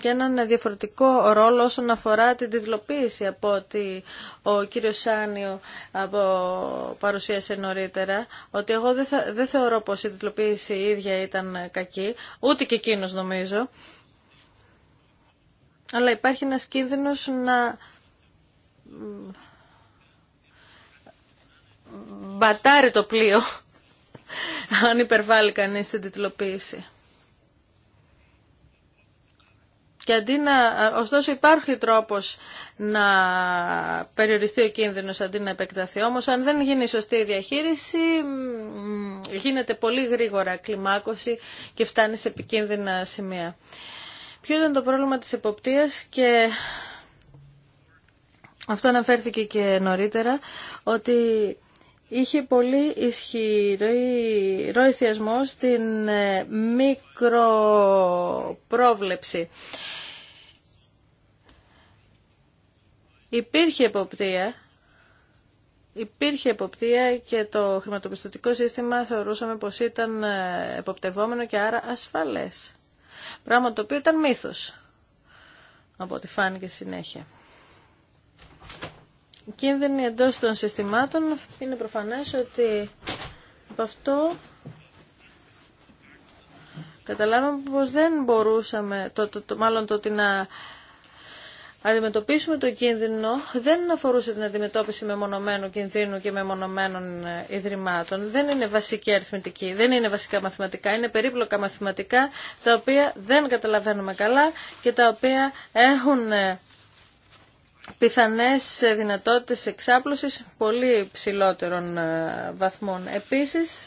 και έναν διαφορετικό ρόλο όσον αφορά την τιτλοποίηση από ότι ο κύριος Σάνιο από παρουσίασε νωρίτερα ότι εγώ δεν, θα, δεν θεωρώ πως η τιτλοποίηση η ίδια ήταν κακή ούτε και εκείνος νομίζω αλλά υπάρχει ένας κίνδυνος να μπατάρει το πλοίο [laughs] αν υπερβάλλει κανείς την τιτλοποίηση. Και αντί να, ωστόσο υπάρχει τρόπος να περιοριστεί ο κίνδυνος αντί να επεκταθεί. Όμως αν δεν γίνει σωστή διαχείριση γίνεται πολύ γρήγορα κλιμάκωση και φτάνει σε επικίνδυνα σημεία. Ποιο ήταν το πρόβλημα της εποπτείας και αυτό αναφέρθηκε και νωρίτερα ότι είχε πολύ ισχυρό εστιασμό στην ε, μικροπρόβλεψη. Υπήρχε εποπτεία, υπήρχε εποπτεία και το χρηματοπιστωτικό σύστημα θεωρούσαμε πως ήταν ε, εποπτευόμενο και άρα ασφαλές. Πράγμα το οποίο ήταν μύθος, από ό,τι φάνηκε συνέχεια κίνδυνοι εντό των συστημάτων. Είναι προφανές ότι από αυτό καταλάβαμε πως δεν μπορούσαμε, το, μάλλον το ότι να αντιμετωπίσουμε το κίνδυνο δεν αφορούσε την αντιμετώπιση μεμονωμένου κινδύνου και μεμονωμένων ε, ιδρυμάτων. Δεν είναι βασική αριθμητική, δεν είναι βασικά μαθηματικά, είναι περίπλοκα μαθηματικά τα οποία δεν καταλαβαίνουμε καλά και τα οποία έχουν ε, πιθανές δυνατότητες εξάπλωσης πολύ ψηλότερων ε, βαθμών. Επίσης,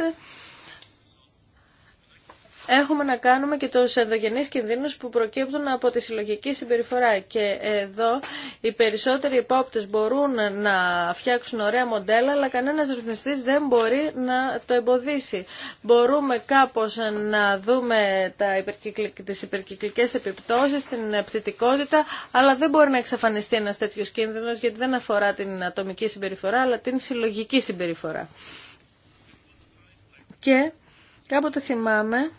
έχουμε να κάνουμε και τους ενδογενείς κινδύνους που προκύπτουν από τη συλλογική συμπεριφορά. Και εδώ οι περισσότεροι υπόπτες μπορούν να φτιάξουν ωραία μοντέλα, αλλά κανένας ρυθμιστής δεν μπορεί να το εμποδίσει. Μπορούμε κάπως να δούμε τα υπερκυκλικ... τις υπερκυκλικές επιπτώσεις, την πτυτικότητα, αλλά δεν μπορεί να εξαφανιστεί ένας τέτοιος κίνδυνος, γιατί δεν αφορά την ατομική συμπεριφορά, αλλά την συλλογική συμπεριφορά. Και κάποτε θυμάμαι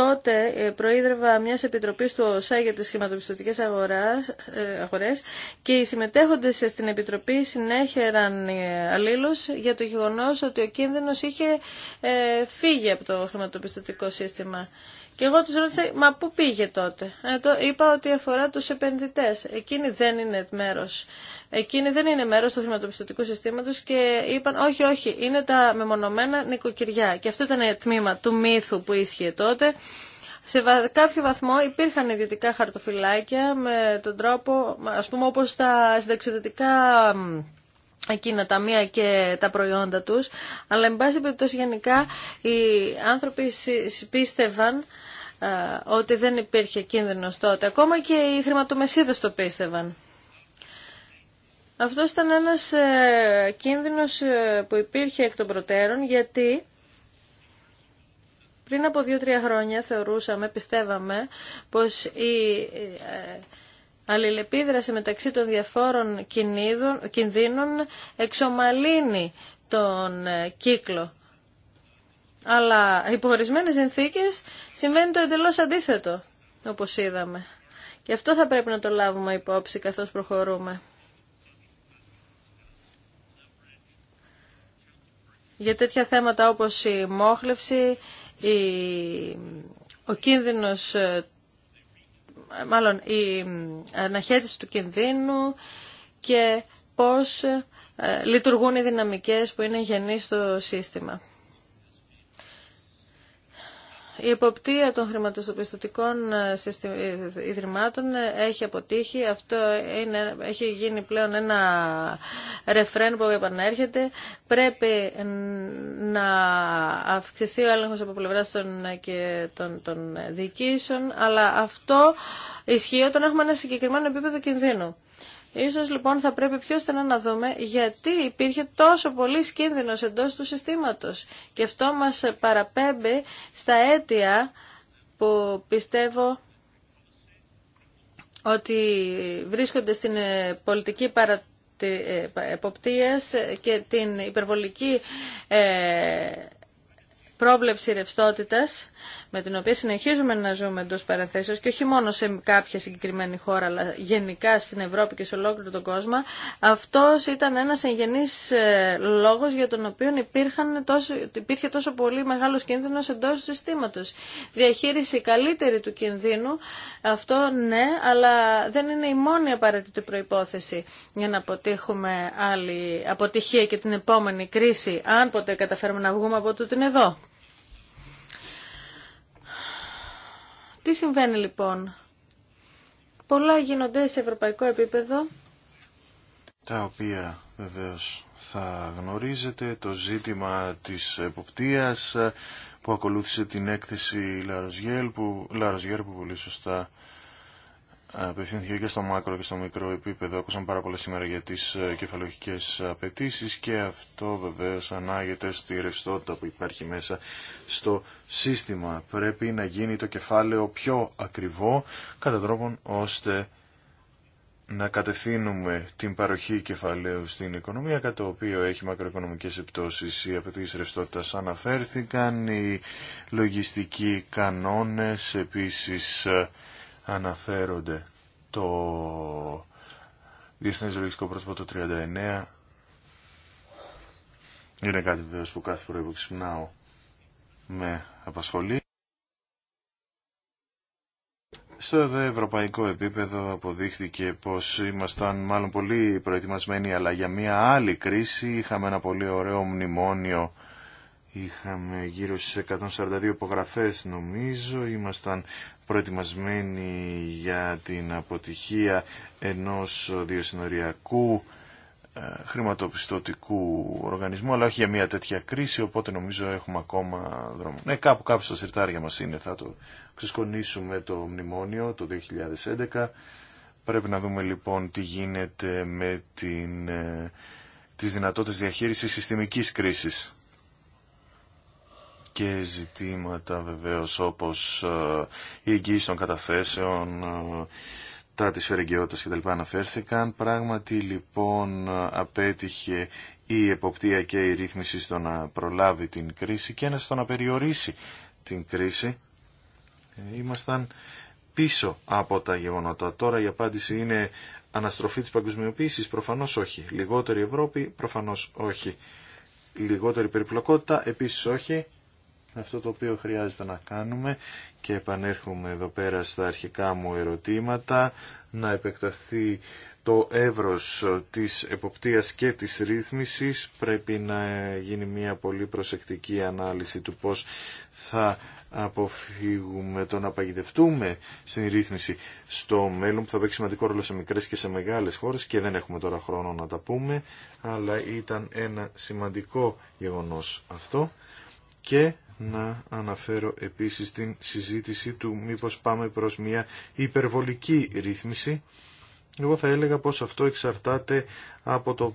τότε ε, προείδρευα μιας επιτροπής του ΟΣΑ για τις χρηματοπιστωτικές αγοράς, ε, αγορές και οι συμμετέχοντες στην επιτροπή συνέχεραν ε, αλλήλους για το γεγονός ότι ο κίνδυνος είχε φύγει από το χρηματοπιστωτικό σύστημα. Και εγώ τους ρώτησα, μα πού πήγε τότε. Ε, το είπα ότι αφορά τους επενδυτές. Εκείνοι δεν είναι μέρος. Εκείνοι δεν είναι μέρος του χρηματοπιστωτικού συστήματος και είπαν, όχι, όχι, είναι τα μεμονωμένα νοικοκυριά. Και αυτό ήταν τμήμα του μύθου που ίσχυε τότε. Σε κάποιο βαθμό υπήρχαν ιδιωτικά χαρτοφυλάκια με τον τρόπο, ας πούμε, όπως τα συνταξιδοτικά εκείνα τα μία και τα προϊόντα τους, αλλά εν πάση περιπτώσει γενικά οι άνθρωποι πίστευαν ε, ότι δεν υπήρχε κίνδυνος τότε. Ακόμα και οι χρηματομεσίδες το πίστευαν. Αυτό ήταν ένας ε, κίνδυνος ε, που υπήρχε εκ των προτέρων γιατί πριν από δύο-τρία χρόνια θεωρούσαμε, πιστεύαμε, πως η αλληλεπίδραση μεταξύ των διαφόρων κινδύνων εξομαλύνει τον κύκλο αλλά υπό ορισμένε συνθήκε συμβαίνει το εντελώ αντίθετο, όπω είδαμε. Και αυτό θα πρέπει να το λάβουμε υπόψη καθώς προχωρούμε. Για τέτοια θέματα όπως η μόχλευση, η... ο κίνδυνος, ε, μάλλον η αναχέτηση του κινδύνου και πώς ε, λειτουργούν οι δυναμικές που είναι γεννή στο σύστημα. Η εποπτεία των χρηματοπιστωτικών ε, ε, ιδρυμάτων ε, έχει αποτύχει. Αυτό έχει γίνει πλέον ένα ρεφρέν που επανέρχεται. Πρέπει να αυξηθεί ο έλεγχος από πλευρά των, και των, των διοικήσεων, αλλά αυτό ισχύει όταν έχουμε ένα συγκεκριμένο επίπεδο κινδύνου. Ίσως λοιπόν θα πρέπει πιο στενά να δούμε γιατί υπήρχε τόσο πολύ κίνδυνος εντός του συστήματος. Και αυτό μας παραπέμπει στα αίτια που πιστεύω ότι βρίσκονται στην ε, πολιτική ε, εποπτείας και την υπερβολική ε, πρόβλεψη ρευστότητας με την οποία συνεχίζουμε να ζούμε εντό παρενθέσεως και όχι μόνο σε κάποια συγκεκριμένη χώρα, αλλά γενικά στην Ευρώπη και σε ολόκληρο τον κόσμο, αυτός ήταν ένας εγγενής ε, λόγος για τον οποίο υπήρχαν τόσο, υπήρχε τόσο πολύ μεγάλος κίνδυνος εντός του συστήματος. Διαχείριση καλύτερη του κινδύνου, αυτό ναι, αλλά δεν είναι η μόνη απαραίτητη προϋπόθεση για να αποτύχουμε άλλη αποτυχία και την επόμενη κρίση, αν ποτέ καταφέρουμε να βγούμε από τούτην εδώ. Τι συμβαίνει λοιπόν. Πολλά γίνονται σε ευρωπαϊκό επίπεδο. Τα οποία βεβαίως θα γνωρίζετε το ζήτημα της εποπτείας που ακολούθησε την έκθεση Λαροζιέρ που, που πολύ σωστά απευθύνθηκε και στο μάκρο και στο μικρό επίπεδο. Ακούσαμε πάρα πολλές σήμερα για τις ε, κεφαλογικές απαιτήσει και αυτό βεβαίως ανάγεται στη ρευστότητα που υπάρχει μέσα στο σύστημα. Πρέπει να γίνει το κεφάλαιο πιο ακριβό κατά τρόπον ώστε να κατευθύνουμε την παροχή κεφαλαίου στην οικονομία, κατά το οποίο έχει μακροοικονομικές επιπτώσεις. Οι απαιτήσει ρευστότητα αναφέρθηκαν, οι λογιστικοί κανόνες επίσης ε, αναφέρονται το Διεθνές Ζωολογικό Πρότυπο το 39 είναι κάτι βεβαίως που κάθε φορά με απασχολεί. Στο εδώ ευρωπαϊκό επίπεδο αποδείχθηκε πως ήμασταν μάλλον πολύ προετοιμασμένοι αλλά για μια άλλη κρίση είχαμε ένα πολύ ωραίο μνημόνιο Είχαμε γύρω στις 142 υπογραφές νομίζω, ήμασταν προετοιμασμένοι για την αποτυχία ενός διοσυνοριακού ε, χρηματοπιστωτικού οργανισμού, αλλά όχι για μια τέτοια κρίση, οπότε νομίζω έχουμε ακόμα δρόμο. Ναι, κάπου κάπου στα σιρτάρια μας είναι, θα το ξεσκονίσουμε το μνημόνιο το 2011. Πρέπει να δούμε λοιπόν τι γίνεται με την, ε, τις δυνατότητες διαχείρισης συστημικής κρίσης και ζητήματα βεβαίως όπως ε, η εγγύηση των καταθέσεων, ε, τα της φερεγγιότητας κτλ. αναφέρθηκαν. Πράγματι λοιπόν ε, απέτυχε η εποπτεία και η ρύθμιση στο να προλάβει την κρίση και να στο να περιορίσει την κρίση. Ήμασταν πίσω από τα γεγονότα. Τώρα η απάντηση είναι αναστροφή της παγκοσμιοποίησης. Προφανώς όχι. Λιγότερη Ευρώπη, προφανώς όχι. Λιγότερη περιπλοκότητα, επίσης όχι αυτό το οποίο χρειάζεται να κάνουμε και επανέρχομαι εδώ πέρα στα αρχικά μου ερωτήματα, να επεκταθεί το εύρος της εποπτείας και της ρύθμισης. Πρέπει να γίνει μια πολύ προσεκτική ανάλυση του πώς θα αποφύγουμε το να παγιδευτούμε στην ρύθμιση στο μέλλον που θα παίξει σημαντικό ρόλο σε μικρές και σε μεγάλες χώρες και δεν έχουμε τώρα χρόνο να τα πούμε αλλά ήταν ένα σημαντικό γεγονός αυτό και να αναφέρω επίσης την συζήτηση του μήπως πάμε προς μια υπερβολική ρύθμιση. Εγώ θα έλεγα πως αυτό εξαρτάται από το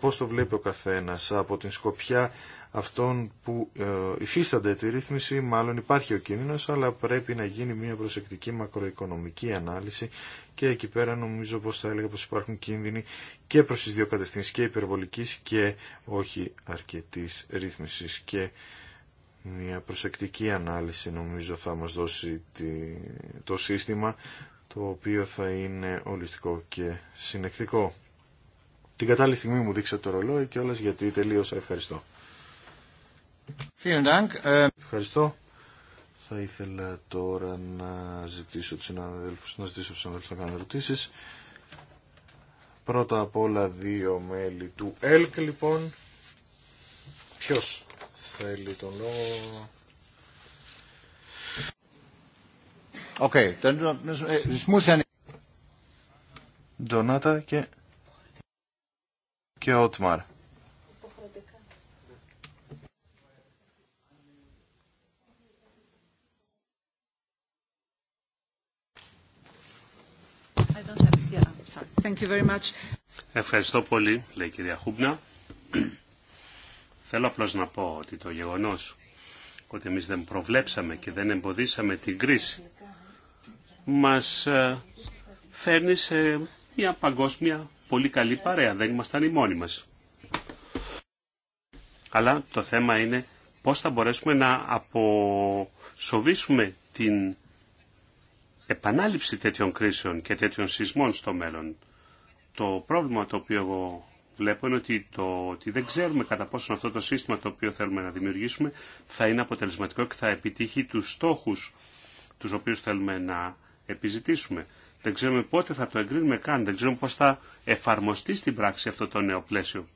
πώς το βλέπει ο καθένας, από την σκοπιά αυτών που ε, υφίστανται τη ρύθμιση, μάλλον υπάρχει ο κίνδυνος, αλλά πρέπει να γίνει μια προσεκτική μακροοικονομική ανάλυση και εκεί πέρα νομίζω πως θα έλεγα πως υπάρχουν κίνδυνοι και προς τις δύο κατευθύνσεις και υπερβολικής και όχι αρκετής ρύθμισης και μια προσεκτική ανάλυση νομίζω θα μας δώσει το σύστημα το οποίο θα είναι ολιστικό και συνεκτικό. Την κατάλληλη στιγμή μου δείξατε το ρολόι και όλες γιατί τελείωσα. Ευχαριστώ. Ε, Ευχαριστώ. Θα ήθελα τώρα να ζητήσω τους συναδέλφους, να ζητήσω τους συναδέλφους να κάνουν ερωτήσεις. Πρώτα απ' όλα δύο μέλη του ΕΛΚ λοιπόν. Ποιος θέλει τον λόγο. Okay. Uh, uh, Τζονάτα και... και Ότμαρ. Ευχαριστώ πολύ, λέει η κυρία Χούμπνα. Θέλω απλώς να πω ότι το γεγονός ότι εμείς δεν προβλέψαμε και δεν εμποδίσαμε την κρίση μας ε, φέρνει σε μια παγκόσμια πολύ καλή παρέα. Δεν ήμασταν οι μόνοι Αλλά το θέμα είναι πώς θα μπορέσουμε να αποσοβήσουμε την επανάληψη τέτοιων κρίσεων και τέτοιων σεισμών στο μέλλον. Το πρόβλημα το οποίο εγώ βλέπω ότι, το, ότι δεν ξέρουμε κατά πόσο αυτό το σύστημα το οποίο θέλουμε να δημιουργήσουμε θα είναι αποτελεσματικό και θα επιτύχει τους στόχους τους οποίους θέλουμε να επιζητήσουμε. Δεν ξέρουμε πότε θα το εγκρίνουμε καν, δεν ξέρουμε πώς θα εφαρμοστεί στην πράξη αυτό το νέο πλαίσιο.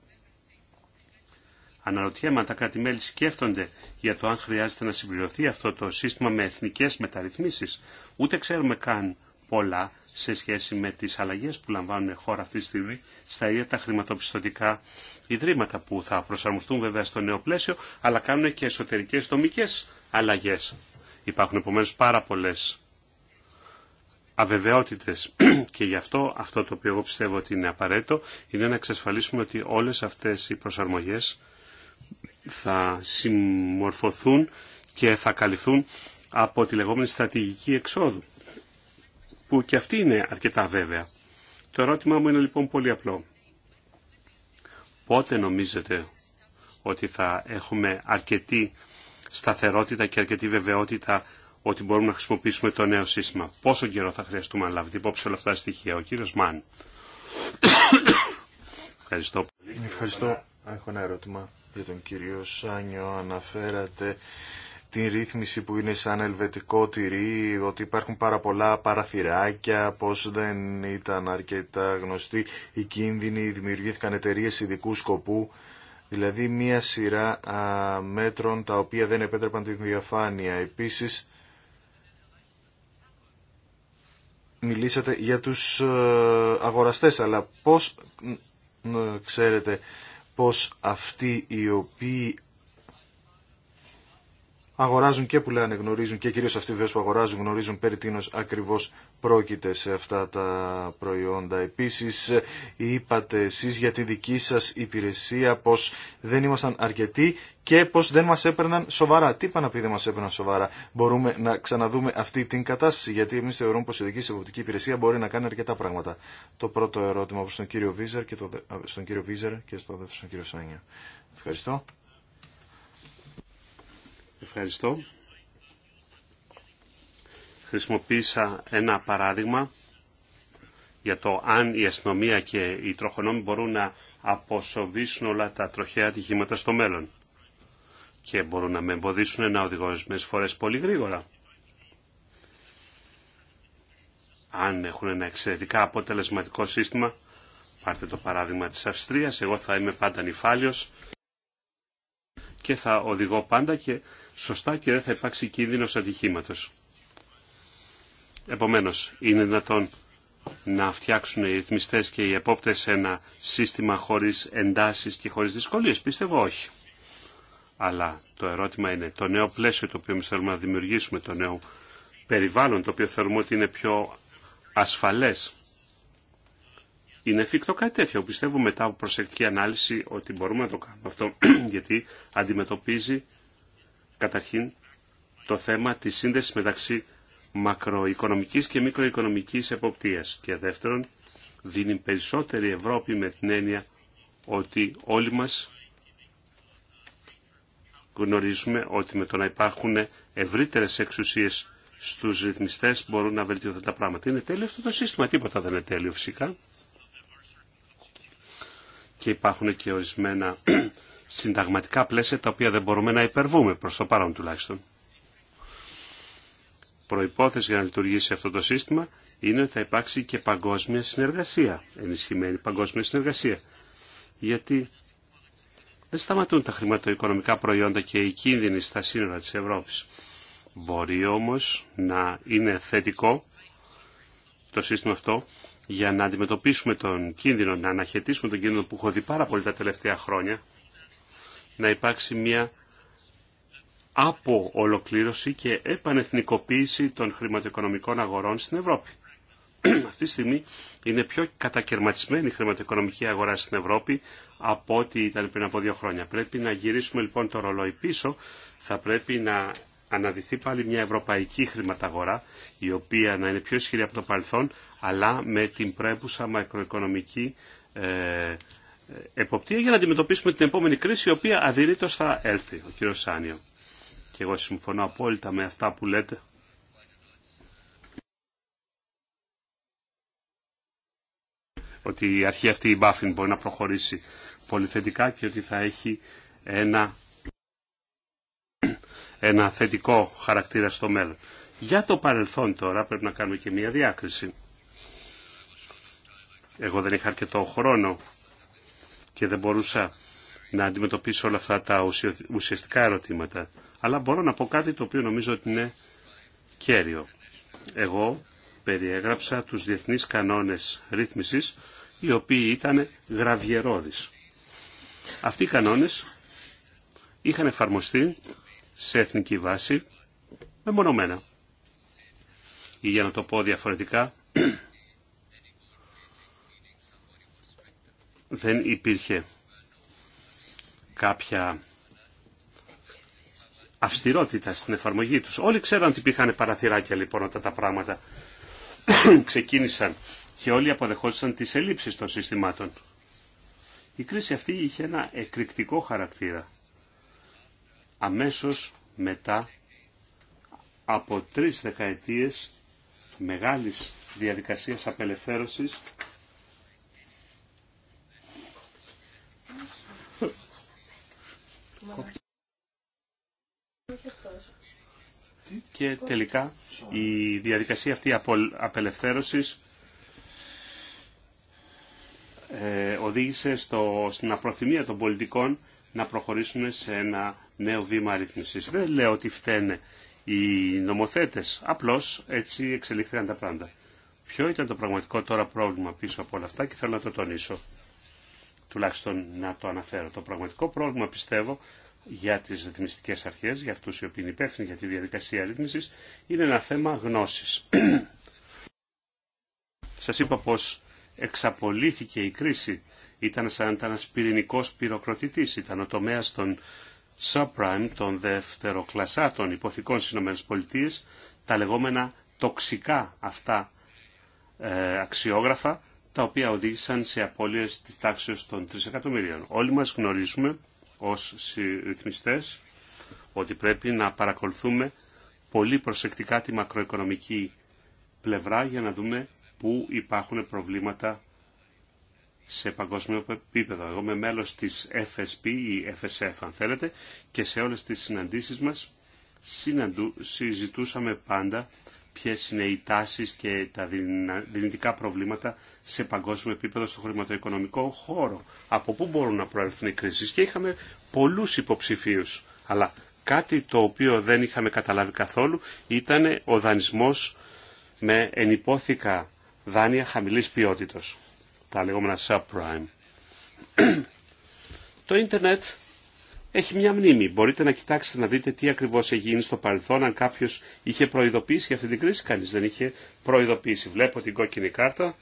Αναρωτιέμαι αν τα κράτη-μέλη σκέφτονται για το αν χρειάζεται να συμπληρωθεί αυτό το σύστημα με εθνικές μεταρρυθμίσεις. Ούτε ξέρουμε καν πολλά σε σχέση με τις αλλαγές που λαμβάνουν χώρα αυτή τη στιγμή στα ίδια τα χρηματοπιστωτικά ιδρύματα που θα προσαρμοστούν βέβαια στο νέο πλαίσιο αλλά κάνουν και εσωτερικές τομικές αλλαγές. Υπάρχουν επομένω πάρα πολλέ αβεβαιότητες [clears throat] και γι' αυτό αυτό το οποίο εγώ πιστεύω ότι είναι απαραίτητο είναι να εξασφαλίσουμε ότι όλες αυτές οι προσαρμογές θα συμμορφωθούν και θα καλυφθούν από τη λεγόμενη στρατηγική εξόδου που και αυτή είναι αρκετά βέβαια. Το ερώτημά μου είναι λοιπόν πολύ απλό. Πότε νομίζετε ότι θα έχουμε αρκετή σταθερότητα και αρκετή βεβαιότητα ότι μπορούμε να χρησιμοποιήσουμε το νέο σύστημα. Πόσο καιρό θα χρειαστούμε να λάβετε υπόψη όλα αυτά τα στοιχεία. Ο κύριος Μαν. [coughs] Ευχαριστώ. Ευχαριστώ. Έχω ένα ερώτημα για τον κύριο Σάνιο. Αναφέρατε την ρύθμιση που είναι σαν ελβετικό τυρί, ότι υπάρχουν πάρα πολλά παραθυράκια, πως δεν ήταν αρκετά γνωστοί οι κίνδυνοι, δημιουργήθηκαν εταιρείε ειδικού σκοπού, δηλαδή μία σειρά μέτρων τα οποία δεν επέτρεπαν τη διαφάνεια. Επίσης, μιλήσατε για τους ε, αγοραστές, αλλά πώς ξέρετε πως αυτοί οι οποίοι αγοράζουν και που λένε γνωρίζουν και κυρίως αυτοί βέβαια που αγοράζουν γνωρίζουν περί τίνος ακριβώς πρόκειται σε αυτά τα προϊόντα. Επίσης είπατε εσείς για τη δική σας υπηρεσία πως δεν ήμασταν αρκετοί και πως δεν μας έπαιρναν σοβαρά. Τι είπα να πει δεν μας έπαιρναν σοβαρά. Μπορούμε να ξαναδούμε αυτή την κατάσταση γιατί εμείς θεωρούμε πως η δική σας υποπτική υπηρεσία μπορεί να κάνει αρκετά πράγματα. Το πρώτο ερώτημα προς τον κύριο Βίζερ και, το, στον κύριο Βίζερ και στο δεύτερο στον κύριο Σάνια. Ευχαριστώ. Ευχαριστώ. Χρησιμοποίησα ένα παράδειγμα για το αν η αστυνομία και οι τροχονόμοι μπορούν να αποσοβήσουν όλα τα τροχαία ατυχήματα στο μέλλον. Και μπορούν να με εμποδίσουν να οδηγώ μες φορές πολύ γρήγορα. Αν έχουν ένα εξαιρετικά αποτελεσματικό σύστημα, πάρτε το παράδειγμα της Αυστρίας, εγώ θα είμαι πάντα νυφάλιος και θα οδηγώ πάντα και σωστά και δεν θα υπάρξει κίνδυνος ατυχήματος. Επομένως, είναι δυνατόν να φτιάξουν οι ρυθμιστές και οι επόπτες ένα σύστημα χωρίς εντάσεις και χωρίς δυσκολίες. Πίστευω όχι. Αλλά το ερώτημα είναι το νέο πλαίσιο το οποίο θέλουμε να δημιουργήσουμε, το νέο περιβάλλον το οποίο θεωρούμε ότι είναι πιο ασφαλές. Είναι εφικτό κάτι τέτοιο. Πιστεύω μετά από προσεκτική ανάλυση ότι μπορούμε να το κάνουμε αυτό [clears throat] γιατί αντιμετωπίζει Καταρχήν, το θέμα της σύνδεσης μεταξύ μακροοικονομικής και μικροοικονομικής εποπτείας. Και δεύτερον, δίνει περισσότερη Ευρώπη με την έννοια ότι όλοι μας γνωρίζουμε ότι με το να υπάρχουν ευρύτερες εξουσίες στους ρυθμιστές μπορούν να βελτιωθούν τα πράγματα. Είναι τέλειο αυτό το σύστημα, τίποτα δεν είναι τέλειο φυσικά. Και υπάρχουν και ορισμένα συνταγματικά πλαίσια τα οποία δεν μπορούμε να υπερβούμε προς το παρόν τουλάχιστον. Προϋπόθεση για να λειτουργήσει αυτό το σύστημα είναι ότι θα υπάρξει και παγκόσμια συνεργασία, ενισχυμένη παγκόσμια συνεργασία. Γιατί δεν σταματούν τα χρηματοοικονομικά προϊόντα και οι κίνδυνοι στα σύνορα της Ευρώπης. Μπορεί όμως να είναι θετικό το σύστημα αυτό για να αντιμετωπίσουμε τον κίνδυνο, να αναχαιτήσουμε τον κίνδυνο που έχω δει πάρα πολύ τα τελευταία χρόνια να υπάρξει μια από ολοκλήρωση και επανεθνικοποίηση των χρηματοοικονομικών αγορών στην Ευρώπη. [clears throat] Αυτή τη στιγμή είναι πιο κατακαιρματισμένη η χρηματοοικονομική αγορά στην Ευρώπη από ό,τι ήταν πριν από δύο χρόνια. Πρέπει να γυρίσουμε λοιπόν το ρολόι πίσω. Θα πρέπει να αναδυθεί πάλι μια ευρωπαϊκή χρηματαγορά η οποία να είναι πιο ισχυρή από το παρελθόν αλλά με την πρέπουσα μακροοικονομική ε, εποπτεία για να αντιμετωπίσουμε την επόμενη κρίση η οποία αδειρήτω θα έρθει ο κύριος Σάνιο. Και εγώ συμφωνώ απόλυτα με αυτά που λέτε. Ότι η αρχή αυτή η Μπάφιν μπορεί να προχωρήσει θετικά και ότι θα έχει ένα, ένα θετικό χαρακτήρα στο μέλλον. Για το παρελθόν τώρα πρέπει να κάνουμε και μία διάκριση. Εγώ δεν είχα αρκετό χρόνο και δεν μπορούσα να αντιμετωπίσω όλα αυτά τα ουσιαστικά ερωτήματα. Αλλά μπορώ να πω κάτι το οποίο νομίζω ότι είναι κέριο. Εγώ περιέγραψα τους διεθνείς κανόνες ρύθμισης, οι οποίοι ήταν γραβιερόδεις. Αυτοί οι κανόνες είχαν εφαρμοστεί σε εθνική βάση μεμονωμένα. Ή για να το πω διαφορετικά, δεν υπήρχε κάποια αυστηρότητα στην εφαρμογή τους. Όλοι ξέραν ότι υπήρχαν παραθυράκια λοιπόν όταν τα πράγματα [clears throat] ξεκίνησαν και όλοι αποδεχόντουσαν τις ελλείψεις των συστημάτων. Η κρίση αυτή είχε ένα εκρηκτικό χαρακτήρα. Αμέσως μετά από τρεις δεκαετίες μεγάλης διαδικασίας απελευθέρωσης Και τελικά η διαδικασία αυτή απελευθέρωσης ε, οδήγησε στο, στην απροθυμία των πολιτικών να προχωρήσουν σε ένα νέο βήμα αριθμισή. Δεν λέω ότι φταίνε οι νομοθέτες, απλώς έτσι εξελίχθηκαν τα πράγματα. Ποιο ήταν το πραγματικό τώρα πρόβλημα πίσω από όλα αυτά και θέλω να το τονίσω τουλάχιστον να το αναφέρω. Το πραγματικό πρόβλημα πιστεύω για τις ρυθμιστικέ αρχές, για αυτού οι οποίοι είναι υπεύθυνοι για τη διαδικασία ρύθμισης, είναι ένα θέμα γνώσης. [clears throat] Σα είπα πω εξαπολύθηκε η κρίση. Ήταν σαν ήταν πυρηνικό πυροκροτητή. πυροκροτητής. Ήταν ο τομέας των subprime, των δευτεροκλασσάτων υποθηκών στι ΗΠΑ, τα λεγόμενα τοξικά αυτά ε, αξιόγραφα, τα οποία οδήγησαν σε απώλειες της τάξης των 3 εκατομμυρίων. Όλοι μας γνωρίζουμε ως ρυθμιστές ότι πρέπει να παρακολουθούμε πολύ προσεκτικά τη μακροοικονομική πλευρά για να δούμε πού υπάρχουν προβλήματα σε παγκόσμιο επίπεδο. Εγώ είμαι μέλος της FSP ή FSF αν θέλετε και σε όλες τις συναντήσεις μας συναντού, συζητούσαμε πάντα ποιες είναι οι τάσεις και τα δυνητικά προβλήματα σε παγκόσμιο επίπεδο στο χρηματοοικονομικό χώρο. Από πού μπορούν να προέλθουν οι κρίσεις και είχαμε πολλούς υποψηφίους. Αλλά κάτι το οποίο δεν είχαμε καταλάβει καθόλου ήταν ο δανεισμός με ενυπόθηκα δάνεια χαμηλής ποιότητας. Τα λεγόμενα subprime. [clears throat] το ίντερνετ έχει μια μνήμη. Μπορείτε να κοιτάξετε να δείτε τι ακριβώ έχει γίνει στο παρελθόν. Αν κάποιο είχε προειδοποιήσει αυτή την κρίση, κανεί δεν είχε προειδοποιήσει. Βλέπω την κόκκινη κάρτα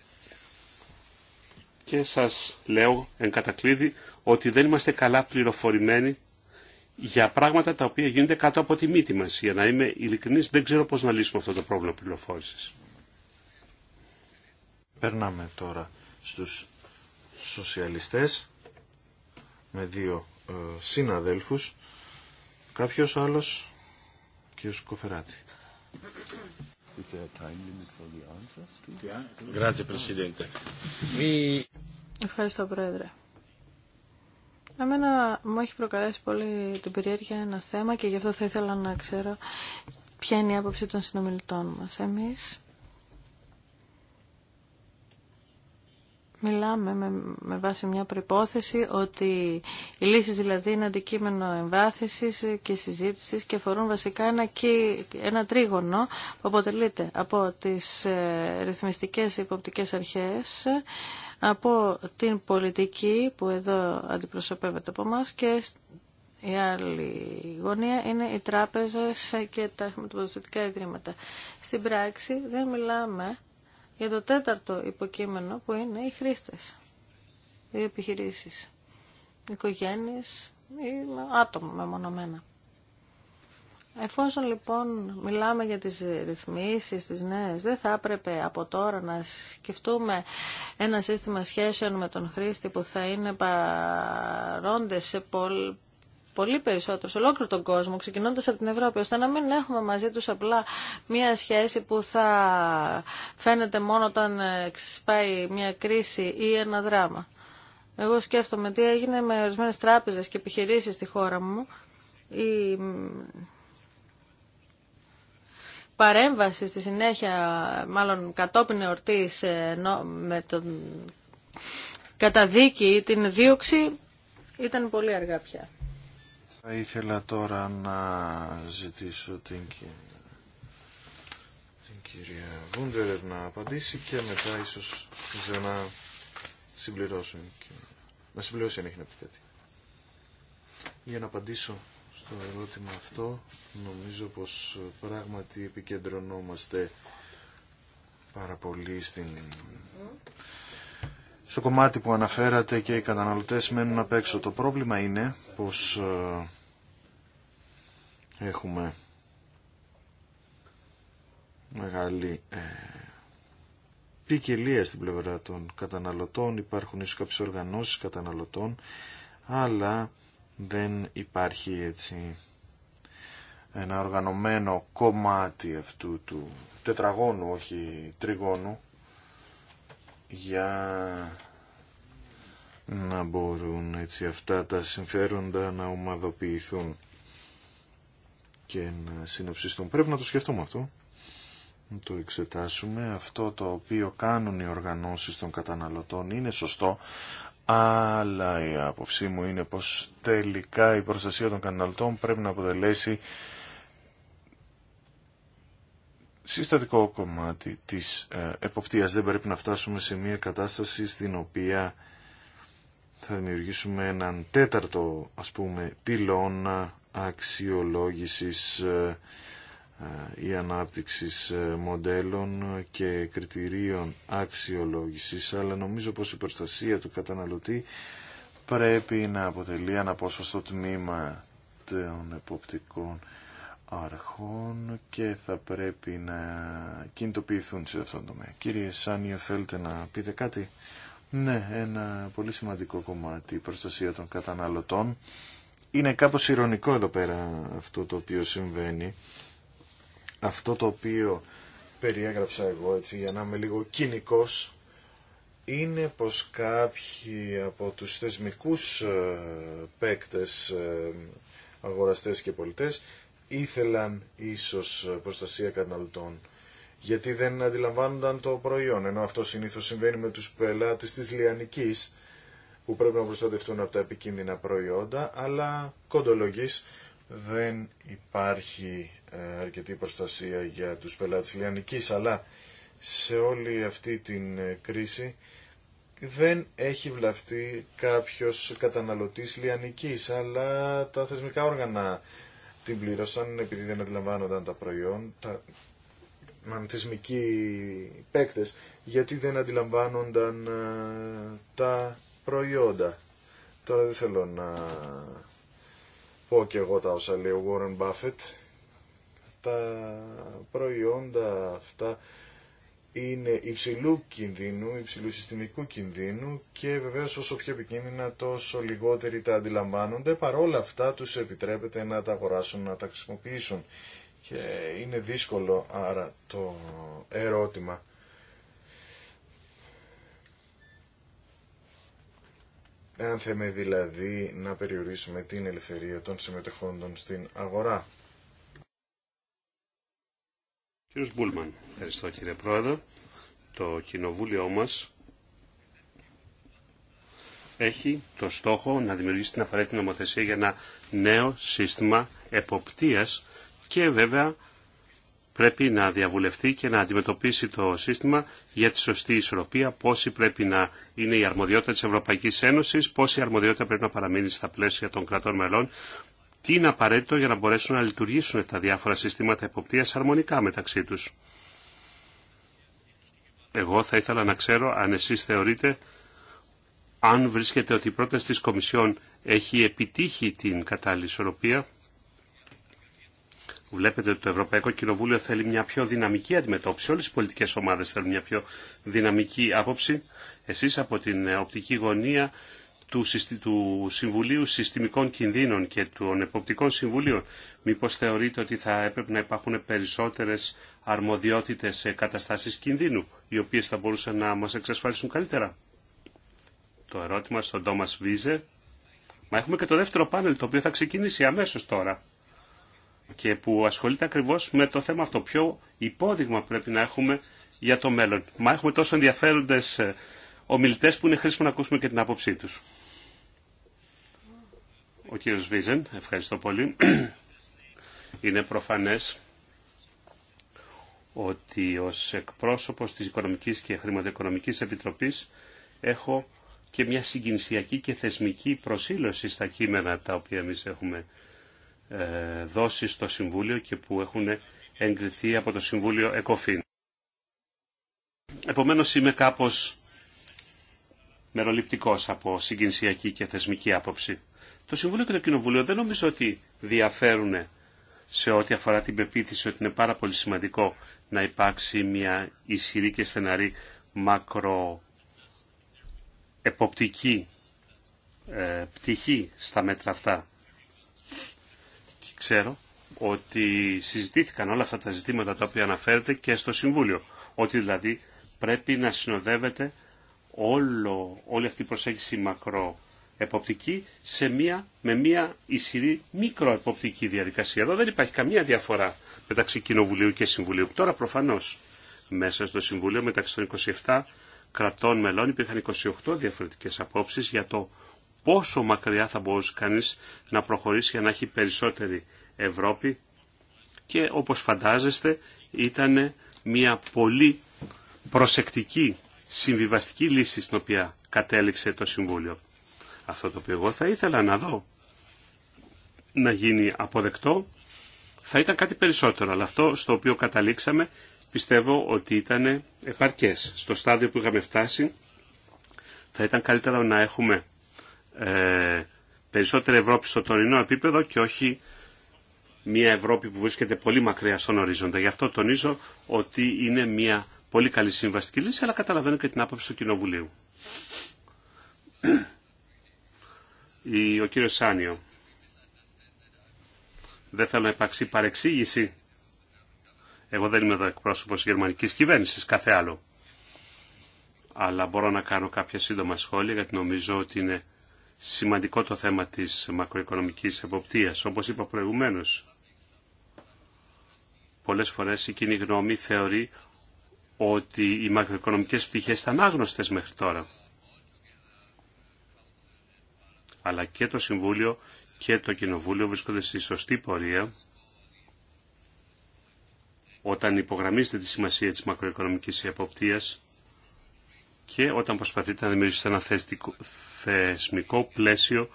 και σας λέω εν κατακλείδη ότι δεν είμαστε καλά πληροφορημένοι για πράγματα τα οποία γίνονται κάτω από τη μύτη μας. Για να είμαι ειλικρινής δεν ξέρω πώς να λύσουμε αυτό το πρόβλημα πληροφόρησης. Περνάμε τώρα στους σοσιαλιστές με δύο ε, συναδέλφους. Κάποιος άλλος, ο Κοφεράτη. Ευχαριστώ, Πρόεδρε. Εμένα μου έχει προκαλέσει πολύ την περιέργεια ένα θέμα και γι' αυτό θα ήθελα να ξέρω ποια είναι η άποψη των συνομιλητών μας. Εμείς Μιλάμε με, με βάση μια προϋπόθεση ότι οι λύσεις δηλαδή είναι αντικείμενο εμβάθυνσης και συζήτησης και αφορούν βασικά ένα, ένα τρίγωνο που αποτελείται από τις ε, ρυθμιστικές υποπτικές αρχές, από την πολιτική που εδώ αντιπροσωπεύεται από μας και η άλλη γωνία είναι οι τράπεζες και τα χρηματοδοτικά ιδρύματα. Στην πράξη δεν μιλάμε για το τέταρτο υποκείμενο που είναι οι χρήστες, οι επιχειρήσεις, οι οικογένειες ή άτομα μεμονωμένα. Εφόσον λοιπόν μιλάμε για τις ρυθμίσεις, τις νέες, δεν θα έπρεπε από τώρα να σκεφτούμε ένα σύστημα σχέσεων με τον χρήστη που θα είναι παρόντες σε πολύ σε ολόκληρο τον κόσμο, ξεκινώντας από την Ευρώπη, ώστε να μην έχουμε μαζί τους απλά μία σχέση που θα φαίνεται μόνο όταν ε, ξεσπάει μία κρίση ή ένα δράμα. Εγώ σκέφτομαι τι έγινε με ορισμένες τράπεζες και επιχειρήσεις στη χώρα μου. Η παρέμβαση στη συνέχεια, μάλλον κατόπιν εορτής ε, με τον καταδίκη ή την δίωξη, ήταν πολύ αργά πια. Θα ήθελα τώρα να ζητήσω την, την κυρία Βούντερερ να απαντήσει και μετά ίσως να συμπληρώσουν και... να συμπληρώσει αν έχει να πει κάτι. Για να απαντήσω στο ερώτημα αυτό νομίζω πως πράγματι επικεντρωνόμαστε πάρα πολύ στην στο κομμάτι που αναφέρατε και οι καταναλωτές μένουν απ' έξω. Το πρόβλημα είναι πως ε, έχουμε μεγάλη ε, ποικιλία στην πλευρά των καταναλωτών. Υπάρχουν ίσως κάποιες οργανώσεις καταναλωτών, αλλά δεν υπάρχει έτσι ένα οργανωμένο κομμάτι αυτού του τετραγώνου, όχι τριγώνου για να μπορούν έτσι αυτά τα συμφέροντα να ομαδοποιηθούν και να συνοψιστούν. Πρέπει να το σκεφτούμε αυτό, να το εξετάσουμε. Αυτό το οποίο κάνουν οι οργανώσεις των καταναλωτών είναι σωστό, αλλά η άποψή μου είναι πως τελικά η προστασία των καταναλωτών πρέπει να αποτελέσει συστατικό κομμάτι της ε, εποπτείας. Δεν πρέπει να φτάσουμε σε μια κατάσταση στην οποία θα δημιουργήσουμε έναν τέταρτο ας πούμε πυλώνα αξιολόγησης ε, ε, ή ανάπτυξης μοντέλων και κριτηρίων αξιολόγησης αλλά νομίζω πως η προστασία του καταναλωτή πρέπει να αποτελεί αναπόσπαστο τμήμα των εποπτικών αρχών και θα πρέπει να κινητοποιηθούν σε αυτόν τον τομέα. Κύριε Σάνιο, θέλετε να πείτε κάτι. Ναι, ένα πολύ σημαντικό κομμάτι, η προστασία των καταναλωτών. Είναι κάπως ηρωνικό εδώ πέρα αυτό το οποίο συμβαίνει. Αυτό το οποίο περιέγραψα εγώ, έτσι, για να είμαι λίγο κοινικός, είναι πως κάποιοι από τους θεσμικούς ε, παίκτες, ε, αγοραστές και πολιτές, ήθελαν ίσως προστασία καταναλωτών γιατί δεν αντιλαμβάνονταν το προϊόν, ενώ αυτό συνήθως συμβαίνει με τους πελάτες της Λιανικής που πρέπει να προστατευτούν από τα επικίνδυνα προϊόντα, αλλά κοντολογής δεν υπάρχει ε, αρκετή προστασία για τους πελάτες Λιανικής, αλλά σε όλη αυτή την ε, κρίση δεν έχει βλαφτεί κάποιος καταναλωτής Λιανικής, αλλά τα θεσμικά όργανα την πλήρωσαν επειδή δεν αντιλαμβάνονταν τα προϊόντα, μανθισμικοί παίκτες, γιατί δεν αντιλαμβάνονταν ε, τα προϊόντα. Τώρα δεν θέλω να πω και εγώ τα όσα λέει ο Warren Buffett. Τα προϊόντα αυτά είναι υψηλού κινδύνου, υψηλού συστημικού κινδύνου και βεβαίω όσο πιο επικίνδυνα τόσο λιγότεροι τα αντιλαμβάνονται, παρόλα αυτά τους επιτρέπεται να τα αγοράσουν, να τα χρησιμοποιήσουν. Και είναι δύσκολο άρα το ερώτημα. Αν θέμε δηλαδή να περιορίσουμε την ελευθερία των συμμετεχόντων στην αγορά. Κύριος Μπούλμαν, ευχαριστώ κύριε Πρόεδρο. Το κοινοβούλιο μας έχει το στόχο να δημιουργήσει την απαραίτητη νομοθεσία για ένα νέο σύστημα εποπτείας και βέβαια πρέπει να διαβουλευτεί και να αντιμετωπίσει το σύστημα για τη σωστή ισορροπία, πόση πρέπει να είναι η αρμοδιότητα της Ευρωπαϊκής Ένωσης, πόση αρμοδιότητα πρέπει να παραμείνει στα πλαίσια των κρατών μελών, τι είναι απαραίτητο για να μπορέσουν να λειτουργήσουν τα διάφορα συστήματα εποπτείας αρμονικά μεταξύ τους. Εγώ θα ήθελα να ξέρω αν εσείς θεωρείτε αν βρίσκεται ότι η πρόταση της Κομισιόν έχει επιτύχει την κατάλληλη ισορροπία. Βλέπετε ότι το Ευρωπαϊκό Κοινοβούλιο θέλει μια πιο δυναμική αντιμετώπιση. Όλες οι πολιτικές ομάδες θέλουν μια πιο δυναμική άποψη. Εσείς από την οπτική γωνία του, του Συμβουλίου Συστημικών Κινδύνων και των Εποπτικών Συμβουλίων. Μήπως θεωρείτε ότι θα έπρεπε να υπάρχουν περισσότερες αρμοδιότητες σε καταστάσεις κινδύνου, οι οποίες θα μπορούσαν να μας εξασφαλίσουν καλύτερα. Το ερώτημα στον Τόμας Βίζε. Μα έχουμε και το δεύτερο πάνελ, το οποίο θα ξεκινήσει αμέσως τώρα και που ασχολείται ακριβώς με το θέμα αυτό. Ποιο υπόδειγμα πρέπει να έχουμε για το μέλλον. Μα έχουμε τόσο ενδιαφέροντες ε, ομιλητές που είναι χρήσιμο να ακούσουμε και την άποψή τους. Ο κύριος Βίζεν, ευχαριστώ πολύ. Είναι προφανές ότι ως εκπρόσωπος της Οικονομικής και Χρηματοοικονομικής Επιτροπής έχω και μια συγκινησιακή και θεσμική προσήλωση στα κείμενα τα οποία εμείς έχουμε ε, δώσει στο Συμβούλιο και που έχουν εγκριθεί από το Συμβούλιο ΕΚΟΦΗΝ. Επομένως είμαι κάπως μεροληπτικός από συγκινησιακή και θεσμική άποψη. Το Συμβούλιο και το Κοινοβούλιο δεν νομίζω ότι διαφέρουν σε ό,τι αφορά την πεποίθηση ότι είναι πάρα πολύ σημαντικό να υπάρξει μια ισχυρή και στεναρή μακροεποπτική ε, πτυχή στα μέτρα αυτά. Και ξέρω ότι συζητήθηκαν όλα αυτά τα ζητήματα τα οποία αναφέρεται και στο Συμβούλιο. Ότι δηλαδή πρέπει να συνοδεύεται όλο, όλη αυτή η προσέγγιση μακρο εποπτική σε μία, με μία ισχυρή μικροεποπτική διαδικασία. Εδώ δεν υπάρχει καμία διαφορά μεταξύ Κοινοβουλίου και Συμβουλίου. Τώρα προφανώς μέσα στο Συμβουλίο μεταξύ των 27 κρατών μελών υπήρχαν 28 διαφορετικές απόψεις για το πόσο μακριά θα μπορούσε κανείς να προχωρήσει για να έχει περισσότερη Ευρώπη και όπως φαντάζεστε ήταν μια πολύ προσεκτική συμβιβαστική λύση στην οποία κατέληξε το Συμβούλιο. Αυτό το οποίο εγώ θα ήθελα να δω να γίνει αποδεκτό θα ήταν κάτι περισσότερο, αλλά αυτό στο οποίο καταλήξαμε πιστεύω ότι ήταν επαρκές. Στο στάδιο που είχαμε φτάσει θα ήταν καλύτερα να έχουμε ε, περισσότερη Ευρώπη στο τωρινό επίπεδο και όχι μια Ευρώπη που βρίσκεται πολύ μακριά στον ορίζοντα. Γι' αυτό τονίζω ότι είναι μια πολύ καλή συμβαστική λύση, αλλά καταλαβαίνω και την άποψη του Κοινοβουλίου ο κύριος Σάνιο. Δεν θέλω να υπάρξει παρεξήγηση. Εγώ δεν είμαι εδώ εκπρόσωπος γερμανικής κυβέρνησης, κάθε άλλο. Αλλά μπορώ να κάνω κάποια σύντομα σχόλια γιατί νομίζω ότι είναι σημαντικό το θέμα της μακροοικονομικής εποπτείας. Όπως είπα προηγουμένως, πολλές φορές η κοινή γνώμη θεωρεί ότι οι μακροοικονομικές πτυχές ήταν άγνωστες μέχρι τώρα αλλά και το Συμβούλιο και το Κοινοβούλιο βρίσκονται στη σωστή πορεία όταν υπογραμμίζετε τη σημασία της μακροοικονομικής εποπτείας και όταν προσπαθείτε να δημιουργήσετε ένα θεσμικό πλαίσιο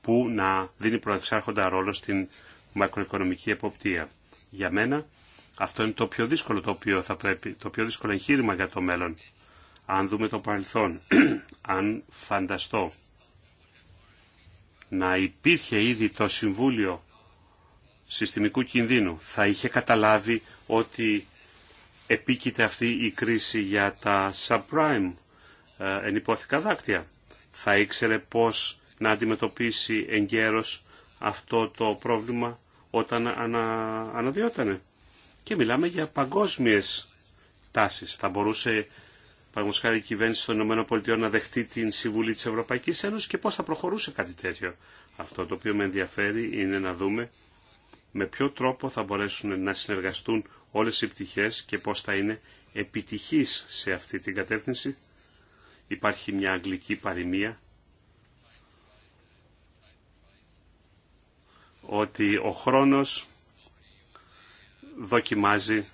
που να δίνει προεξάρχοντα ρόλο στην μακροοικονομική εποπτεία. Για μένα αυτό είναι το πιο δύσκολο το οποίο θα πρέπει, το πιο δύσκολο εγχείρημα για το μέλλον. Αν δούμε το παρελθόν, [clears throat] αν φανταστώ να υπήρχε ήδη το Συμβούλιο Συστημικού Κινδύνου, θα είχε καταλάβει ότι επίκειται αυτή η κρίση για τα subprime ε, ενυπόθηκα δάκτυα. Θα ήξερε πώς να αντιμετωπίσει εγκαίρως αυτό το πρόβλημα όταν ανα, Και μιλάμε για παγκόσμιες τάσεις. Θα μπορούσε παραγωγικά η κυβέρνηση των ΗΠΑ να δεχτεί την Συμβουλή τη Ευρωπαϊκής Ένωση και πώς θα προχωρούσε κάτι τέτοιο. Αυτό το οποίο με ενδιαφέρει είναι να δούμε με ποιο τρόπο θα μπορέσουν να συνεργαστούν όλες οι πτυχέ και πώς θα είναι επιτυχής σε αυτή την κατεύθυνση. Υπάρχει μια αγγλική παροιμία ότι ο χρόνος δοκιμάζει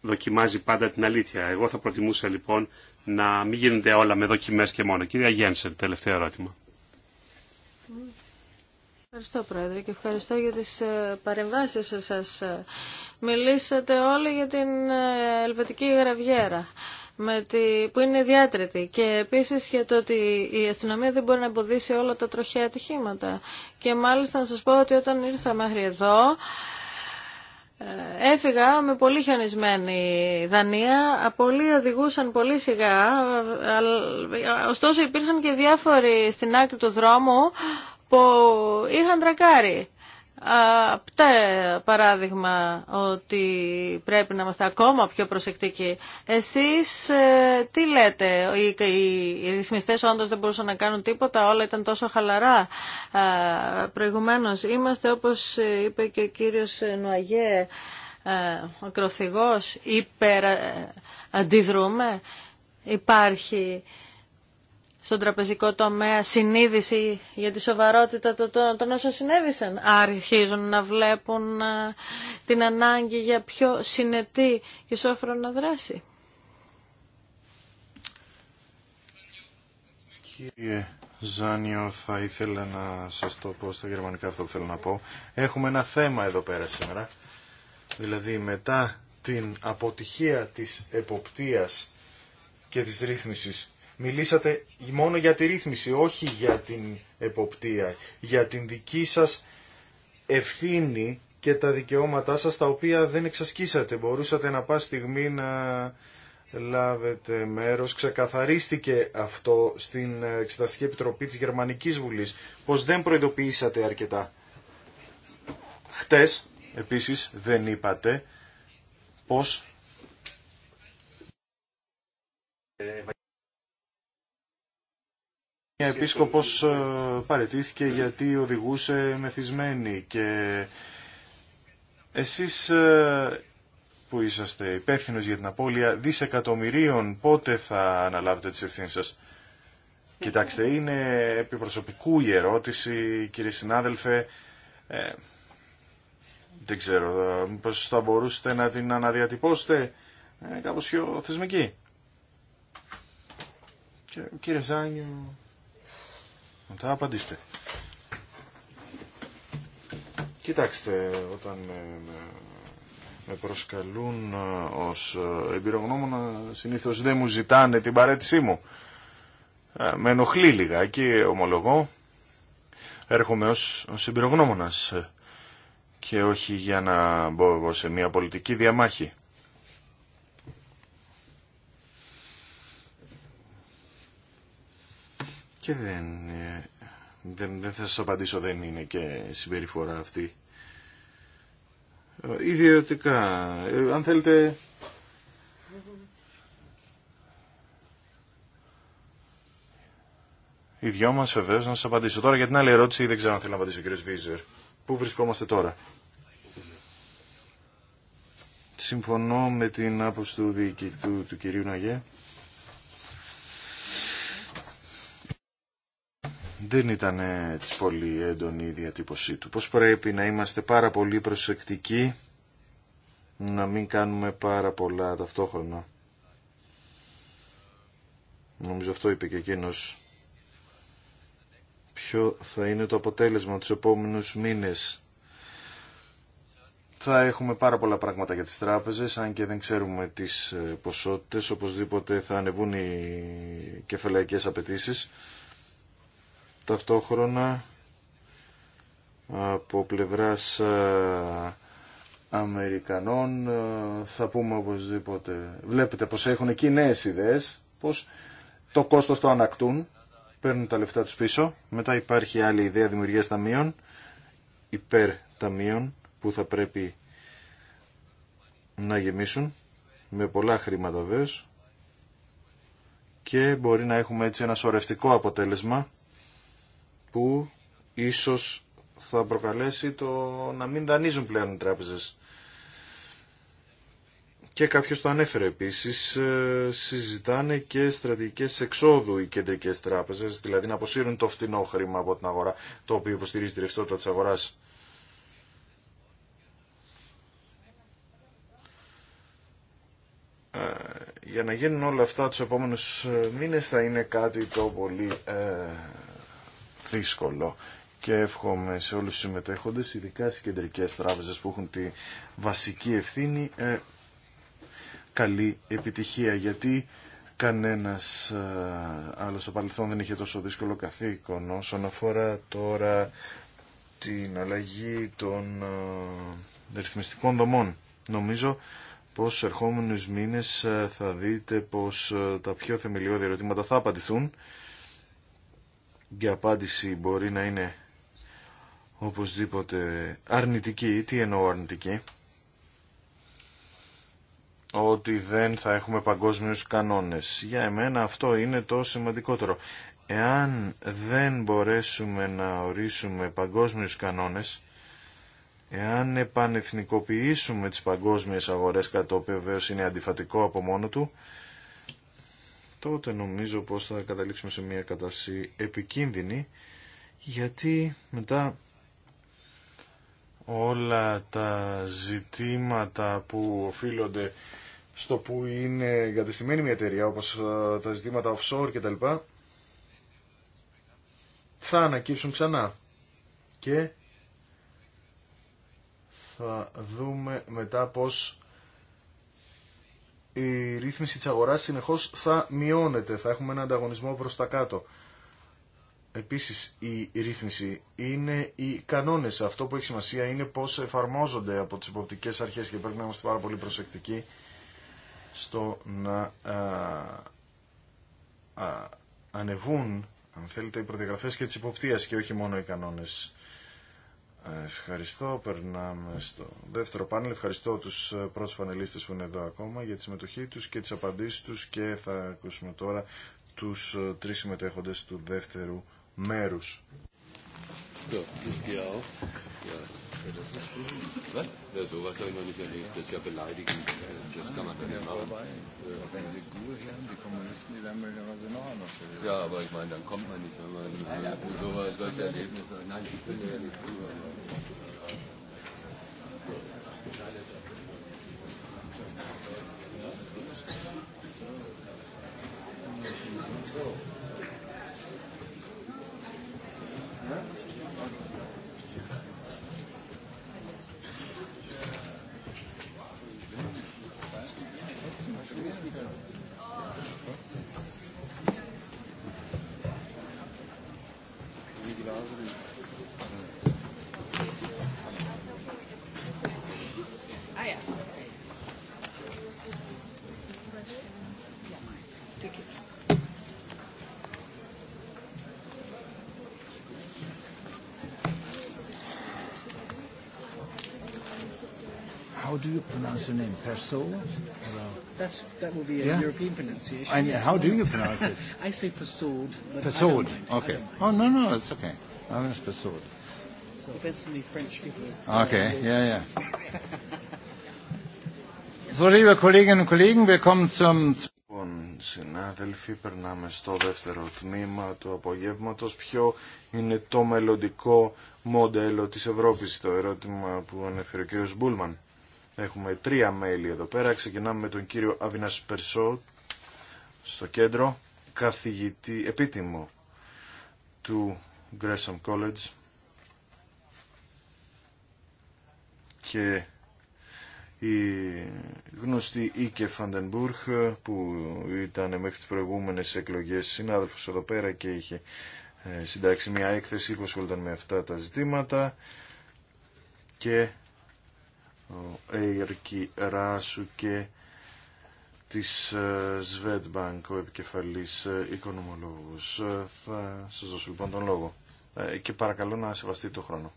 δοκιμάζει πάντα την αλήθεια. Εγώ θα προτιμούσα λοιπόν να μην γίνονται όλα με δοκιμές και μόνο. Κυρία Γένσερ, τελευταίο ερώτημα. Ευχαριστώ Πρόεδρε και ευχαριστώ για τις ε, παρεμβάσεις σας. Ε, μιλήσατε όλοι για την ε, ελβετική γραβιέρα με τη, που είναι διάτρετη και επίσης για το ότι η αστυνομία δεν μπορεί να εμποδίσει όλα τα τροχαία ατυχήματα. Και μάλιστα να σας πω ότι όταν ήρθα μέχρι εδώ ε, έφυγα με πολύ χιονισμένη Δανία, πολλοί οδηγούσαν πολύ σιγά, ωστόσο υπήρχαν και διάφοροι στην άκρη του δρόμου που είχαν τρακάρει. Πτέ παράδειγμα ότι πρέπει να είμαστε ακόμα πιο προσεκτικοί. Εσείς ε, τι λέτε, οι, οι, οι ρυθμιστές όντως δεν μπορούσαν να κάνουν τίποτα, όλα ήταν τόσο χαλαρά. Ε, προηγουμένως είμαστε όπως είπε και ο κύριος Νουαγέ, ο κροθυγός, υπερ ε, αντιδρούμε. Υπάρχει στον τραπεζικό τομέα συνείδηση για τη σοβαρότητα των όσων συνέβησαν. Αρχίζουν να βλέπουν ε, την ανάγκη για πιο συνετή και δράση. Κύριε Ζάνιο, θα ήθελα να σας το πω στα γερμανικά αυτό που θέλω να πω. Έχουμε ένα θέμα εδώ πέρα σήμερα. Δηλαδή μετά την αποτυχία της εποπτείας και της ρύθμισης Μιλήσατε μόνο για τη ρύθμιση, όχι για την εποπτεία, για την δική σας ευθύνη και τα δικαιώματά σας τα οποία δεν εξασκήσατε. Μπορούσατε να πάει στιγμή να λάβετε μέρος. Ξεκαθαρίστηκε αυτό στην Εξεταστική Επιτροπή της Γερμανικής Βουλής, πως δεν προειδοποιήσατε αρκετά. Χτες, επίσης, δεν είπατε πως... Ο επίσκοπος ε, παρετήθηκε γιατί οδηγούσε μεθυσμένη και εσείς ε, που είσαστε υπεύθυνος για την απώλεια δισεκατομμυρίων πότε θα αναλάβετε τις ευθύνες σας. Κοιτάξτε, είναι επιπροσωπικού η ερώτηση, κύριε συνάδελφε. Ε, δεν ξέρω, μήπως θα μπορούσατε να την αναδιατυπώσετε ε, κάπως πιο θεσμική. Και, κύριε Σάνιο, μετά απαντήστε. Κοιτάξτε, όταν με προσκαλούν ε, ως ε, εμπειρογνώμονα συνήθως δεν μου ζητάνε την παρέτησή μου. Ε, με ενοχλεί λιγάκι, ομολογώ. Έρχομαι ως, ως εμπειρογνώμονας και όχι για να μπω εγώ σε μια πολιτική διαμάχη. και ε, δεν, δεν, θα σας απαντήσω, δεν είναι και συμπεριφορά αυτή. Ε, ιδιωτικά, ε, αν θέλετε... Οι δυο μας βεβαίως να σας απαντήσω τώρα για την άλλη ερώτηση, δεν ξέρω αν θέλει να απαντήσει ο κ. Βίζερ. Πού βρισκόμαστε τώρα. Συμφωνώ με την άποψη του διοικητού του κυρίου Ναγέ. δεν ήταν ε, έτσι πολύ έντονη η διατύπωσή του. Πώς πρέπει να είμαστε πάρα πολύ προσεκτικοί να μην κάνουμε πάρα πολλά ταυτόχρονα. Νομίζω αυτό είπε και εκείνος. Ποιο θα είναι το αποτέλεσμα τους επόμενους μήνες. Θα έχουμε πάρα πολλά πράγματα για τις τράπεζες, αν και δεν ξέρουμε τις ε, ποσότητες, οπωσδήποτε θα ανεβούν οι κεφαλαϊκές απαιτήσεις Ταυτόχρονα από πλευράς ε, Αμερικανών ε, θα πούμε οπωσδήποτε. Βλέπετε πως έχουν εκεί νέες ιδέες, πως το κόστος το ανακτούν, παίρνουν τα λεφτά τους πίσω. Μετά υπάρχει άλλη ιδέα δημιουργίας ταμείων, υπέρ ταμείων που θα πρέπει να γεμίσουν με πολλά χρήματα βέβαια και μπορεί να έχουμε έτσι ένα σωρευτικό αποτέλεσμα που ίσως θα προκαλέσει το να μην δανείζουν πλέον οι τράπεζες. Και κάποιος το ανέφερε επίσης, ε, συζητάνε και στρατηγικές εξόδου οι κεντρικές τράπεζες, δηλαδή να αποσύρουν το φτηνό χρήμα από την αγορά, το οποίο υποστηρίζει τη ρευστότητα της αγοράς. Ε, για να γίνουν όλα αυτά τους επόμενους ε, μήνες θα είναι κάτι το πολύ δύσκολο και εύχομαι σε όλους τους συμμετέχοντες, ειδικά στις κεντρικές τράπεζες που έχουν τη βασική ευθύνη, ε, καλή επιτυχία γιατί κανένας ε, άλλος στο παρελθόν δεν είχε τόσο δύσκολο καθήκον όσον αφορά τώρα την αλλαγή των ε, ρυθμιστικών δομών. Νομίζω πως σε ερχόμενους μήνες ε, θα δείτε πως ε, τα πιο θεμελιώδη ερωτήματα θα απαντηθούν η απάντηση μπορεί να είναι οπωσδήποτε αρνητική. Τι εννοώ αρνητική? Ότι δεν θα έχουμε παγκόσμιους κανόνες. Για εμένα αυτό είναι το σημαντικότερο. Εάν δεν μπορέσουμε να ορίσουμε παγκόσμιους κανόνες, εάν επανεθνικοποιήσουμε τις παγκόσμιες αγορές, κάτι το οποίο είναι αντιφατικό από μόνο του, τότε νομίζω πως θα καταλήξουμε σε μια κατάσταση επικίνδυνη γιατί μετά όλα τα ζητήματα που οφείλονται στο που είναι εγκατεστημένη μια εταιρεία όπως τα ζητήματα offshore κτλ θα ανακύψουν ξανά και θα δούμε μετά πως η ρύθμιση της αγοράς συνεχώς θα μειώνεται, θα έχουμε ένα ανταγωνισμό προς τα κάτω. Επίσης η ρύθμιση είναι οι κανόνες. Αυτό που έχει σημασία είναι πώς εφαρμόζονται από τις υποπτικές αρχές και πρέπει να είμαστε πάρα πολύ προσεκτικοί στο να α, ανεβούν, αν θέλετε, οι προδιαγραφές και τις υποπτίας και όχι μόνο οι κανόνες. Ευχαριστώ. Περνάμε στο δεύτερο πάνελ. Ευχαριστώ τους ε, πρώτου πανελίστε που είναι εδώ ακόμα για τη συμμετοχή τους και τις απαντήσεις τους και θα ακούσουμε τώρα τους ε, τρει συμμετέχοντες του δεύτερου μέρους das ist Was? Ja, sowas habe ich noch nicht erlebt. Das ist ja beleidigend. Das kann man doch nicht machen. Wenn Sie Gur haben, die Kommunisten, die werden möglicherweise noch anders Ja, aber ich meine, dann kommt man nicht, wenn man sowas, solche Erlebnisse. Nein, ich bin ja nicht drüber. pronounce your name? Perso? That's, that will be a European pronunciation. And how do you pronounce it? I say Persaud. Persaud, okay. Oh, no, no, it's okay. I'm just Persaud. Depends on the French people. Okay, yeah, yeah. So, liebe Kolleginnen und Kollegen, wir kommen zum... Λοιπόν, συνάδελφοι, περνάμε στο δεύτερο τμήμα του απογεύματος. Ποιο είναι το μελλοντικό μοντέλο της Ευρώπης, το ερώτημα που ανέφερε ο κ. Μπούλμαν. Έχουμε τρία μέλη εδώ πέρα. Ξεκινάμε με τον κύριο Αβινάς Περσό στο κέντρο, καθηγητή επίτιμο του Gresham College και η γνωστή Ίκε Φαντενμπούρχ που ήταν μέχρι τις προηγούμενες εκλογές συνάδελφος εδώ πέρα και είχε ε, συντάξει μια έκθεση που ασχολούνταν με αυτά τα ζητήματα και ο Ράσου και της Σβέντμπανκ, ε, ο επικεφαλής ε, οικονομολόγος. Ε, θα σας δώσω λοιπόν τον λόγο και παρακαλώ να σεβαστείτε το χρόνο.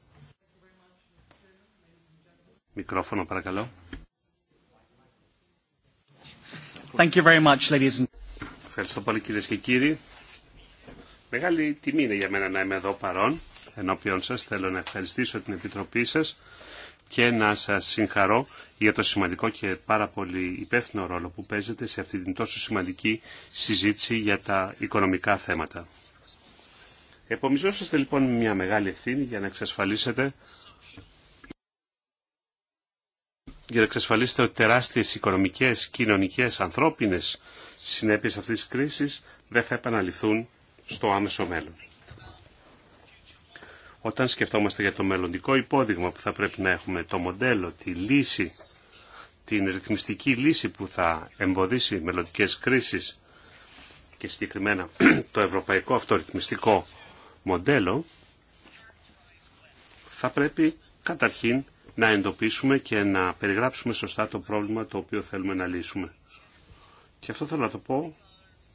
Μικρόφωνο παρακαλώ. Thank you very much, ladies and... Ευχαριστώ πολύ κυρίες και κύριοι. Μεγάλη τιμή είναι για μένα να είμαι εδώ παρόν ενώπιον σας. Θέλω να ευχαριστήσω την Επιτροπή σας και να σας συγχαρώ για το σημαντικό και πάρα πολύ υπεύθυνο ρόλο που παίζετε σε αυτή την τόσο σημαντική συζήτηση για τα οικονομικά θέματα. Επομιζόσαστε λοιπόν μια μεγάλη ευθύνη για να εξασφαλίσετε για να εξασφαλίσετε ότι τεράστιες οικονομικές, κοινωνικές, ανθρώπινες συνέπειες αυτής της κρίσης δεν θα επαναληφθούν στο άμεσο μέλλον. Όταν σκεφτόμαστε για το μελλοντικό υπόδειγμα που θα πρέπει να έχουμε, το μοντέλο, τη λύση, την ρυθμιστική λύση που θα εμποδίσει μελλοντικέ κρίσεις και συγκεκριμένα [clears throat] το ευρωπαϊκό αυτορυθμιστικό μοντέλο, θα πρέπει καταρχήν να εντοπίσουμε και να περιγράψουμε σωστά το πρόβλημα το οποίο θέλουμε να λύσουμε. Και αυτό θέλω να το πω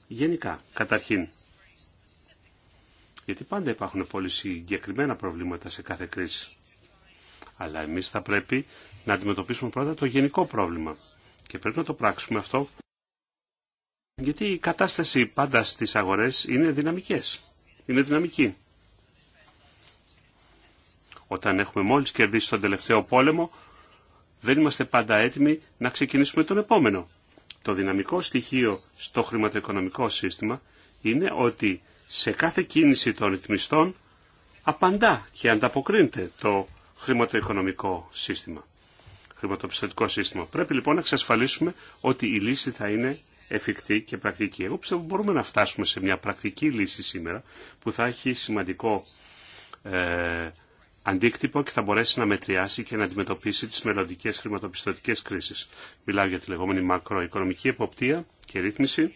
γενικά. Καταρχήν, γιατί πάντα υπάρχουν πολύ συγκεκριμένα προβλήματα σε κάθε κρίση. Αλλά εμείς θα πρέπει να αντιμετωπίσουμε πρώτα το γενικό πρόβλημα. Και πρέπει να το πράξουμε αυτό. Γιατί η κατάσταση πάντα στις αγορές είναι δυναμικές. Είναι δυναμική. Όταν έχουμε μόλις κερδίσει τον τελευταίο πόλεμο, δεν είμαστε πάντα έτοιμοι να ξεκινήσουμε τον επόμενο. Το δυναμικό στοιχείο στο χρηματοοικονομικό σύστημα είναι ότι σε κάθε κίνηση των ρυθμιστών απαντά και ανταποκρίνεται το χρηματοοικονομικό σύστημα, χρηματοπιστωτικό σύστημα. Πρέπει λοιπόν να εξασφαλίσουμε ότι η λύση θα είναι εφικτή και πρακτική. Εγώ πιστεύω μπορούμε να φτάσουμε σε μια πρακτική λύση σήμερα που θα έχει σημαντικό ε, αντίκτυπο και θα μπορέσει να μετριάσει και να αντιμετωπίσει τις μελλοντικές χρηματοπιστωτικές κρίσεις. Μιλάω για τη λεγόμενη μακροοικονομική εποπτεία και ρύθμιση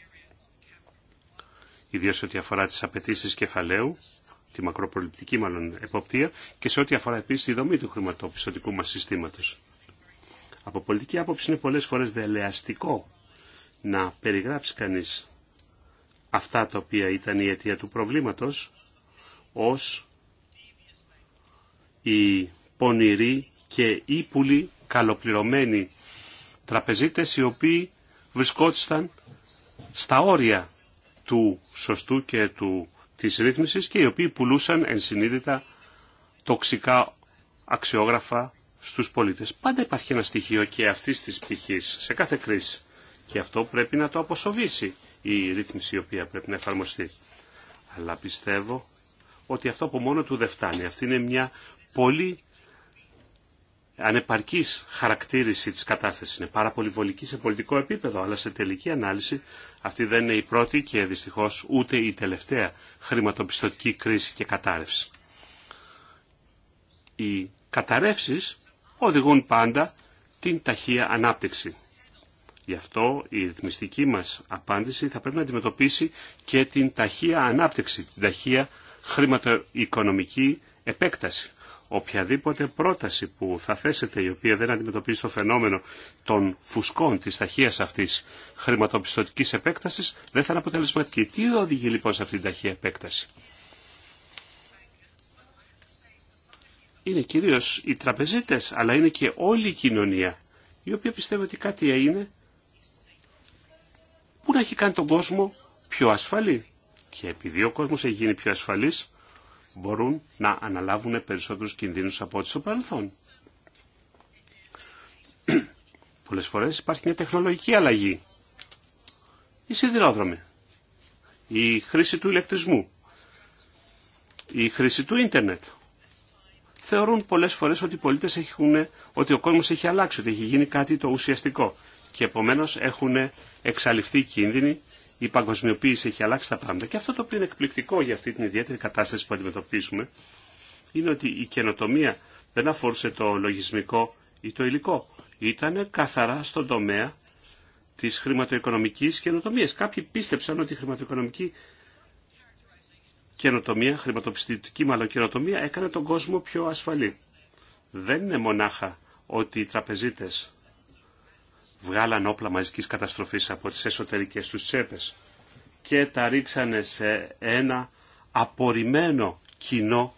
ιδίως ό,τι αφορά τις απαιτήσει κεφαλαίου, τη μακροπολιτική μάλλον εποπτεία και σε ό,τι αφορά επίσης τη δομή του χρηματοπιστωτικού μας συστήματος. Από πολιτική άποψη είναι πολλές φορές δελεαστικό να περιγράψει κανείς αυτά τα οποία ήταν η αιτία του προβλήματος ως η πονηρή και ύπουλοι καλοπληρωμένοι τραπεζίτες οι οποίοι βρισκόντουσαν στα όρια του σωστού και του, της ρύθμισης και οι οποίοι πουλούσαν ενσυνείδητα τοξικά αξιόγραφα στους πολίτες. Πάντα υπάρχει ένα στοιχείο και αυτής της πτυχής σε κάθε κρίση και αυτό πρέπει να το αποσοβήσει η ρύθμιση η οποία πρέπει να εφαρμοστεί. Αλλά πιστεύω ότι αυτό από μόνο του δεν φτάνει. Αυτή είναι μια πολύ ανεπαρκής χαρακτήριση τη κατάσταση Είναι πάρα πολύ βολική σε πολιτικό επίπεδο, αλλά σε τελική ανάλυση αυτή δεν είναι η πρώτη και δυστυχώ ούτε η τελευταία χρηματοπιστωτική κρίση και κατάρρευση. Οι καταρρεύσει οδηγούν πάντα την ταχεία ανάπτυξη. Γι' αυτό η ρυθμιστική μας απάντηση θα πρέπει να αντιμετωπίσει και την ταχεία ανάπτυξη, την ταχεία χρηματοοικονομική επέκταση οποιαδήποτε πρόταση που θα θέσετε η οποία δεν αντιμετωπίζει το φαινόμενο των φουσκών της ταχείας αυτής χρηματοπιστωτικής επέκτασης δεν θα είναι αποτελεσματική. Τι οδηγεί λοιπόν σε αυτή την ταχεία επέκταση. Είναι κυρίως οι τραπεζίτες αλλά είναι και όλη η κοινωνία η οποία πιστεύει ότι κάτι είναι που να έχει κάνει τον κόσμο πιο ασφαλή. Και επειδή ο κόσμος έχει γίνει πιο ασφαλής μπορούν να αναλάβουν περισσότερους κινδύνους από ό,τι στο παρελθόν. [clears throat] Πολλές φορές υπάρχει μια τεχνολογική αλλαγή. Η σιδηρόδρομοι, η χρήση του ηλεκτρισμού, η χρήση του ίντερνετ. Θεωρούν πολλές φορές ότι οι πολίτες έχουν, ότι ο κόσμος έχει αλλάξει, ότι έχει γίνει κάτι το ουσιαστικό και επομένως έχουν εξαλειφθεί κίνδυνοι η παγκοσμιοποίηση έχει αλλάξει τα πράγματα. Και αυτό το οποίο είναι εκπληκτικό για αυτή την ιδιαίτερη κατάσταση που αντιμετωπίσουμε είναι ότι η καινοτομία δεν αφορούσε το λογισμικό ή το υλικό. Ήταν καθαρά στον τομέα της χρηματοοικονομικής καινοτομίας. Κάποιοι πίστεψαν ότι η χρηματοοικονομική καινοτομία, χρηματοοικονομικης καινοτομια καποιοι μάλλον καινοτομία, έκανε τον κόσμο πιο ασφαλή. Δεν είναι μονάχα ότι οι τραπεζίτες βγάλαν όπλα μαζικής καταστροφής από τις εσωτερικές τους τσέπες και τα ρίξανε σε ένα απορριμμένο κοινό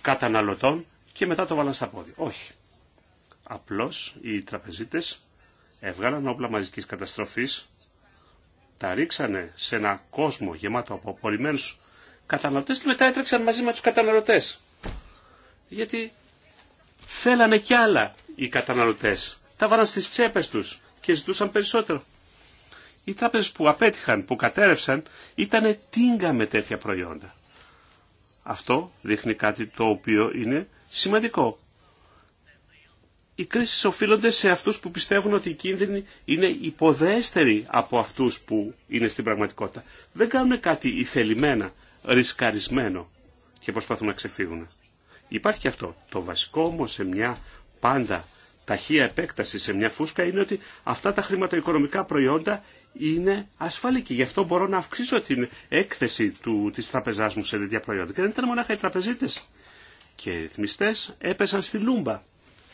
καταναλωτών και μετά το βάλαν στα πόδια. Όχι. Απλώς οι τραπεζίτες έβγαλαν όπλα μαζικής καταστροφής, τα ρίξανε σε ένα κόσμο γεμάτο από απορριμμένους καταναλωτές και μετά έτρεξαν μαζί με τους καταναλωτές. Γιατί θέλανε κι άλλα οι καταναλωτές. Τα βάλαν στις τσέπες τους και ζητούσαν περισσότερο. Οι τράπεζες που απέτυχαν, που κατέρευσαν, ήταν τίγκα με τέτοια προϊόντα. Αυτό δείχνει κάτι το οποίο είναι σημαντικό. Οι κρίσει οφείλονται σε αυτούς που πιστεύουν ότι οι κίνδυνοι είναι υποδέστεροι από αυτούς που είναι στην πραγματικότητα. Δεν κάνουν κάτι ηθελημένα, ρισκαρισμένο και προσπαθούν να ξεφύγουν. Υπάρχει και αυτό. Το βασικό όμως σε μια πάντα ταχεία επέκταση σε μια φούσκα είναι ότι αυτά τα χρηματοοικονομικά προϊόντα είναι ασφαλή και γι' αυτό μπορώ να αυξήσω την έκθεση του, της τραπεζάς μου σε τέτοια προϊόντα. Και δεν ήταν μονάχα οι τραπεζίτες και οι ρυθμιστές έπεσαν στη λούμπα.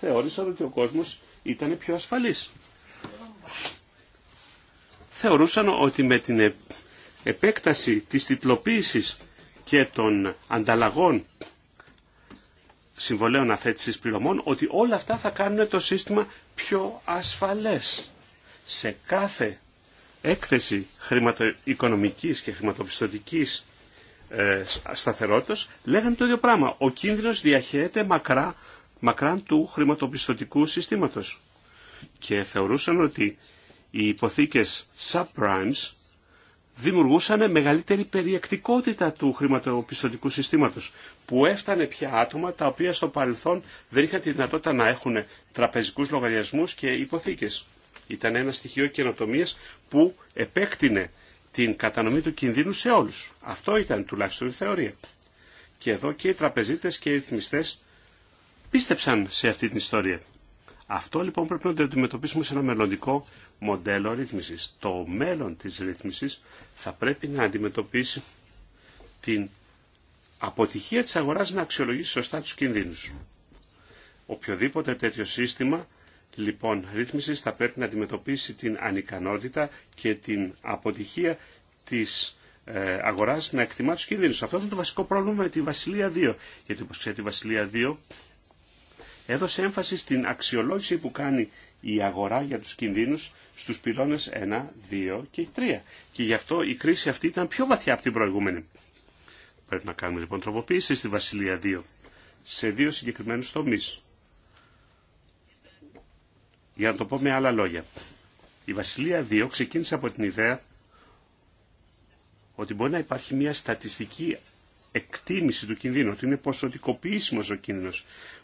Θεώρησαν ότι ο κόσμος ήταν πιο ασφαλής. Θεωρούσαν ότι με την επέκταση της τιτλοποίησης και των ανταλλαγών συμβολέων αφέτησης πληρωμών ότι όλα αυτά θα κάνουν το σύστημα πιο ασφαλές. Σε κάθε έκθεση χρηματοοικονομικής και χρηματοπιστωτικής ε, σταθερότητας λέγανε το ίδιο πράγμα. Ο κίνδυνος διαχέεται μακρά, μακράν του χρηματοπιστωτικού συστήματος. Και θεωρούσαν ότι οι υποθήκες subprimes δημιουργούσαν μεγαλύτερη περιεκτικότητα του χρηματοπιστωτικού συστήματος, που έφτανε πια άτομα τα οποία στο παρελθόν δεν είχαν τη δυνατότητα να έχουν τραπεζικούς λογαριασμούς και υποθήκες. Ήταν ένα στοιχείο καινοτομία που επέκτηνε την κατανομή του κινδύνου σε όλους. Αυτό ήταν τουλάχιστον η θεωρία. Και εδώ και οι τραπεζίτες και οι ρυθμιστές πίστεψαν σε αυτή την ιστορία. Αυτό λοιπόν πρέπει να το αντιμετωπίσουμε σε ένα μελλοντικό μοντέλο ρύθμισης. Το μέλλον της ρύθμισης θα πρέπει να αντιμετωπίσει την αποτυχία της αγοράς να αξιολογήσει σωστά τους κινδύνους. Οποιοδήποτε τέτοιο σύστημα λοιπόν ρύθμισης θα πρέπει να αντιμετωπίσει την ανικανότητα και την αποτυχία της ε, αγοράς να εκτιμά τους κινδύνους. Αυτό είναι το βασικό πρόβλημα με τη Βασιλεία 2. Γιατί όπως ξέρετε η Βασιλεία 2 έδωσε έμφαση στην αξιολόγηση που κάνει η αγορά για τους κινδύνους στους πυλώνες 1, 2 και 3. Και γι' αυτό η κρίση αυτή ήταν πιο βαθιά από την προηγούμενη. Πρέπει να κάνουμε λοιπόν τροποποίηση στη Βασιλεία 2 σε δύο συγκεκριμένους τομείς. Για να το πω με άλλα λόγια. Η Βασιλεία 2 ξεκίνησε από την ιδέα ότι μπορεί να υπάρχει μια στατιστική εκτίμηση του κινδύνου, ότι είναι ποσοτικοποιήσιμο ο κίνδυνο.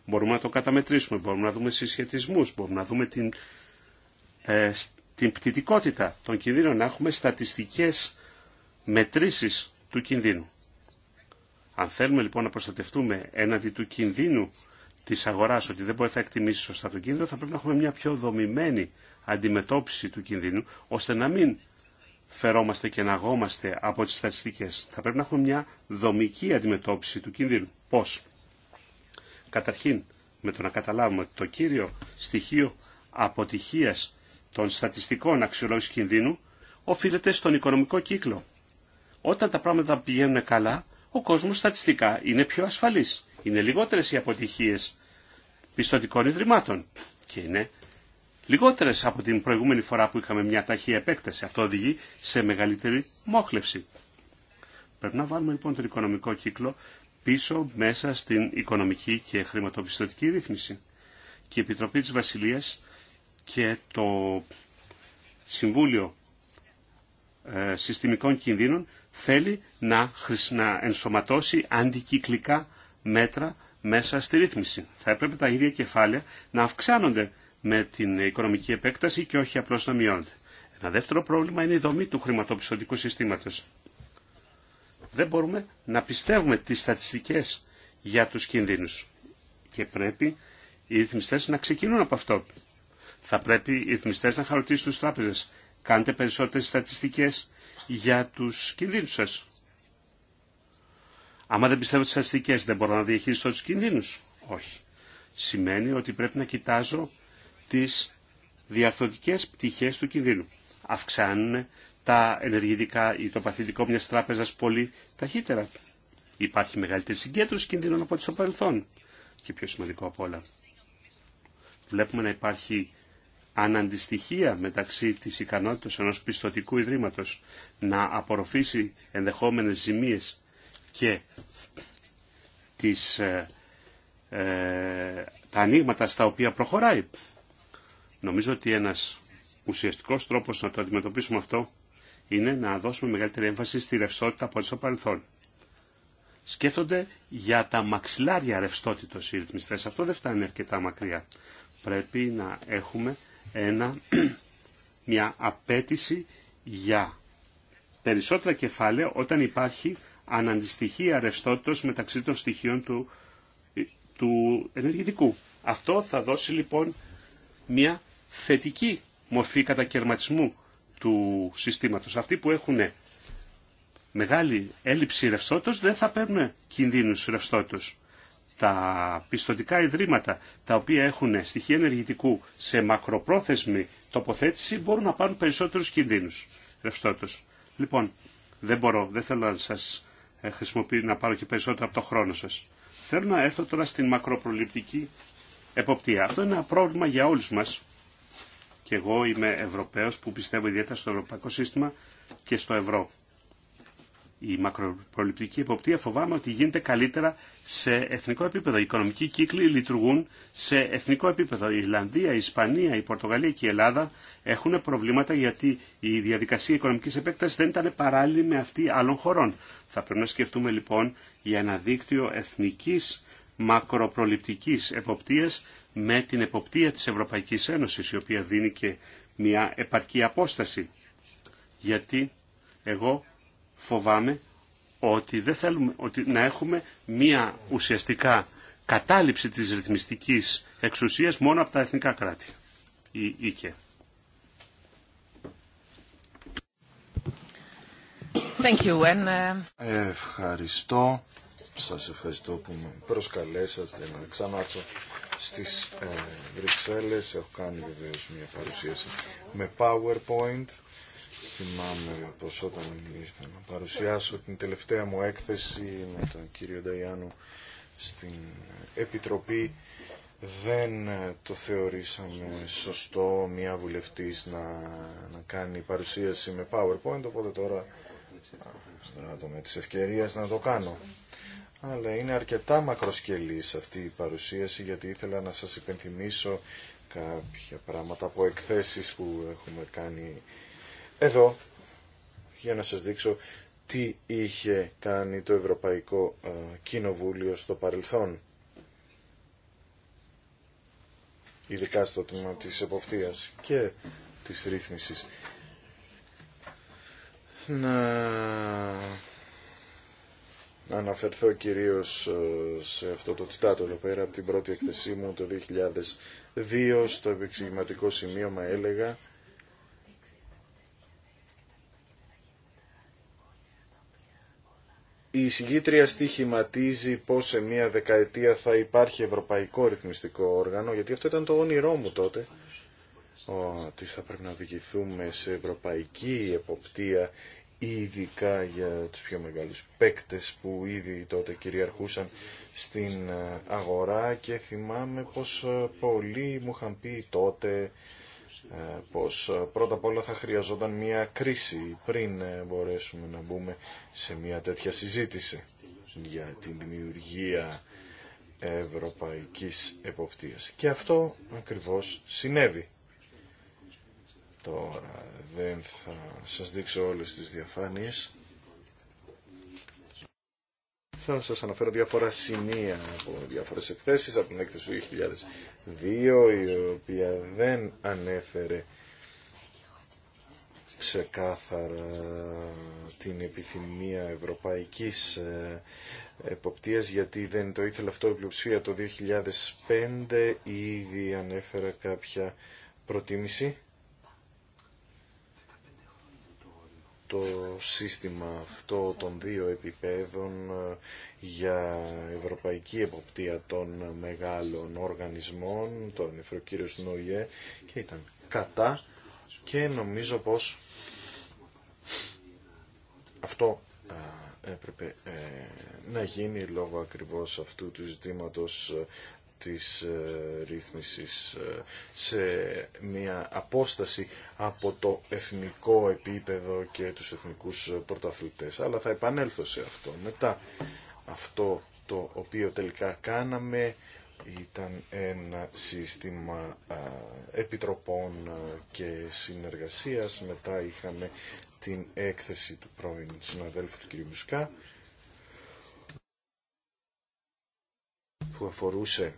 Μπορούμε να το καταμετρήσουμε, μπορούμε να δούμε συσχετισμού, μπορούμε να δούμε την, ε, την πτυτικότητα των κινδύνων, να έχουμε στατιστικές μετρήσεις του κινδύνου. Αν θέλουμε λοιπόν να προστατευτούμε έναντι του κινδύνου της αγοράς, ότι δεν μπορεί να εκτιμήσει σωστά τον κίνδυνο, θα πρέπει να έχουμε μια πιο δομημένη αντιμετώπιση του κινδύνου, ώστε να μην φερόμαστε και να από τις στατιστικές. Θα πρέπει να έχουμε μια δομική αντιμετώπιση του κίνδυνου. Πώς. Καταρχήν, με το να καταλάβουμε ότι το κύριο στοιχείο αποτυχίας των στατιστικών αξιολόγηση κινδύνου οφείλεται στον οικονομικό κύκλο. Όταν τα πράγματα πηγαίνουν καλά, ο κόσμος στατιστικά είναι πιο ασφαλής. Είναι λιγότερες οι αποτυχίες πιστοτικών ιδρυμάτων και είναι λιγότερες από την προηγούμενη φορά που είχαμε μια ταχεία επέκταση. Αυτό οδηγεί σε μεγαλύτερη μόχλευση. Πρέπει να βάλουμε λοιπόν τον οικονομικό κύκλο πίσω μέσα στην οικονομική και χρηματοπιστωτική ρύθμιση. Και η Επιτροπή της Βασιλείας και το Συμβούλιο ε, Συστημικών Κινδύνων θέλει να, να ενσωματώσει αντικυκλικά μέτρα μέσα στη ρύθμιση. Θα έπρεπε τα ίδια κεφάλαια να αυξάνονται με την οικονομική επέκταση και όχι απλώς να μειώνεται. Ένα δεύτερο πρόβλημα είναι η δομή του χρηματοπιστωτικού συστήματος. Δεν μπορούμε να πιστεύουμε τις στατιστικές για τους κινδύνους και πρέπει οι ρυθμιστές να ξεκινούν από αυτό. Θα πρέπει οι ρυθμιστές να χαροτήσουν τους τράπεζες. Κάντε περισσότερες στατιστικές για τους κινδύνους σας. Άμα δεν πιστεύω τις στατιστικές δεν μπορώ να διαχειριστώ τους κινδύνους. Όχι. Σημαίνει ότι πρέπει να κοιτάζω τις διαρθωτικές πτυχές του κινδύνου. Αυξάνουν τα ενεργητικά ή το παθητικό μιας τράπεζας πολύ ταχύτερα. Υπάρχει μεγαλύτερη συγκέντρωση κινδύνων από ό,τι στο παρελθόν. Και πιο σημαντικό από όλα. Βλέπουμε να υπάρχει αναντιστοιχία μεταξύ της ικανότητας ενός πιστοτικού ιδρύματος να απορροφήσει ενδεχόμενες ζημίες και τις, ε, ε τα ανοίγματα στα οποία προχωράει. Νομίζω ότι ένας ουσιαστικός τρόπος να το αντιμετωπίσουμε αυτό είναι να δώσουμε μεγαλύτερη έμφαση στη ρευστότητα από ό,τι στο παρελθόν. Σκέφτονται για τα μαξιλάρια ρευστότητα οι ρυθμιστέ. Αυτό δεν φτάνει αρκετά μακριά. Πρέπει να έχουμε ένα, [clears throat] μια απέτηση για περισσότερα κεφάλαια όταν υπάρχει αναντιστοιχεία ρευστότητα μεταξύ των στοιχείων του, του ενεργητικού. Αυτό θα δώσει λοιπόν μια θετική μορφή κατακαιρματισμού του συστήματος. Αυτοί που έχουν μεγάλη έλλειψη ρευστότητας δεν θα παίρνουν κινδύνους ρευστότητας. Τα πιστοτικά ιδρύματα τα οποία έχουν στοιχεία ενεργητικού σε μακροπρόθεσμη τοποθέτηση μπορούν να πάρουν περισσότερους κινδύνους ρευστότητας. Λοιπόν, δεν μπορώ, δεν θέλω να σας ε, χρησιμοποιήσω να πάρω και περισσότερο από το χρόνο σας. Θέλω να έρθω τώρα στην μακροπροληπτική εποπτεία. Αυτό είναι ένα πρόβλημα για όλους μας και εγώ είμαι Ευρωπαίος που πιστεύω ιδιαίτερα στο ευρωπαϊκό σύστημα και στο ευρώ. Η μακροπροληπτική εποπτεία φοβάμαι ότι γίνεται καλύτερα σε εθνικό επίπεδο. Οι οικονομικοί κύκλοι λειτουργούν σε εθνικό επίπεδο. Η Ιρλανδία, η Ισπανία, η Πορτογαλία και η Ελλάδα έχουν προβλήματα γιατί η διαδικασία οικονομική επέκταση δεν ήταν παράλληλη με αυτή άλλων χωρών. Θα πρέπει να σκεφτούμε λοιπόν για ένα δίκτυο εθνική μακροπροληπτική εποπτεία με την εποπτεία της Ευρωπαϊκής Ένωσης, η οποία δίνει και μια επαρκή απόσταση. Γιατί εγώ φοβάμαι ότι δεν θέλουμε ότι να έχουμε μια ουσιαστικά κατάληψη της ρυθμιστικής εξουσίας μόνο από τα εθνικά κράτη. Η ΙΚΕ. Thank you. Uh, ευχαριστώ. Σας ευχαριστώ που με προσκαλέσατε να ξανάρθω στις ε, Βρυξέλλες. Έχω κάνει βεβαίω μια παρουσίαση με PowerPoint. Θυμάμαι πως όταν ήρθα να παρουσιάσω την τελευταία μου έκθεση με τον κύριο Νταϊάνου στην Επιτροπή δεν ε, το θεωρήσαμε σωστό μια βουλευτής να, να κάνει παρουσίαση με PowerPoint, οπότε τώρα δράτω με τις ευκαιρίες να το κάνω αλλά είναι αρκετά μακροσκελής αυτή η παρουσίαση γιατί ήθελα να σας υπενθυμίσω κάποια πράγματα από εκθέσεις που έχουμε κάνει εδώ για να σας δείξω τι είχε κάνει το Ευρωπαϊκό ε, Κοινοβούλιο στο παρελθόν ειδικά στο τμήμα της εποπτείας και της ρύθμισης να αναφερθώ κυρίως ε, σε αυτό το τστάτο εδώ πέρα από την πρώτη εκθεσή μου το 2002 στο επεξηγηματικό σημείωμα έλεγα Η εισηγήτρια στοιχηματίζει πως σε μία δεκαετία θα υπάρχει ευρωπαϊκό ρυθμιστικό όργανο, γιατί αυτό ήταν το όνειρό μου τότε, ότι θα πρέπει να οδηγηθούμε σε ευρωπαϊκή εποπτεία ειδικά για τους πιο μεγάλους παίκτες που ήδη τότε κυριαρχούσαν στην ε, αγορά και θυμάμαι πως ε, πολλοί μου είχαν πει τότε ε, πως πρώτα απ' όλα θα χρειαζόταν μια κρίση πριν μπορέσουμε να μπούμε σε μια τέτοια συζήτηση για την δημιουργία ευρωπαϊκής εποπτείας. Και αυτό ακριβώς συνέβη. Τώρα δεν θα σας δείξω όλες τις διαφάνειες. Θα σας αναφέρω διάφορα σημεία από διάφορες εκθέσεις, από την έκθεση του 2002, η οποία δεν ανέφερε ξεκάθαρα την επιθυμία ευρωπαϊκής ε, εποπτείας γιατί δεν το ήθελε αυτό η πλειοψηφία το 2005 ήδη ανέφερα κάποια προτίμηση το σύστημα αυτό των δύο επιπέδων ε, για ευρωπαϊκή εποπτεία των μεγάλων οργανισμών, τον κύριο Νόιε και ήταν κατά και νομίζω πως αυτό ε, έπρεπε ε, να γίνει λόγω ακριβώς αυτού του ζητήματος της ε, ρύθμισης ε, σε μια απόσταση από το εθνικό επίπεδο και τους εθνικούς πρωταθλητές. Αλλά θα επανέλθω σε αυτό. Μετά αυτό το οποίο τελικά κάναμε ήταν ένα σύστημα ε, επιτροπών και συνεργασίας. Μετά είχαμε την έκθεση του πρώην συναδέλφου του κ. Μουσκά που αφορούσε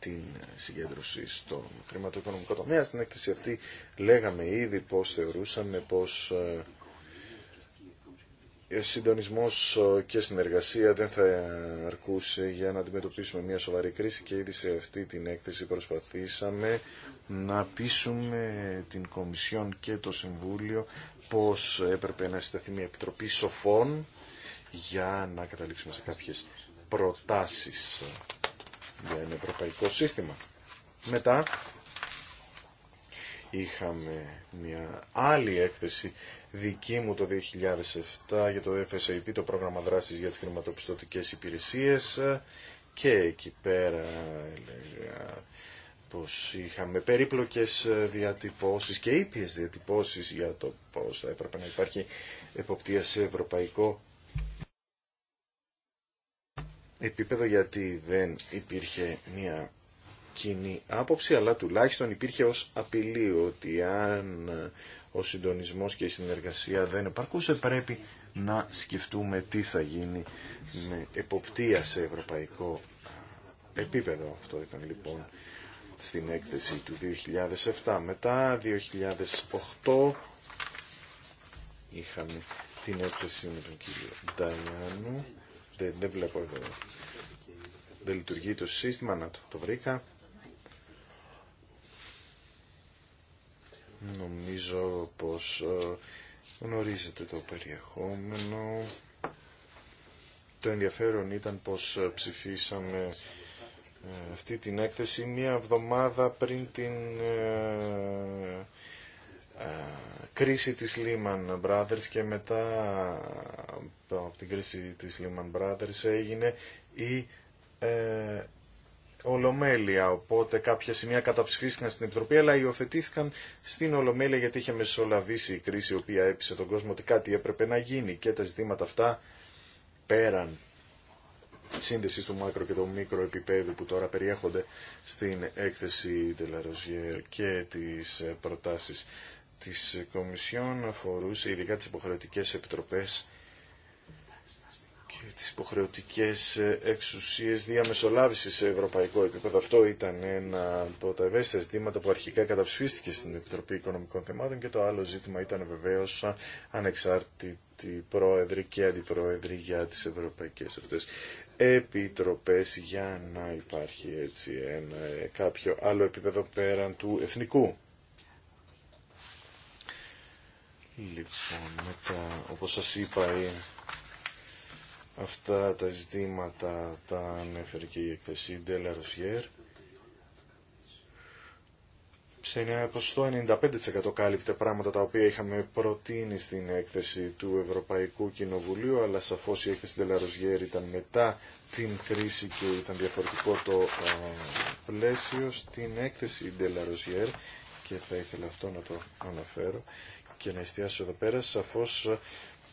την συγκέντρωση στον χρηματοοικονομικό τομέα. Στην έκθεση αυτή λέγαμε ήδη πως θεωρούσαμε πως ε, συντονισμός ε, και συνεργασία δεν θα αρκούσε για να αντιμετωπίσουμε μια σοβαρή κρίση και ήδη σε αυτή την έκθεση προσπαθήσαμε να πείσουμε την Κομισιόν και το Συμβούλιο πως έπρεπε να συσταθεί μια επιτροπή σοφών για να καταλήξουμε σε κάποιες προτάσεις για ένα ευρωπαϊκό σύστημα. Μετά είχαμε μια άλλη έκθεση δική μου το 2007 για το FSAP, το πρόγραμμα δράσης για τις χρηματοπιστωτικές υπηρεσίες και εκεί πέρα έλεγα πως είχαμε περίπλοκες διατυπώσεις και ήπιες διατυπώσεις για το πώς θα έπρεπε να υπάρχει εποπτεία σε ευρωπαϊκό επίπεδο γιατί δεν υπήρχε μια κοινή άποψη, αλλά τουλάχιστον υπήρχε ως απειλή ότι αν ο συντονισμός και η συνεργασία δεν επαρκούσε πρέπει να σκεφτούμε τι θα γίνει με εποπτεία σε ευρωπαϊκό επίπεδο. Αυτό ήταν λοιπόν στην έκθεση του 2007. Μετά 2008 είχαμε την έκθεση με τον κύριο Ντανιάνου δεν, δεν βλέπω εδώ. Δεν λειτουργεί το σύστημα. Να το, το βρήκα. Νομίζω πως ε, γνωρίζετε το περιεχόμενο. Το ενδιαφέρον ήταν πως ε, ψηφίσαμε ε, αυτή την έκθεση μία εβδομάδα πριν την ε, κρίση της Lehman Brothers και μετά από την κρίση της Lehman Brothers έγινε η ε, Ολομέλεια. Οπότε κάποια σημεία καταψηφίστηκαν στην Επιτροπή αλλά υιοθετήθηκαν στην Ολομέλεια γιατί είχε μεσολαβήσει η κρίση η οποία έπεισε τον κόσμο ότι κάτι έπρεπε να γίνει και τα ζητήματα αυτά πέραν σύνδεση του μάκρο και του μικρο επίπεδου που τώρα περιέχονται στην έκθεση Τελαροζιέρ και τις ε, προτάσεις της Κομισιόν αφορούσε ειδικά τις υποχρεωτικές επιτροπές και τις υποχρεωτικές εξουσίες διαμεσολάβησης σε ευρωπαϊκό επίπεδο. Αυτό ήταν ένα από τα ευαίσθητα ζητήματα που αρχικά καταψηφίστηκε στην Επιτροπή Οικονομικών Θεμάτων και το άλλο ζήτημα ήταν βεβαίως ανεξάρτητη πρόεδρη και αντιπρόεδρη για τις ευρωπαϊκές αυτές επιτροπές για να υπάρχει έτσι ένα, κάποιο άλλο επίπεδο πέραν του εθνικού. Λοιπόν, μετά, όπως σας είπα, ε, αυτά τα ζητήματα τα ανέφερε και η εκθεσή Ντέλα Σε ένα ποσοστό 95% κάλυπτε πράγματα τα οποία είχαμε προτείνει στην έκθεση του Ευρωπαϊκού Κοινοβουλίου, αλλά σαφώς η έκθεση Ντέλα ήταν μετά την κρίση και ήταν διαφορετικό το ε, πλαίσιο στην έκθεση Ντέλα και θα ήθελα αυτό να το αναφέρω και να εστιάσω εδώ πέρα, σαφώς ε,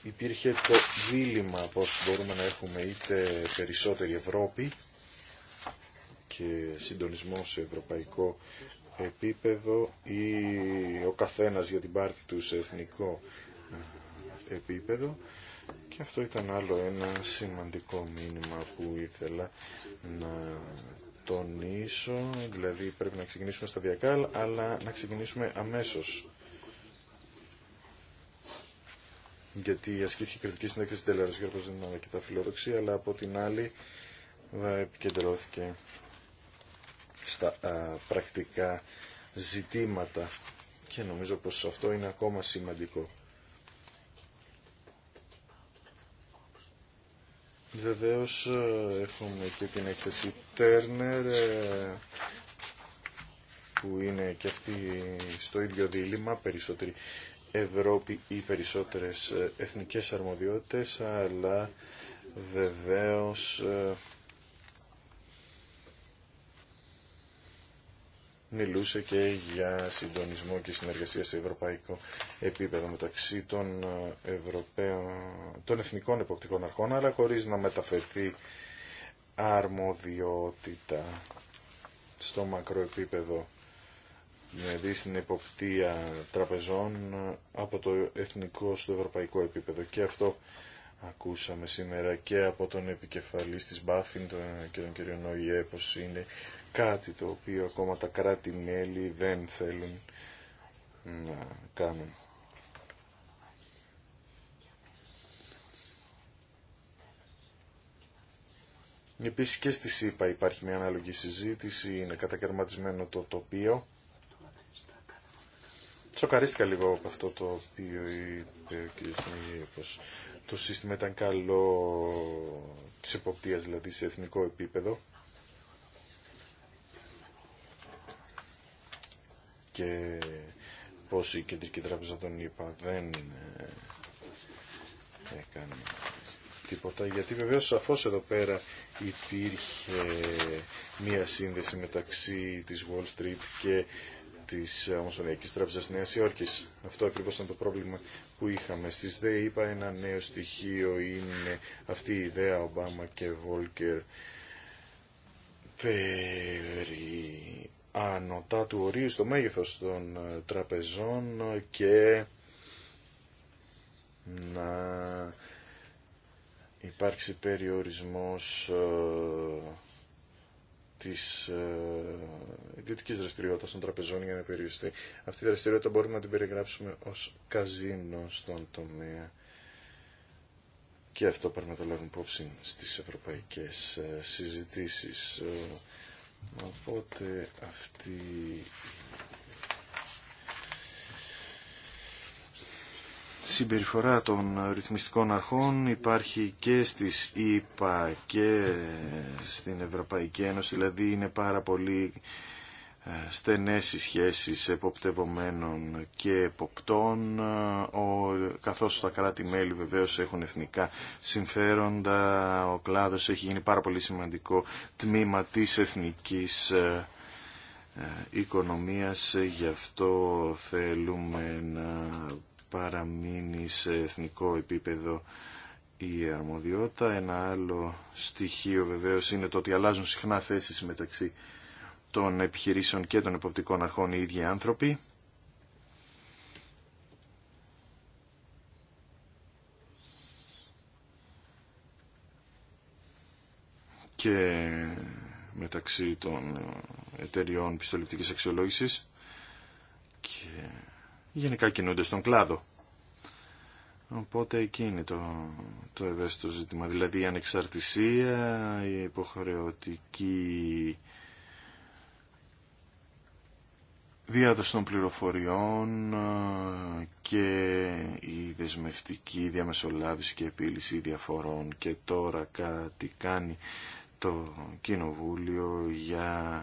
υπήρχε το δίλημα πως μπορούμε να έχουμε είτε περισσότερη Ευρώπη και συντονισμό σε ευρωπαϊκό επίπεδο ή ο καθένας για την πάρτη του σε εθνικό ε, επίπεδο και αυτό ήταν άλλο ένα σημαντικό μήνυμα που ήθελα να τονίσω δηλαδή πρέπει να ξεκινήσουμε σταδιακά αλλά να ξεκινήσουμε αμέσως γιατί ασκήθηκε κριτική στην έκθεση για δεν ήταν αρκετά φιλόδοξη, αλλά από την άλλη ε, επικεντρώθηκε στα ε, πρακτικά ζητήματα και νομίζω πως αυτό είναι ακόμα σημαντικό. Βεβαίως ε, έχουμε και την έκθεση Τέρνερ που είναι και αυτή στο ίδιο δίλημα, περισσότεροι. Ευρώπη ή περισσότερες ε, εθνικές αρμοδιότητες, αλλά βεβαίως ε, μιλούσε και για συντονισμό και συνεργασία σε ευρωπαϊκό επίπεδο μεταξύ των, ε, Ευρωπαίων, των εθνικών εποπτικών αρχών, αλλά χωρίς να μεταφερθεί αρμοδιότητα στο μακροεπίπεδο δηλαδή στην εποπτεία τραπεζών από το εθνικό στο ευρωπαϊκό επίπεδο. Και αυτό ακούσαμε σήμερα και από τον επικεφαλής της Μπάφιν τον κύριο Νόγιε πως είναι κάτι το οποίο ακόμα τα κράτη-μέλη δεν θέλουν να κάνουν. Επίσης και στη ΣΥΠΑ υπάρχει μια αναλογική συζήτηση, είναι κατακαιρματισμένο το τοπίο Σοκαρίστηκα λίγο από αυτό το οποίο είπε ο κ. πως το σύστημα ήταν καλό της εποπτείας, δηλαδή σε εθνικό επίπεδο. Και πως η Κεντρική Τράπεζα τον ΗΠΑ δεν ε, έκανε τίποτα, γιατί βεβαίως σαφώς εδώ πέρα υπήρχε μία σύνδεση μεταξύ της Wall Street και της Ομοσπονδιακής Τράπεζας Νέα Υόρκη. Αυτό ακριβώ ήταν το πρόβλημα που είχαμε. στι ΔΕΗ είπα ένα νέο στοιχείο είναι αυτή η ιδέα Ομπάμα και Βόλκερ περί ανωτά του ορίου στο μέγεθος των ε, τραπεζών και να υπάρξει περιορισμός ε, της ε, ιδιωτική δραστηριότητας των τραπεζών για να περιοριστεί. Αυτή η δραστηριότητα μπορούμε να την περιγράψουμε ως καζίνο στον τομέα και αυτό πρέπει να το λάβουμε υπόψη στις ευρωπαϊκές ε, συζητήσεις. Ε, οπότε αυτή συμπεριφορά των ρυθμιστικών αρχών υπάρχει και στις ΗΠΑ και στην Ευρωπαϊκή Ένωση, δηλαδή είναι πάρα πολύ ε, στενές οι σχέσεις εποπτευομένων και εποπτών, ο, καθώς τα κράτη-μέλη βεβαίως έχουν εθνικά συμφέροντα, ο κλάδος έχει γίνει πάρα πολύ σημαντικό τμήμα της εθνικής ε, ε, οικονομίας, γι' αυτό θέλουμε να παραμείνει σε εθνικό επίπεδο η αρμοδιότητα. Ένα άλλο στοιχείο βεβαίως είναι το ότι αλλάζουν συχνά θέσεις μεταξύ των επιχειρήσεων και των εποπτικών αρχών οι ίδιοι άνθρωποι. και μεταξύ των εταιριών πιστοληπτικής αξιολόγησης και γενικά κινούνται στον κλάδο. Οπότε εκεί είναι το, το ευαίσθητο ζήτημα. Δηλαδή η ανεξαρτησία, η υποχρεωτική διάδοση των πληροφοριών και η δεσμευτική διαμεσολάβηση και επίλυση διαφορών. Και τώρα κάτι κάνει το Κοινοβούλιο για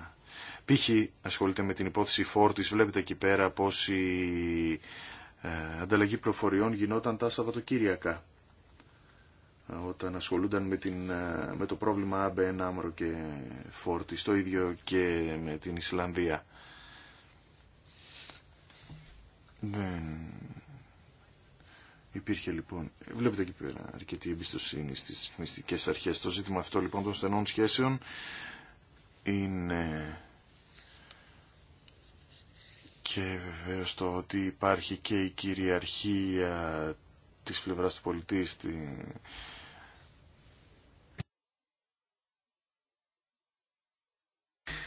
π.χ. ασχολείται με την υπόθεση φόρτης, βλέπετε εκεί πέρα πως η ε, ανταλλαγή προφοριών γινόταν τα Σαββατοκύριακα όταν ασχολούνταν με, ε, το πρόβλημα Άμπεν Άμρο και Φόρτη, το ίδιο και με την Ισλανδία. Δεν υπήρχε λοιπόν, βλέπετε εκεί πέρα αρκετή εμπιστοσύνη στις ρυθμιστικέ αρχές. Το ζήτημα αυτό λοιπόν των στενών σχέσεων είναι και βεβαίω το ότι υπάρχει και η κυριαρχία της πλευράς του πολιτή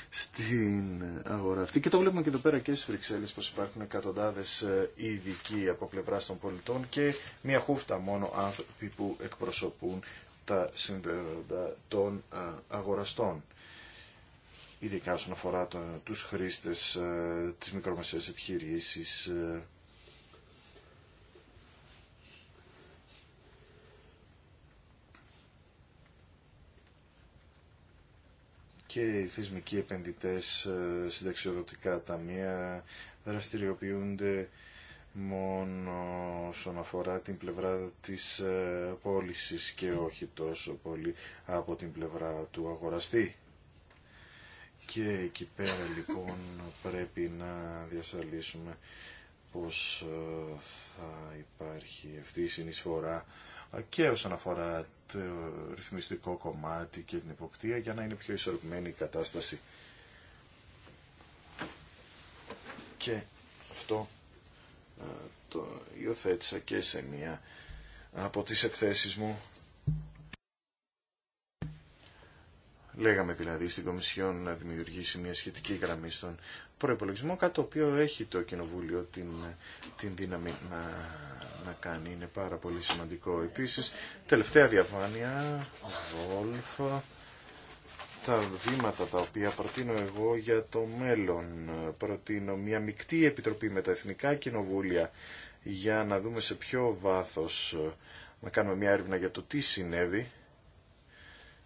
στην αγορά αυτή. Και το βλέπουμε και εδώ πέρα και στις Βρυξέλλες πως υπάρχουν εκατοντάδες ε, ειδικοί από πλευρά των πολιτών και μια χούφτα μόνο άνθρωποι που εκπροσωπούν τα συμφέροντα των ε, αγοραστών ειδικά όσον αφορά το, τους χρήστες, ε, τις μικρομεσαίες επιχειρήσεις. Ε. και οι θεσμικοί επενδυτές ε, συνταξιοδοτικά ταμεία δραστηριοποιούνται μόνο όσον αφορά την πλευρά της πώληση και όχι τόσο πολύ από την πλευρά του αγοραστή. Και εκεί πέρα λοιπόν πρέπει να διασφαλίσουμε πως ε, θα υπάρχει αυτή η συνεισφορά ε, και όσον αφορά το ρυθμιστικό κομμάτι και την υποκτία για να είναι πιο ισορροπημένη η κατάσταση. Και αυτό ε, το υιοθέτησα και σε μία από τις εκθέσεις μου Λέγαμε δηλαδή στην Κομισιόν να δημιουργήσει μια σχετική γραμμή στον προπολογισμό, κάτι το οποίο έχει το Κοινοβούλιο την, την δύναμη να, να κάνει. Είναι πάρα πολύ σημαντικό. Επίσης, τελευταία διαφάνεια, Βόλφα, τα βήματα τα οποία προτείνω εγώ για το μέλλον. Προτείνω μια μεικτή επιτροπή με τα Εθνικά Κοινοβούλια για να δούμε σε ποιο βάθος να κάνουμε μια έρευνα για το τι συνέβη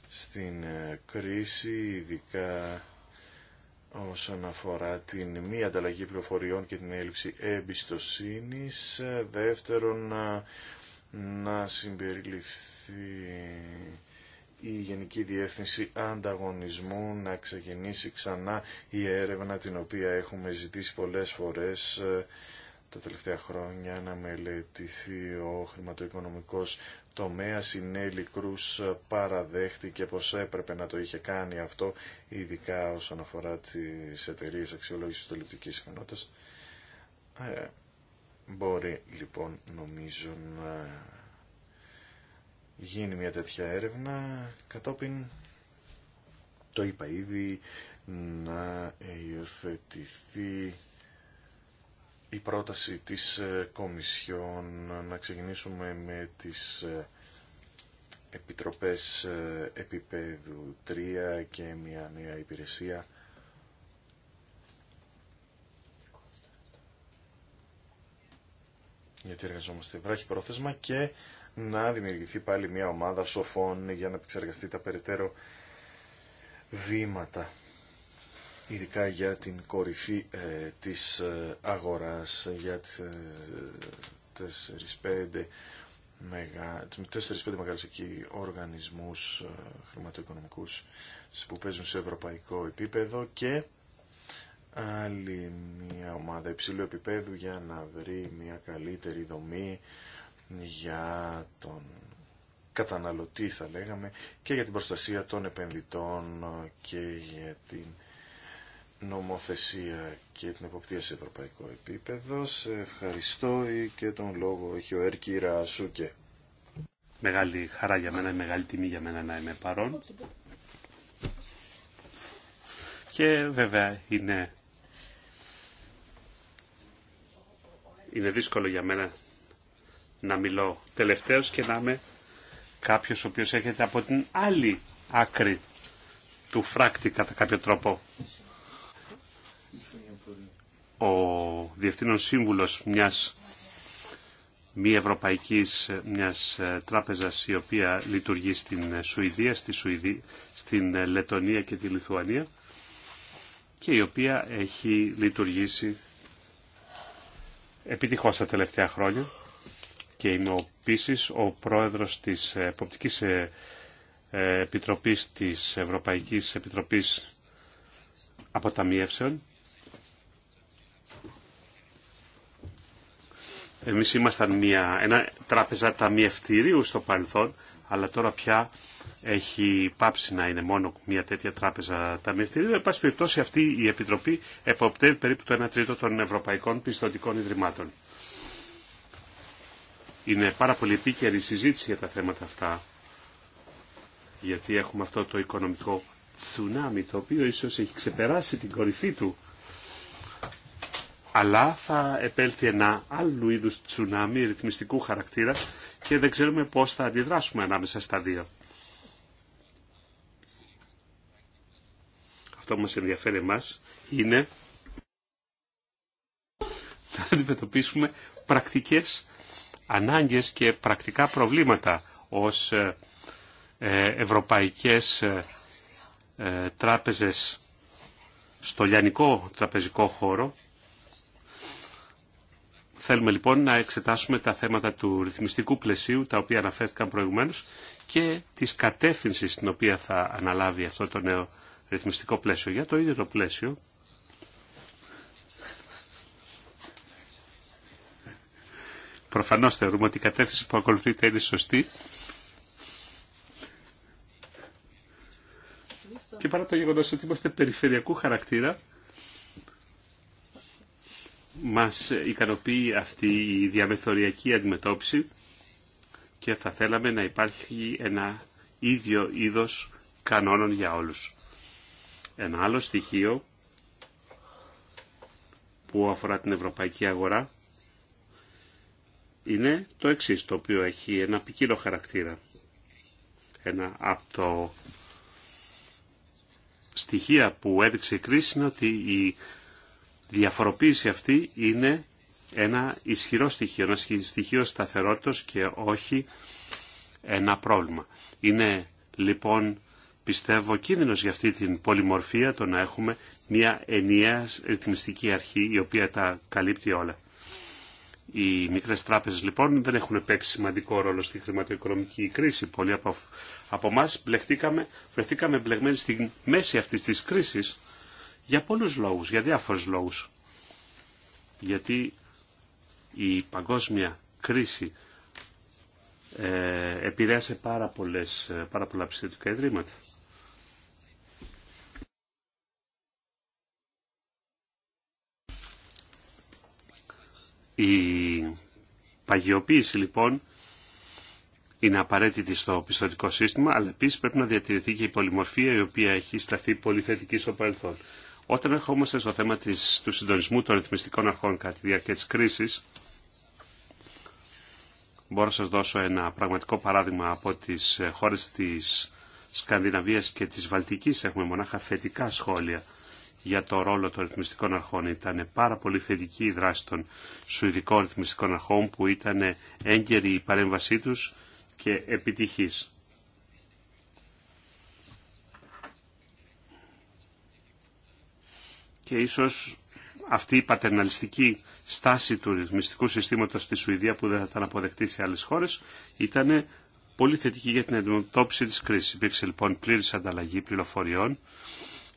στην ε, κρίση, ειδικά όσον αφορά την μη ανταλλαγή πληροφοριών και την έλλειψη εμπιστοσύνης. Ε, δεύτερον, να συμπεριληφθεί η Γενική Διεύθυνση Ανταγωνισμού να ξεκινήσει ξανά η έρευνα την οποία έχουμε ζητήσει πολλές φορές ε, τα τελευταία χρόνια να μελετηθεί ο χρηματοοικονομικός τομέα η Νέλη Κρούς παραδέχτηκε πως έπρεπε να το είχε κάνει αυτό, ειδικά όσον αφορά τις εταιρείες αξιολόγησης τη ικανότητας. Ε, μπορεί λοιπόν νομίζω να γίνει μια τέτοια έρευνα κατόπιν το είπα ήδη να υιοθετηθεί η πρόταση της ε, Κομισιόν να ξεκινήσουμε με τις ε, επιτροπές ε, επίπεδου 3 και μια νέα υπηρεσία γιατί εργαζόμαστε βράχη πρόθεσμα και να δημιουργηθεί πάλι μια ομάδα σοφών για να επεξεργαστεί τα περαιτέρω βήματα ειδικά για την κορυφή ε, της ε, αγοράς, για τις ε, 4-5 μεγα, εκεί οργανισμούς χρηματοοικονομικούς που παίζουν σε ευρωπαϊκό επίπεδο και άλλη μια ομάδα υψηλού επίπεδου για να βρει μια καλύτερη δομή για τον καταναλωτή θα λέγαμε και για την προστασία των επενδυτών και για την νομοθεσία και την εποπτεία σε ευρωπαϊκό επίπεδο. Σε ευχαριστώ και τον λόγο έχει ο Ερκύρα Σούκε. Μεγάλη χαρά για μένα, μεγάλη τιμή για μένα να είμαι παρόν. Και βέβαια είναι, είναι δύσκολο για μένα να μιλώ τελευταίος και να είμαι κάποιος ο οποίος έρχεται από την άλλη άκρη του φράκτη κατά κάποιο τρόπο ο διευθύνων σύμβουλος μιας μη ευρωπαϊκής μιας ε, τράπεζας η οποία λειτουργεί στην ε, Σουηδία, στη Σουηδία, στην ε, Λετωνία και τη Λιθουανία και η οποία έχει λειτουργήσει επιτυχώς τα τελευταία χρόνια και είμαι ο ο πρόεδρος της Εποπτικής Επιτροπής της Ευρωπαϊκής Επιτροπής Αποταμιεύσεων Εμείς ήμασταν μια, ένα τράπεζα ταμιευτηρίου στο παρελθόν, αλλά τώρα πια έχει πάψει να είναι μόνο μια τέτοια τράπεζα ταμιευτηρίου. Εν πάση περιπτώσει αυτή η Επιτροπή εποπτεύει περίπου το 1 τρίτο των Ευρωπαϊκών Πιστοτικών Ιδρυμάτων. Είναι πάρα πολύ επίκαιρη συζήτηση για τα θέματα αυτά, γιατί έχουμε αυτό το οικονομικό τσουνάμι, το οποίο ίσως έχει ξεπεράσει την κορυφή του αλλά θα επέλθει ένα άλλου είδου τσουνάμι ρυθμιστικού χαρακτήρα και δεν ξέρουμε πώς θα αντιδράσουμε ανάμεσα στα δύο. Αυτό που μας ενδιαφέρει εμά είναι να αντιμετωπίσουμε πρακτικές ανάγκες και πρακτικά προβλήματα ως ε, ε, ευρωπαϊκές ε, τράπεζες στο λιανικό τραπεζικό χώρο Θέλουμε λοιπόν να εξετάσουμε τα θέματα του ρυθμιστικού πλαισίου, τα οποία αναφέρθηκαν προηγουμένως, και της κατεύθυνσης στην οποία θα αναλάβει αυτό το νέο ρυθμιστικό πλαίσιο. Για το ίδιο το πλαίσιο, προφανώς θεωρούμε ότι η κατεύθυνση που ακολουθείται είναι σωστή, και παρά το γεγονός ότι είμαστε περιφερειακού χαρακτήρα, μας ικανοποιεί αυτή η διαμεθοριακή αντιμετώπιση και θα θέλαμε να υπάρχει ένα ίδιο είδος κανόνων για όλους. Ένα άλλο στοιχείο που αφορά την ευρωπαϊκή αγορά είναι το εξής, το οποίο έχει ένα ποικίλο χαρακτήρα. Ένα από το στοιχεία που έδειξε η κρίση είναι ότι η διαφοροποίηση αυτή είναι ένα ισχυρό στοιχείο, ένα στοιχείο σταθερότητας και όχι ένα πρόβλημα. Είναι λοιπόν πιστεύω κίνδυνος για αυτή την πολυμορφία το να έχουμε μια ενιαία ρυθμιστική αρχή η οποία τα καλύπτει όλα. Οι μικρές τράπεζες λοιπόν δεν έχουν παίξει σημαντικό ρόλο στη χρηματοοικονομική κρίση. Πολλοί από, εμά βρεθήκαμε μπλεγμένοι στη μέση αυτής της κρίσης για πολλούς λόγους, για διάφορους λόγους. Γιατί η παγκόσμια κρίση ε, επηρέασε πάρα, πολλές, ε, πάρα πολλά ψηφιακά ιδρύματα. Η παγιοποίηση λοιπόν είναι απαραίτητη στο πιστοτικό σύστημα, αλλά επίση πρέπει να διατηρηθεί και η πολυμορφία η οποία έχει σταθεί πολύ θετική στο παρελθόν. Όταν ερχόμαστε στο θέμα της, του συντονισμού των ρυθμιστικών αρχών κατά τη διάρκεια της κρίσης, μπορώ να σας δώσω ένα πραγματικό παράδειγμα από τις ε, χώρες της Σκανδιναβίας και της Βαλτικής. Έχουμε μονάχα θετικά σχόλια για το ρόλο των ρυθμιστικών αρχών. Ήταν πάρα πολύ θετική η δράση των Σουηδικών ρυθμιστικών αρχών που ήταν έγκαιρη η παρέμβασή τους και επιτυχής. και ίσως αυτή η πατερναλιστική στάση του ρυθμιστικού συστήματος στη Σουηδία που δεν θα ήταν αποδεκτή σε άλλες χώρες ήταν πολύ θετική για την αντιμετώπιση της κρίσης. Υπήρξε λοιπόν πλήρης ανταλλαγή πληροφοριών,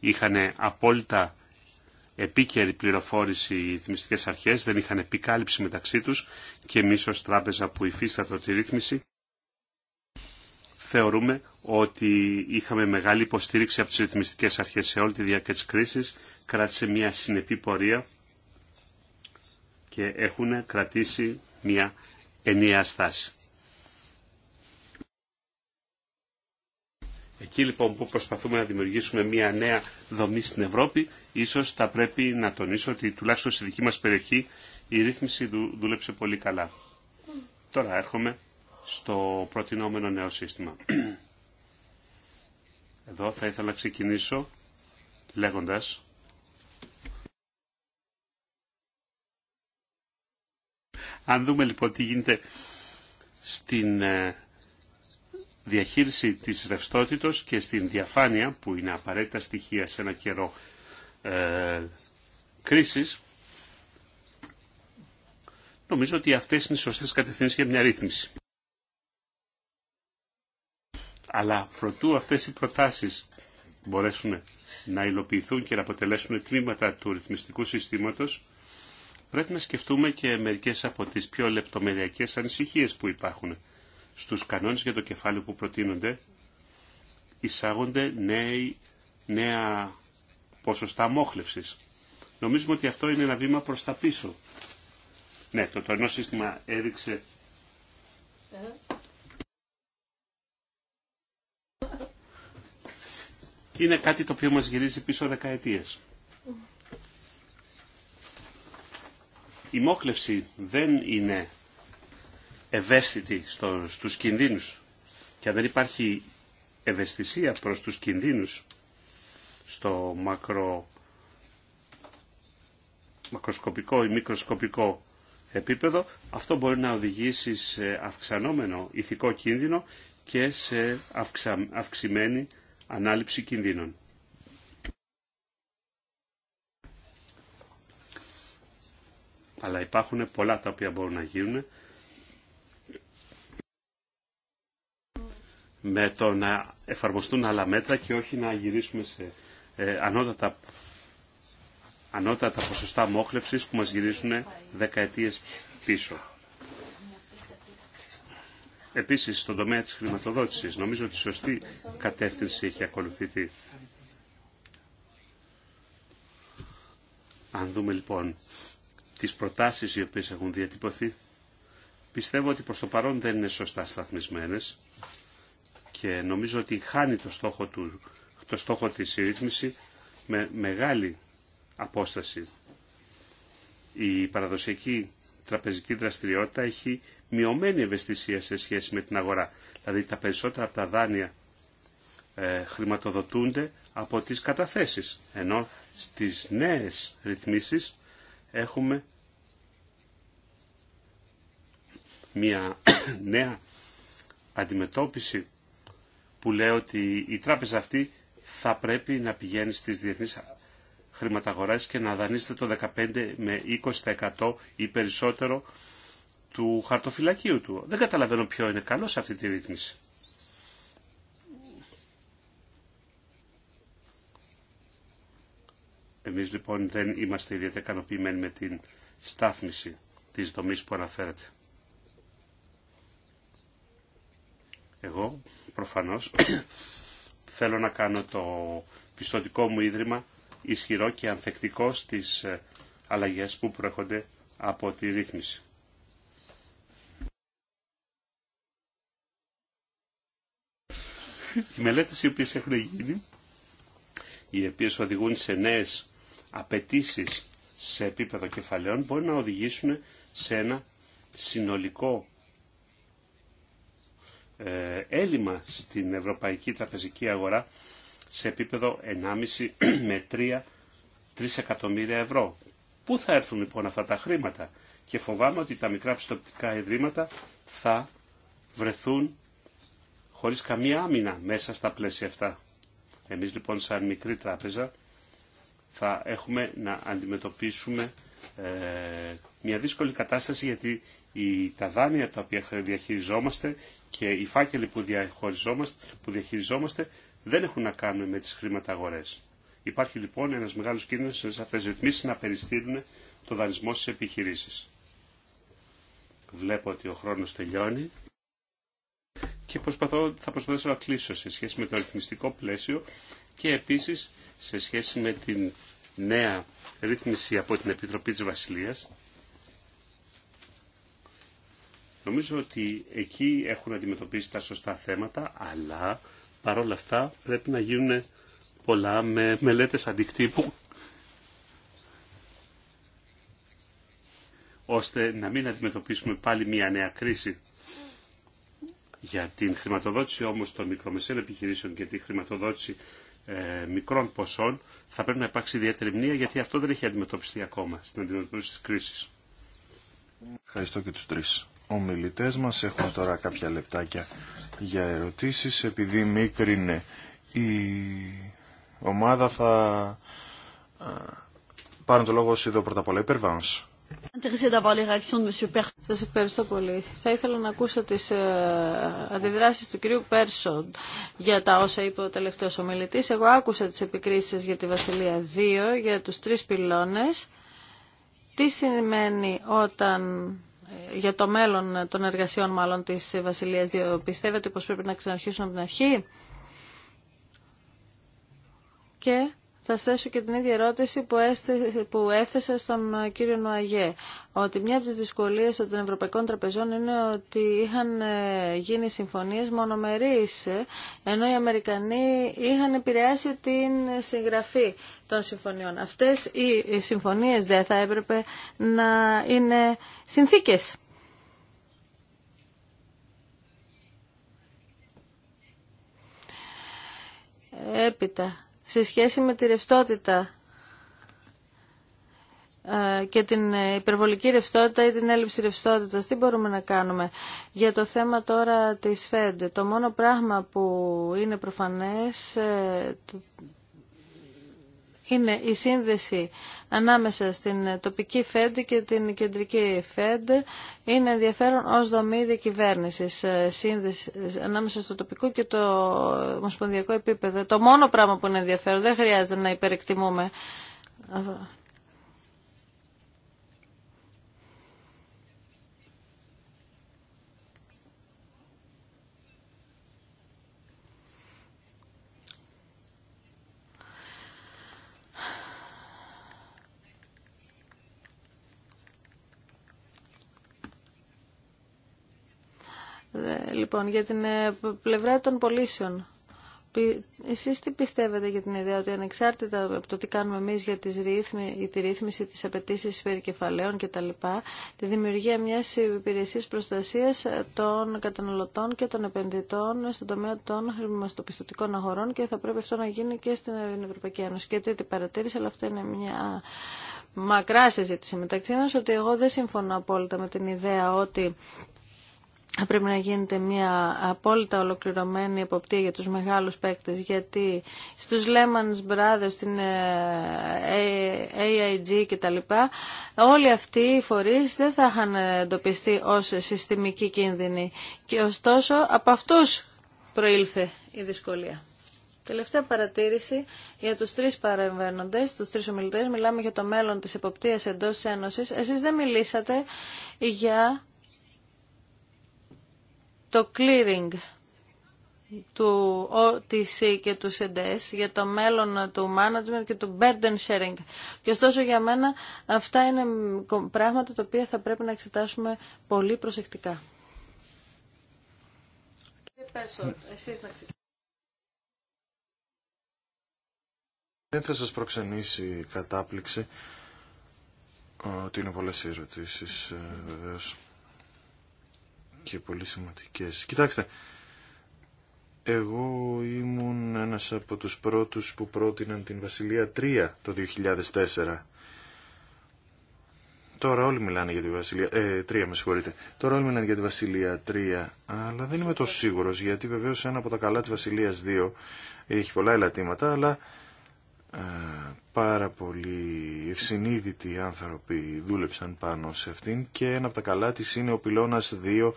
είχαν απόλυτα επίκαιρη πληροφόρηση οι ρυθμιστικές αρχές, δεν είχαν επικάλυψη μεταξύ τους και εμείς ως τράπεζα που υφίστατο τη ρύθμιση θεωρούμε ότι είχαμε μεγάλη υποστήριξη από τις ρυθμιστικές αρχές σε όλη τη διάρκεια της κρίσης κράτησε μια συνεπή πορεία και έχουν κρατήσει μια ενιαία στάση. Εκεί λοιπόν που προσπαθούμε να δημιουργήσουμε μια νέα δομή στην Ευρώπη, ίσως θα πρέπει να τονίσω ότι τουλάχιστον στη δική μας περιοχή η ρύθμιση δούλεψε πολύ καλά. Τώρα έρχομαι στο προτινόμενο νέο σύστημα. Εδώ θα ήθελα να ξεκινήσω λέγοντας Αν δούμε λοιπόν τι γίνεται στην ε, διαχείριση της ρευστότητα και στην διαφάνεια που είναι απαραίτητα στοιχεία σε ένα καιρό ε, κρίσης, νομίζω ότι αυτές είναι οι σωστές κατευθύνσεις για μια ρύθμιση. Αλλά προτού αυτές οι προτάσεις μπορέσουν να υλοποιηθούν και να αποτελέσουν τμήματα του ρυθμιστικού συστήματος, πρέπει να σκεφτούμε και μερικές από τις πιο λεπτομεριακές ανησυχίες που υπάρχουν. Στους κανόνες για το κεφάλαιο που προτείνονται εισάγονται νέοι, νέα ποσοστά μόχλευσης. Νομίζουμε ότι αυτό είναι ένα βήμα προς τα πίσω. Ναι, το τωρινό σύστημα έδειξε είναι κάτι το οποίο μας γυρίζει πίσω δεκαετίες. η μόχλευση δεν είναι ευαίσθητη στο, στους κινδύνους και αν δεν υπάρχει ευαισθησία προς τους κινδύνους στο μακρο, μακροσκοπικό ή μικροσκοπικό επίπεδο, αυτό μπορεί να οδηγήσει σε αυξανόμενο ηθικό κίνδυνο και σε αυξημένη ανάληψη κινδύνων. αλλά υπάρχουν πολλά τα οποία μπορούν να γίνουν με το να εφαρμοστούν άλλα μέτρα και όχι να γυρίσουμε σε ε, ανώτατα, ανώτατα ποσοστά μόχλευσης που μας γυρίσουν δεκαετίες πίσω. Επίσης, στον τομέα της χρηματοδότησης, νομίζω ότι η σωστή κατεύθυνση έχει ακολουθηθεί. Αν δούμε λοιπόν τις προτάσεις οι οποίες έχουν διατυπωθεί πιστεύω ότι προς το παρόν δεν είναι σωστά σταθμισμένες και νομίζω ότι χάνει το στόχο, του, το στόχο της ρύθμιση με μεγάλη απόσταση. Η παραδοσιακή τραπεζική δραστηριότητα έχει μειωμένη ευαισθησία σε σχέση με την αγορά. Δηλαδή τα περισσότερα από τα δάνεια ε, χρηματοδοτούνται από τις καταθέσεις, ενώ στις νέες ρυθμίσεις έχουμε μια [coughs] νέα αντιμετώπιση που λέει ότι η τράπεζα αυτή θα πρέπει να πηγαίνει στις διεθνείς χρηματαγοράς και να δανείστε το 15 με 20% ή περισσότερο του χαρτοφυλακίου του. Δεν καταλαβαίνω ποιο είναι καλό σε αυτή τη ρύθμιση. Εμείς λοιπόν δεν είμαστε ιδιαίτερα ικανοποιημένοι με την στάθμιση της δομής που αναφέρεται. Εγώ προφανώς [coughs] θέλω να κάνω το πιστοτικό μου ίδρυμα ισχυρό και ανθεκτικό στις ε, αλλαγές που προέρχονται από τη ρύθμιση. Οι μελέτες οι οποίες έχουν γίνει, οι οποίες οδηγούν σε νέες απαιτήσει σε επίπεδο κεφαλαίων μπορεί να οδηγήσουν σε ένα συνολικό ε, έλλειμμα στην ευρωπαϊκή τραπεζική αγορά σε επίπεδο 1,5 [clears throat] με 3, 3 εκατομμύρια ευρώ. Πού θα έρθουν λοιπόν αυτά τα χρήματα και φοβάμαι ότι τα μικρά πιστοπτικά ιδρύματα θα βρεθούν χωρίς καμία άμυνα μέσα στα πλαίσια αυτά. Εμείς λοιπόν σαν μικρή τράπεζα θα έχουμε να αντιμετωπίσουμε ε, μια δύσκολη κατάσταση γιατί η, τα δάνεια τα οποία διαχειριζόμαστε και οι φάκελοι που, διαχειριζόμαστε, που διαχειριζόμαστε δεν έχουν να κάνουν με τις αγορές. Υπάρχει λοιπόν ένας μεγάλος κίνδυνος σε αυτές τις ρυθμίσεις να περιστήλουν το δανεισμό στις επιχειρήσεις. Βλέπω ότι ο χρόνος τελειώνει και προσπαθώ, θα προσπαθήσω να κλείσω σε σχέση με το ρυθμιστικό πλαίσιο και επίσης σε σχέση με την νέα ρύθμιση από την Επιτροπή της Βασιλείας. Νομίζω ότι εκεί έχουν αντιμετωπίσει τα σωστά θέματα, αλλά παρόλα αυτά πρέπει να γίνουν πολλά με μελέτες αντικτύπου, ώστε να μην αντιμετωπίσουμε πάλι μια νέα κρίση. Για την χρηματοδότηση όμως των μικρομεσαίων επιχειρήσεων και τη χρηματοδότηση ε, μικρών ποσών θα πρέπει να υπάρξει ιδιαίτερη μνήμα γιατί αυτό δεν έχει αντιμετωπιστεί ακόμα στην αντιμετώπιση της κρίσης. Ευχαριστώ και τους τρεις ομιλητές μας. Έχουμε τώρα κάποια λεπτάκια για ερωτήσεις. Επειδή μίκρινε η ομάδα θα πάρουν το λόγο όσοι εδώ πρώτα απ' όλα. Σας ευχαριστώ πολύ. Θα ήθελα να ακούσω τις ε, αντιδράσεις του κυρίου Πέρσον για τα όσα είπε ο τελευταίος ομιλητής. Εγώ άκουσα τις επικρίσεις για τη Βασιλεία 2, για τους τρεις πυλώνες. Τι σημαίνει όταν ε, για το μέλλον των εργασιών μάλλον της Βασιλείας 2 πιστεύετε πως πρέπει να ξαναρχίσουν από την αρχή και θα θέσω και την ίδια ερώτηση που, έστε, που έθεσα στον ε, κύριο Νοαγέ. Ότι μια από τις δυσκολίες των Ευρωπαϊκών Τραπεζών είναι ότι είχαν ε, γίνει συμφωνίες μονομερείς, ε, ενώ οι Αμερικανοί είχαν επηρεάσει την συγγραφή των συμφωνιών. Αυτές οι συμφωνίες δεν θα έπρεπε να είναι συνθήκες. Έπειτα, σε σχέση με τη ρευστότητα ε, και την υπερβολική ρευστότητα ή την έλλειψη ρευστότητας. Τι μπορούμε να κάνουμε. Για το θέμα τώρα της ΦΕΔ, το μόνο πράγμα που είναι προφανές ε, είναι η σύνδεση ανάμεσα στην τοπική ΦΕΔ και την κεντρική ΦΕΔ είναι ενδιαφέρον ως δομή διακυβέρνησης ε, σύνδεση ε, ανάμεσα στο τοπικό και το ομοσπονδιακό επίπεδο. Το μόνο πράγμα που είναι ενδιαφέρον, δεν χρειάζεται να υπερεκτιμούμε Λοιπόν, για την ε, πλευρά των πωλήσεων. Εσεί τι πιστεύετε για την ιδέα ότι ανεξάρτητα από το τι κάνουμε εμεί για τις ρύθμι, τη ρύθμιση τη απαιτήσει περικεφαλαίων κτλ, τη δημιουργία μια υπηρεσία προστασία των καταναλωτών και των επενδυτών στον τομέα των χρηματοπιστωτικών αγορών και θα πρέπει αυτό να γίνει και στην Ευρωπαϊκή Ένωση. Και τρίτη παρατήρηση, αλλά αυτό είναι μια μακρά συζήτηση μεταξύ μα, ότι εγώ δεν συμφωνώ απόλυτα με την ιδέα ότι πρέπει να γίνεται μια απόλυτα ολοκληρωμένη εποπτεία για τους μεγάλους παίκτες γιατί στους Lehman Brothers, στην ε, AIG και τα λοιπά όλοι αυτοί οι φορείς δεν θα είχαν εντοπιστεί ως συστημική κίνδυνη και ωστόσο από αυτούς προήλθε η δυσκολία. Τελευταία παρατήρηση για τους τρεις παρεμβαίνοντες, τους τρεις ομιλητές. Μιλάμε για το μέλλον της εποπτείας εντός της Ένωσης. Εσείς δεν μιλήσατε για το clearing του OTC και του CDS για το μέλλον του management και του burden sharing. Και ωστόσο για μένα αυτά είναι πράγματα τα οποία θα πρέπει να εξετάσουμε πολύ προσεκτικά. Δεν θα σας προξενήσει η κατάπληξη ότι είναι πολλές ερωτήσεις ε, βεβαίως και πολύ σημαντικές. Κοιτάξτε, εγώ ήμουν ένας από τους πρώτους που πρότειναν την Βασιλεία 3 το 2004. Τώρα όλοι μιλάνε για τη Βασιλεία. Ε, 3, με συγχωρείτε. Τώρα όλοι μιλάνε για τη Βασιλεία 3. Αλλά δεν είμαι τόσο σίγουρο γιατί βεβαίω ένα από τα καλά τη Βασιλεία 2 έχει πολλά ελαττήματα. Αλλά πάρα πολύ ευσυνείδητοι άνθρωποι δούλεψαν πάνω σε αυτήν και ένα από τα καλά της είναι ο πυλώνας 2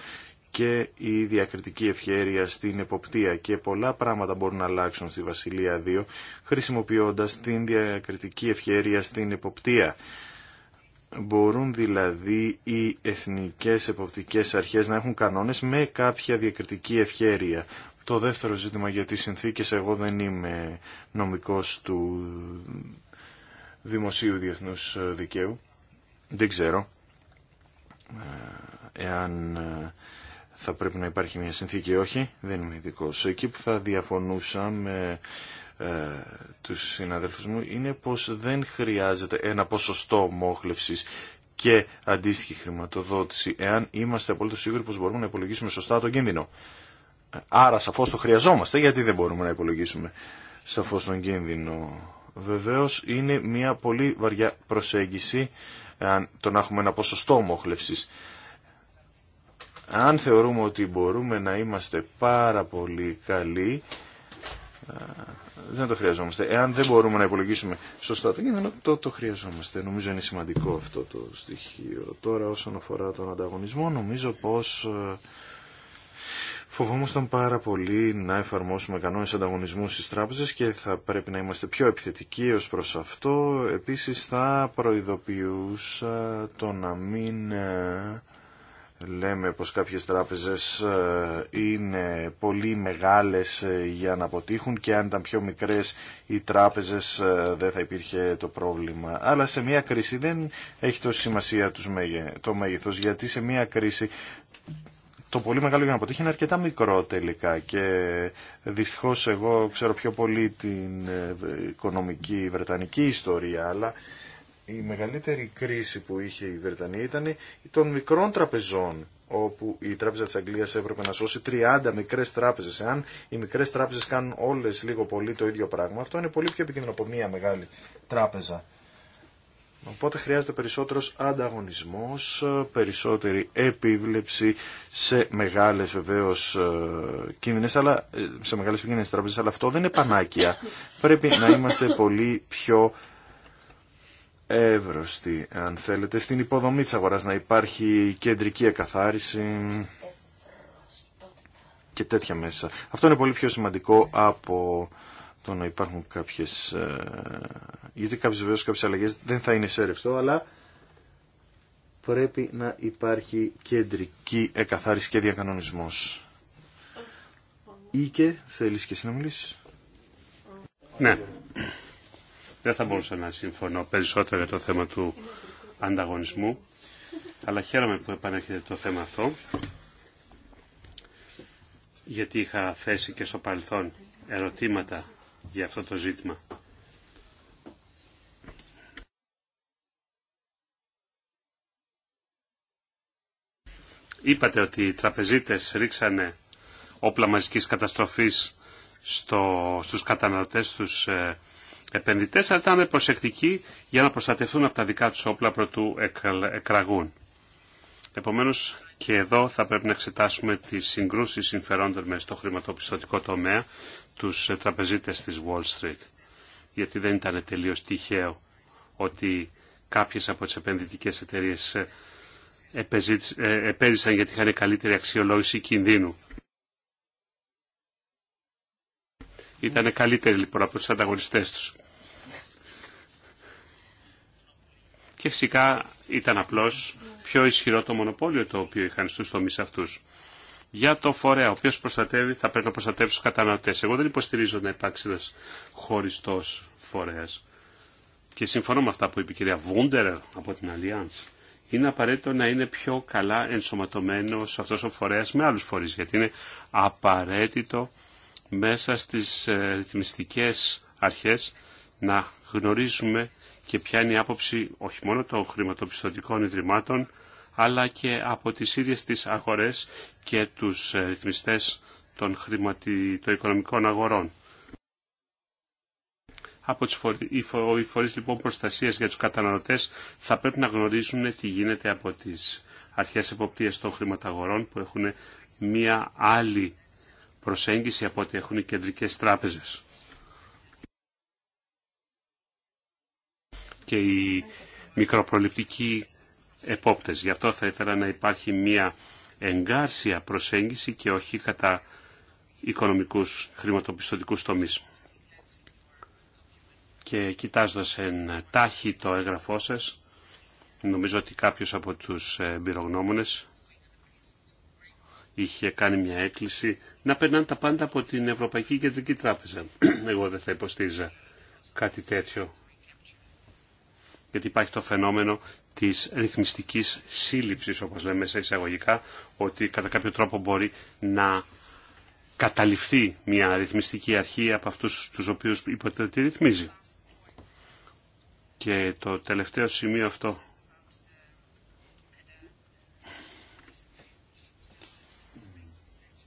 και η διακριτική ευχέρεια στην εποπτεία και πολλά πράγματα μπορούν να αλλάξουν στη Βασιλεία 2 χρησιμοποιώντας την διακριτική ευχέρεια στην εποπτεία. Μπορούν δηλαδή οι εθνικές εποπτικές αρχές να έχουν κανόνες με κάποια διακριτική ευχέρεια το δεύτερο ζήτημα για τις συνθήκες, εγώ δεν είμαι νομικός του Δημοσίου Διεθνούς Δικαίου. Δεν ξέρω ε, εάν ε, θα πρέπει να υπάρχει μια συνθήκη ή όχι. Δεν είμαι ειδικό. Εκεί που θα διαφωνούσα με ε, τους συναδέλφους μου είναι πως δεν χρειάζεται ένα ποσοστό μόχλευσης και αντίστοιχη χρηματοδότηση εάν είμαστε απολύτως σίγουροι πως μπορούμε να υπολογίσουμε σωστά τον κίνδυνο. Άρα σαφώς το χρειαζόμαστε γιατί δεν μπορούμε να υπολογίσουμε σαφώς τον κίνδυνο. Βεβαίως είναι μια πολύ βαριά προσέγγιση αν το να έχουμε ένα ποσοστό μόχλευσης. Αν θεωρούμε ότι μπορούμε να είμαστε πάρα πολύ καλοί, δεν το χρειαζόμαστε. Εάν δεν μπορούμε να υπολογίσουμε σωστά το κίνδυνο, το, το χρειαζόμαστε. Νομίζω είναι σημαντικό αυτό το στοιχείο. Τώρα όσον αφορά τον ανταγωνισμό, νομίζω πως Φοβόμασταν πάρα πολύ να εφαρμόσουμε κανόνες ανταγωνισμού στις τράπεζες και θα πρέπει να είμαστε πιο επιθετικοί ως προς αυτό. Επίσης θα προειδοποιούσα το να μην ε, λέμε πως κάποιες τράπεζες ε, είναι πολύ μεγάλες ε, για να αποτύχουν και αν ήταν πιο μικρές οι τράπεζες δεν θα υπήρχε το πρόβλημα. Αλλά σε μια κρίση δεν έχει τόση σημασία το μέγεθος γιατί σε μια κρίση το πολύ μεγάλο για να αποτύχει είναι αρκετά μικρό τελικά και δυστυχώς εγώ ξέρω πιο πολύ την ε, οικονομική βρετανική ιστορία αλλά η μεγαλύτερη κρίση που είχε η Βρετανία ήταν των μικρών τραπεζών όπου η Τράπεζα της Αγγλίας έπρεπε να σώσει 30 μικρές τράπεζες. Εάν οι μικρές τράπεζες κάνουν όλες λίγο πολύ το ίδιο πράγμα, αυτό είναι πολύ πιο επικίνδυνο από μια μεγάλη τράπεζα Οπότε χρειάζεται περισσότερος ανταγωνισμός, περισσότερη επίβλεψη σε μεγάλες βεβαίως ε, κίνδυνες, αλλά, ε, σε μεγάλες κίνδυνες τραπεζές, αλλά αυτό δεν είναι πανάκια. Πρέπει να είμαστε πολύ πιο εύρωστοι, αν θέλετε, στην υποδομή της αγοράς, να υπάρχει κεντρική εκαθάριση και τέτοια μέσα. Αυτό είναι πολύ πιο σημαντικό από το να υπάρχουν κάποιες... Γιατί ε, κάποιες βεβαίως κάποιε αλλαγές δεν θα είναι σέρευστο, αλλά πρέπει να υπάρχει κεντρική εκαθάριση και διακανονισμός. και θέλεις και εσύ να Ναι. Δεν θα μπορούσα να συμφωνώ περισσότερο για το θέμα του ανταγωνισμού, αλλά χαίρομαι που επανέρχεται το θέμα αυτό, γιατί είχα θέσει και στο παρελθόν ερωτήματα για αυτό το ζήτημα. Είπατε ότι οι τραπεζίτες ρίξανε όπλα μαζικής καταστροφής στο, στους καταναλωτές, στους ε, επενδυτές, αλλά ήταν προσεκτικοί για να προστατευτούν από τα δικά τους όπλα προτού εκραγούν. Επομένως και εδώ θα πρέπει να εξετάσουμε τις συγκρούσεις συμφερόντων με στο χρηματοπιστωτικό τομέα τους τραπεζίτες της Wall Street. Γιατί δεν ήταν τελείως τυχαίο ότι κάποιες από τις επενδυτικές εταιρείες ε, ε, επέζησαν γιατί είχαν καλύτερη αξιολόγηση κινδύνου. Ήταν καλύτεροι λοιπόν από τους ανταγωνιστές τους. Και φυσικά ήταν απλώς πιο ισχυρό το μονοπόλιο το οποίο είχαν στους τομείς αυτούς για το φορέα, ο οποίος προστατεύει, θα πρέπει να προστατεύσει τους καταναλωτές. Εγώ δεν υποστηρίζω να υπάρξει ένας χωριστός φορέας. Και συμφωνώ με αυτά που είπε η κυρία από την Alliance. Είναι απαραίτητο να είναι πιο καλά ενσωματωμένος αυτός ο φορέας με άλλους φορείς, γιατί είναι απαραίτητο μέσα στις ε, ρυθμιστικές αρχές να γνωρίζουμε και ποια είναι η άποψη όχι μόνο των χρηματοπιστωτικών ιδρυμάτων, αλλά και από τις ίδιες τις αγορές και τους ε, ρυθμιστές των οικονομικών αγορών. Από τις οι φορείς λοιπόν προστασίας για τους καταναλωτές θα πρέπει να γνωρίζουν τι γίνεται από τις αρχές εποπτείας των χρηματαγορών που έχουν μία άλλη προσέγγιση από ό,τι έχουν οι κεντρικές τράπεζες. Και η μικροπροληπτική επόπτες. Γι' αυτό θα ήθελα να υπάρχει μια εγκάρσια προσέγγιση και όχι κατά οικονομικούς χρηματοπιστωτικούς τομείς. Και κοιτάζοντας εν τάχει το έγγραφό σας, νομίζω ότι κάποιος από τους ε, εμπειρογνώμονες είχε κάνει μια έκκληση να περνάνε τα πάντα από την Ευρωπαϊκή Κεντρική Τράπεζα. [clears throat] Εγώ δεν θα υποστήριζα κάτι τέτοιο γιατί υπάρχει το φαινόμενο της ρυθμιστικής σύλληψης, όπως λέμε σε εισαγωγικά, ότι κατά κάποιο τρόπο μπορεί να καταληφθεί μια ρυθμιστική αρχή από αυτούς τους οποίους υποτίθεται ρυθμίζει. Και το τελευταίο σημείο αυτό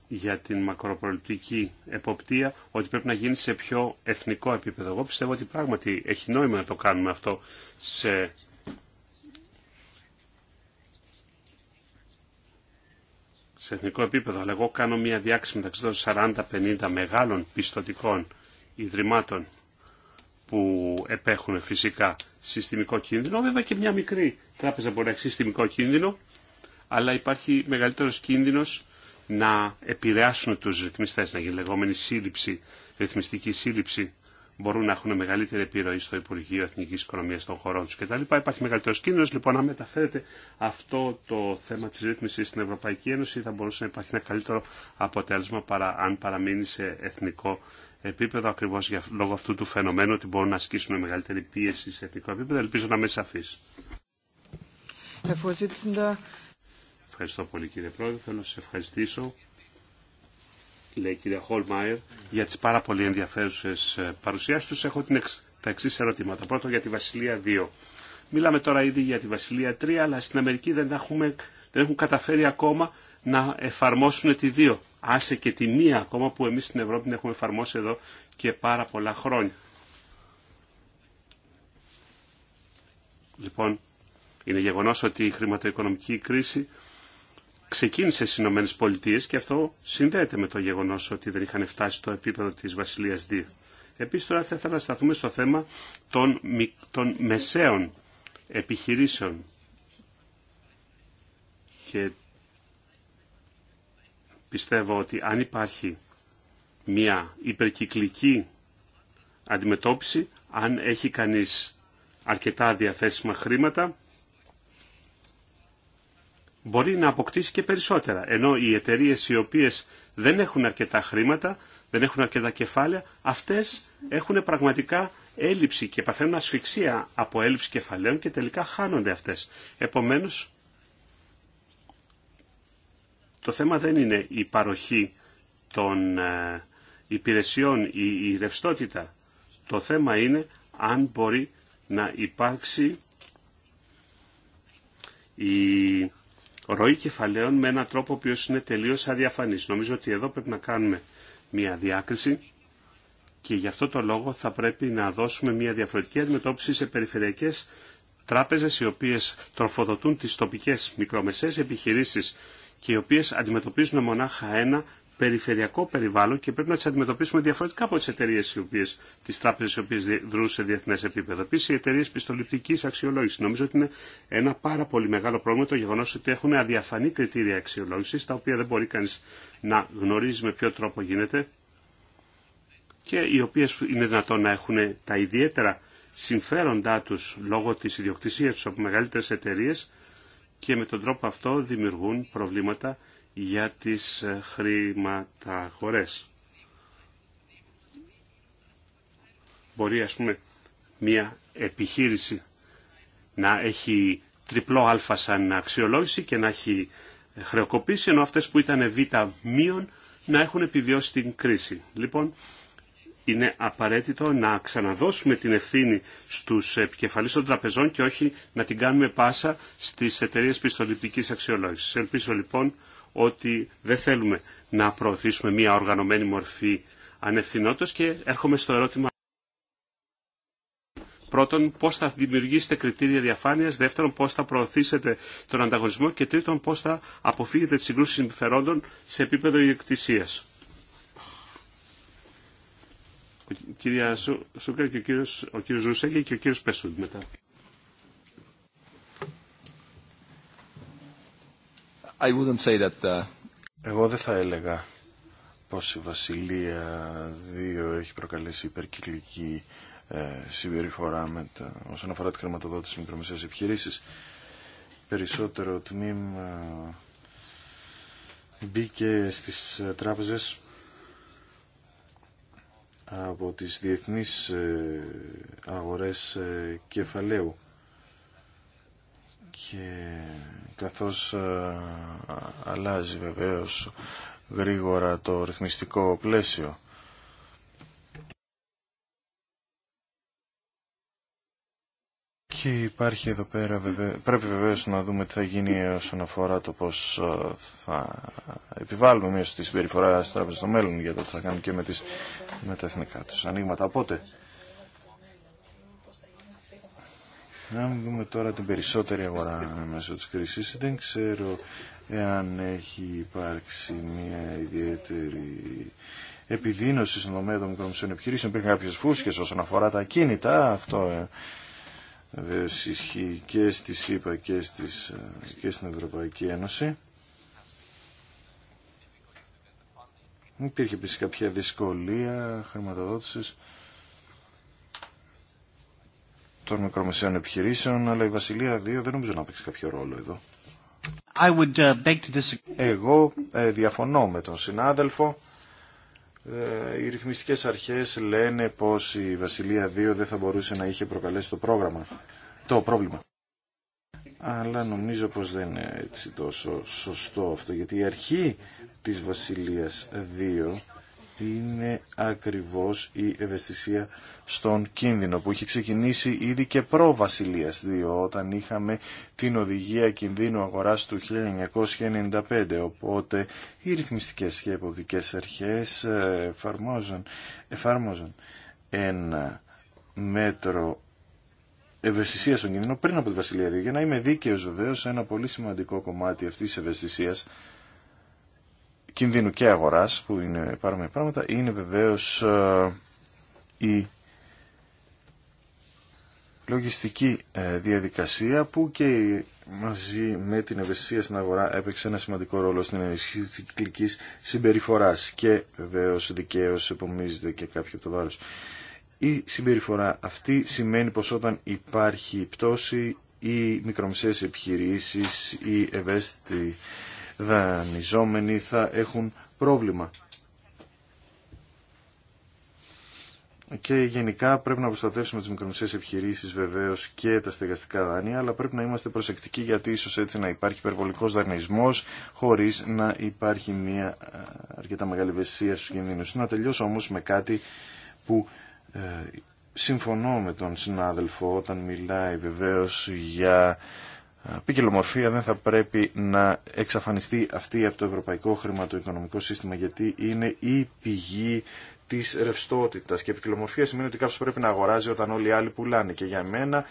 για την μακροπολιτική εποπτεία ότι πρέπει να γίνει σε πιο εθνικό επίπεδο. Εγώ πιστεύω ότι πράγματι έχει νόημα να το κάνουμε αυτό σε εθνικό επίπεδο, αλλά εγώ κάνω μια διάξη μεταξύ των 40-50 μεγάλων πιστοτικών ιδρυμάτων που επέχουν φυσικά συστημικό κίνδυνο. Βέβαια και μια μικρή τράπεζα μπορεί να έχει συστημικό κίνδυνο, αλλά υπάρχει μεγαλύτερος κίνδυνος να επηρεάσουν τους ρυθμιστές, να γίνει λεγόμενη σύλληψη, ρυθμιστική σύλληψη, μπορούν να έχουν μεγαλύτερη επιρροή στο Υπουργείο Εθνικής Οικονομίας των χωρών τους κτλ. Υπάρχει μεγαλύτερος κίνδυνος λοιπόν να μεταφέρεται αυτό το θέμα της ρύθμισης στην Ευρωπαϊκή Ένωση θα μπορούσε να υπάρχει ένα καλύτερο αποτέλεσμα παρά αν παραμείνει σε εθνικό επίπεδο ακριβώς για, λόγω αυτού του φαινομένου ότι μπορούν να ασκήσουν μεγαλύτερη πίεση σε εθνικό επίπεδο. Ελπίζω να είμαι σαφής. Ευχαριστώ πολύ κύριε Πρόεδρε. Θέλω να σας ευχαριστήσω, λέει κύριε κυρία για τις πάρα πολύ ενδιαφέρουσες ε, παρουσιάσεις τους. Έχω την εξ, τα εξή ερωτήματα. Πρώτο για τη Βασιλεία 2. Μιλάμε τώρα ήδη για τη Βασιλεία 3, αλλά στην Αμερική δεν, έχουμε, δεν έχουν καταφέρει ακόμα να εφαρμόσουν τη 2. Άσε και τη μία ακόμα που εμείς στην Ευρώπη την έχουμε εφαρμόσει εδώ και πάρα πολλά χρόνια. Λοιπόν, είναι γεγονός ότι η χρηματοοικονομική κρίση ξεκίνησε στι Ηνωμένε Πολιτείε και αυτό συνδέεται με το γεγονό ότι δεν είχαν φτάσει στο επίπεδο τη Βασιλεία 2. Επίση, τώρα θα ήθελα να σταθούμε στο θέμα των, των μεσαίων επιχειρήσεων και πιστεύω ότι αν υπάρχει μια υπερκυκλική αντιμετώπιση, αν έχει κανείς αρκετά διαθέσιμα χρήματα, μπορεί να αποκτήσει και περισσότερα. Ενώ οι εταιρείε οι οποίες δεν έχουν αρκετά χρήματα, δεν έχουν αρκετά κεφάλαια, αυτές έχουν πραγματικά έλλειψη και παθαίνουν ασφυξία από έλλειψη κεφαλαίων και τελικά χάνονται αυτές. Επομένως, το θέμα δεν είναι η παροχή των ε, υπηρεσιών, η ρευστότητα. Το θέμα είναι αν μπορεί να υπάρξει η ροή κεφαλαίων με έναν τρόπο ο είναι τελείως αδιαφανής. Νομίζω ότι εδώ πρέπει να κάνουμε μια διάκριση και γι' αυτό το λόγο θα πρέπει να δώσουμε μια διαφορετική αντιμετώπιση σε περιφερειακές τράπεζες οι οποίες τροφοδοτούν τις τοπικές μικρομεσαίες επιχειρήσεις και οι οποίες αντιμετωπίζουν μονάχα ένα περιφερειακό περιβάλλον και πρέπει να τι αντιμετωπίσουμε διαφορετικά από τι εταιρείε τι τράπεζε οι οποίε δρούν σε διεθνέ επίπεδο. Επίση, οι εταιρείε πιστοληπτική αξιολόγηση. Νομίζω ότι είναι ένα πάρα πολύ μεγάλο πρόβλημα το γεγονό ότι έχουν αδιαφανή κριτήρια αξιολόγηση, τα οποία δεν μπορεί κανεί να γνωρίζει με ποιο τρόπο γίνεται και οι οποίε είναι δυνατόν να έχουν τα ιδιαίτερα συμφέροντά του λόγω τη ιδιοκτησία του από μεγαλύτερε εταιρείε και με τον τρόπο αυτό δημιουργούν προβλήματα για τις ε, χρηματαγορές. Μπορεί ας πούμε μια επιχείρηση να έχει τριπλό αλφα σαν αξιολόγηση και να έχει ε, χρεοκοπήσει, ενώ αυτές που ήταν β μείον να έχουν επιβιώσει την κρίση. Λοιπόν, είναι απαραίτητο να ξαναδώσουμε την ευθύνη στους επικεφαλείς των τραπεζών και όχι να την κάνουμε πάσα στις εταιρείες πιστοληπτικής αξιολόγησης. Ελπίζω λοιπόν ότι δεν θέλουμε να προωθήσουμε μια οργανωμένη μορφή ανευθυνότητας και έρχομαι στο ερώτημα Πρώτον, πώς θα δημιουργήσετε κριτήρια διαφάνειας, Δεύτερον, πώς θα προωθήσετε τον ανταγωνισμό. Και τρίτον, πώς θα αποφύγετε τις συγκρούσεις συμφερόντων σε επίπεδο ιδιοκτησία. Κυρία ο κύριος, και ο κύριος μετά. Uh, Εγώ δεν θα έλεγα πως η Βασιλεία 2 έχει προκαλέσει υπερκυκλική ε, συμπεριφορά με όσον αφορά τη χρηματοδότηση μικρομεσαίες επιχειρήσεις. Περισσότερο τμήμα ε, μπήκε στις ε, τράπεζες από τις διεθνείς αγορές κεφαλαίου και καθώς ε, αλλάζει βεβαίως γρήγορα το ρυθμιστικό πλαίσιο Και υπάρχει εδώ πέρα, πρέπει βεβαίως να δούμε τι θα γίνει όσον αφορά το πώς ε, θα επιβάλλουμε μια στη συμπεριφορά το στο μέλλον για το τι θα κάνουμε και με, τις, με τα εθνικά τους ανοίγματα. Οπότε, Να δούμε τώρα την περισσότερη αγορά μέσω της κρίσης, δεν ξέρω εάν έχει υπάρξει μια ιδιαίτερη επιδείνωση στον τομέα των μικρομεσαίων επιχειρήσεων. Υπήρχαν κάποιες φούσκες όσον αφορά τα κίνητα. Αυτό ε, βέβαια ισχύει και στη ΣΥΠΑ και, στις, ε, και στην Ευρωπαϊκή Ένωση. Υπήρχε επίσης κάποια δυσκολία χρηματοδότησης των μικρομεσαίων επιχειρήσεων, αλλά η Βασιλεία 2 δεν νομίζω να παίξει κάποιο ρόλο εδώ. I would uh, beg to Εγώ ε, διαφωνώ με τον συνάδελφο. Ε, οι ρυθμιστικές αρχές λένε πως η Βασιλεία 2 δεν θα μπορούσε να είχε προκαλέσει το, πρόγραμμα, το πρόβλημα. Αλλά νομίζω πως δεν είναι έτσι τόσο σωστό αυτό, γιατί η αρχή της Βασιλείας 2 είναι ακριβώς η ευαισθησία στον κίνδυνο που είχε ξεκινήσει ήδη και προ Βασιλείας 2 όταν είχαμε την οδηγία κινδύνου αγοράς του 1995 οπότε οι ρυθμιστικές και υποδικές αρχές ε, εφαρμόζουν, ένα μέτρο ευαισθησίας στον κίνδυνο πριν από τη Βασιλεία 2 για να είμαι δίκαιος βεβαίως ένα πολύ σημαντικό κομμάτι αυτής της ευαισθησίας κινδύνου και αγοράς που είναι πολλά πράγματα είναι βεβαίως ε, η λογιστική ε, διαδικασία που και μαζί με την ευαισθησία στην αγορά έπαιξε ένα σημαντικό ρόλο στην ενισχύση της κυκλικής συμπεριφοράς και βεβαίως δικαίως επομίζεται και κάποιο το βάρος. Η συμπεριφορά αυτή σημαίνει πως όταν υπάρχει πτώση ή μικρομεσαίες επιχειρήσεις, ή ευαίσθητη δανειζόμενοι θα έχουν πρόβλημα. Και γενικά πρέπει να προστατεύσουμε τις μικρομεσαίες επιχειρήσεις βεβαίως και τα στεγαστικά δάνεια, αλλά πρέπει να είμαστε προσεκτικοί γιατί ίσως έτσι να υπάρχει υπερβολικός δανεισμός χωρίς να υπάρχει μια ε, αρκετά μεγάλη βεσία στους κινδύνους. Να τελειώσω όμως με κάτι που ε, συμφωνώ με τον συνάδελφο όταν μιλάει βεβαίως για ποικιλομορφία δεν θα πρέπει να εξαφανιστεί αυτή από το ευρωπαϊκό χρηματοοικονομικό σύστημα γιατί είναι η πηγή της ρευστότητα. και ποικιλομορφία σημαίνει ότι κάποιο πρέπει να αγοράζει όταν όλοι οι άλλοι πουλάνε και για μένα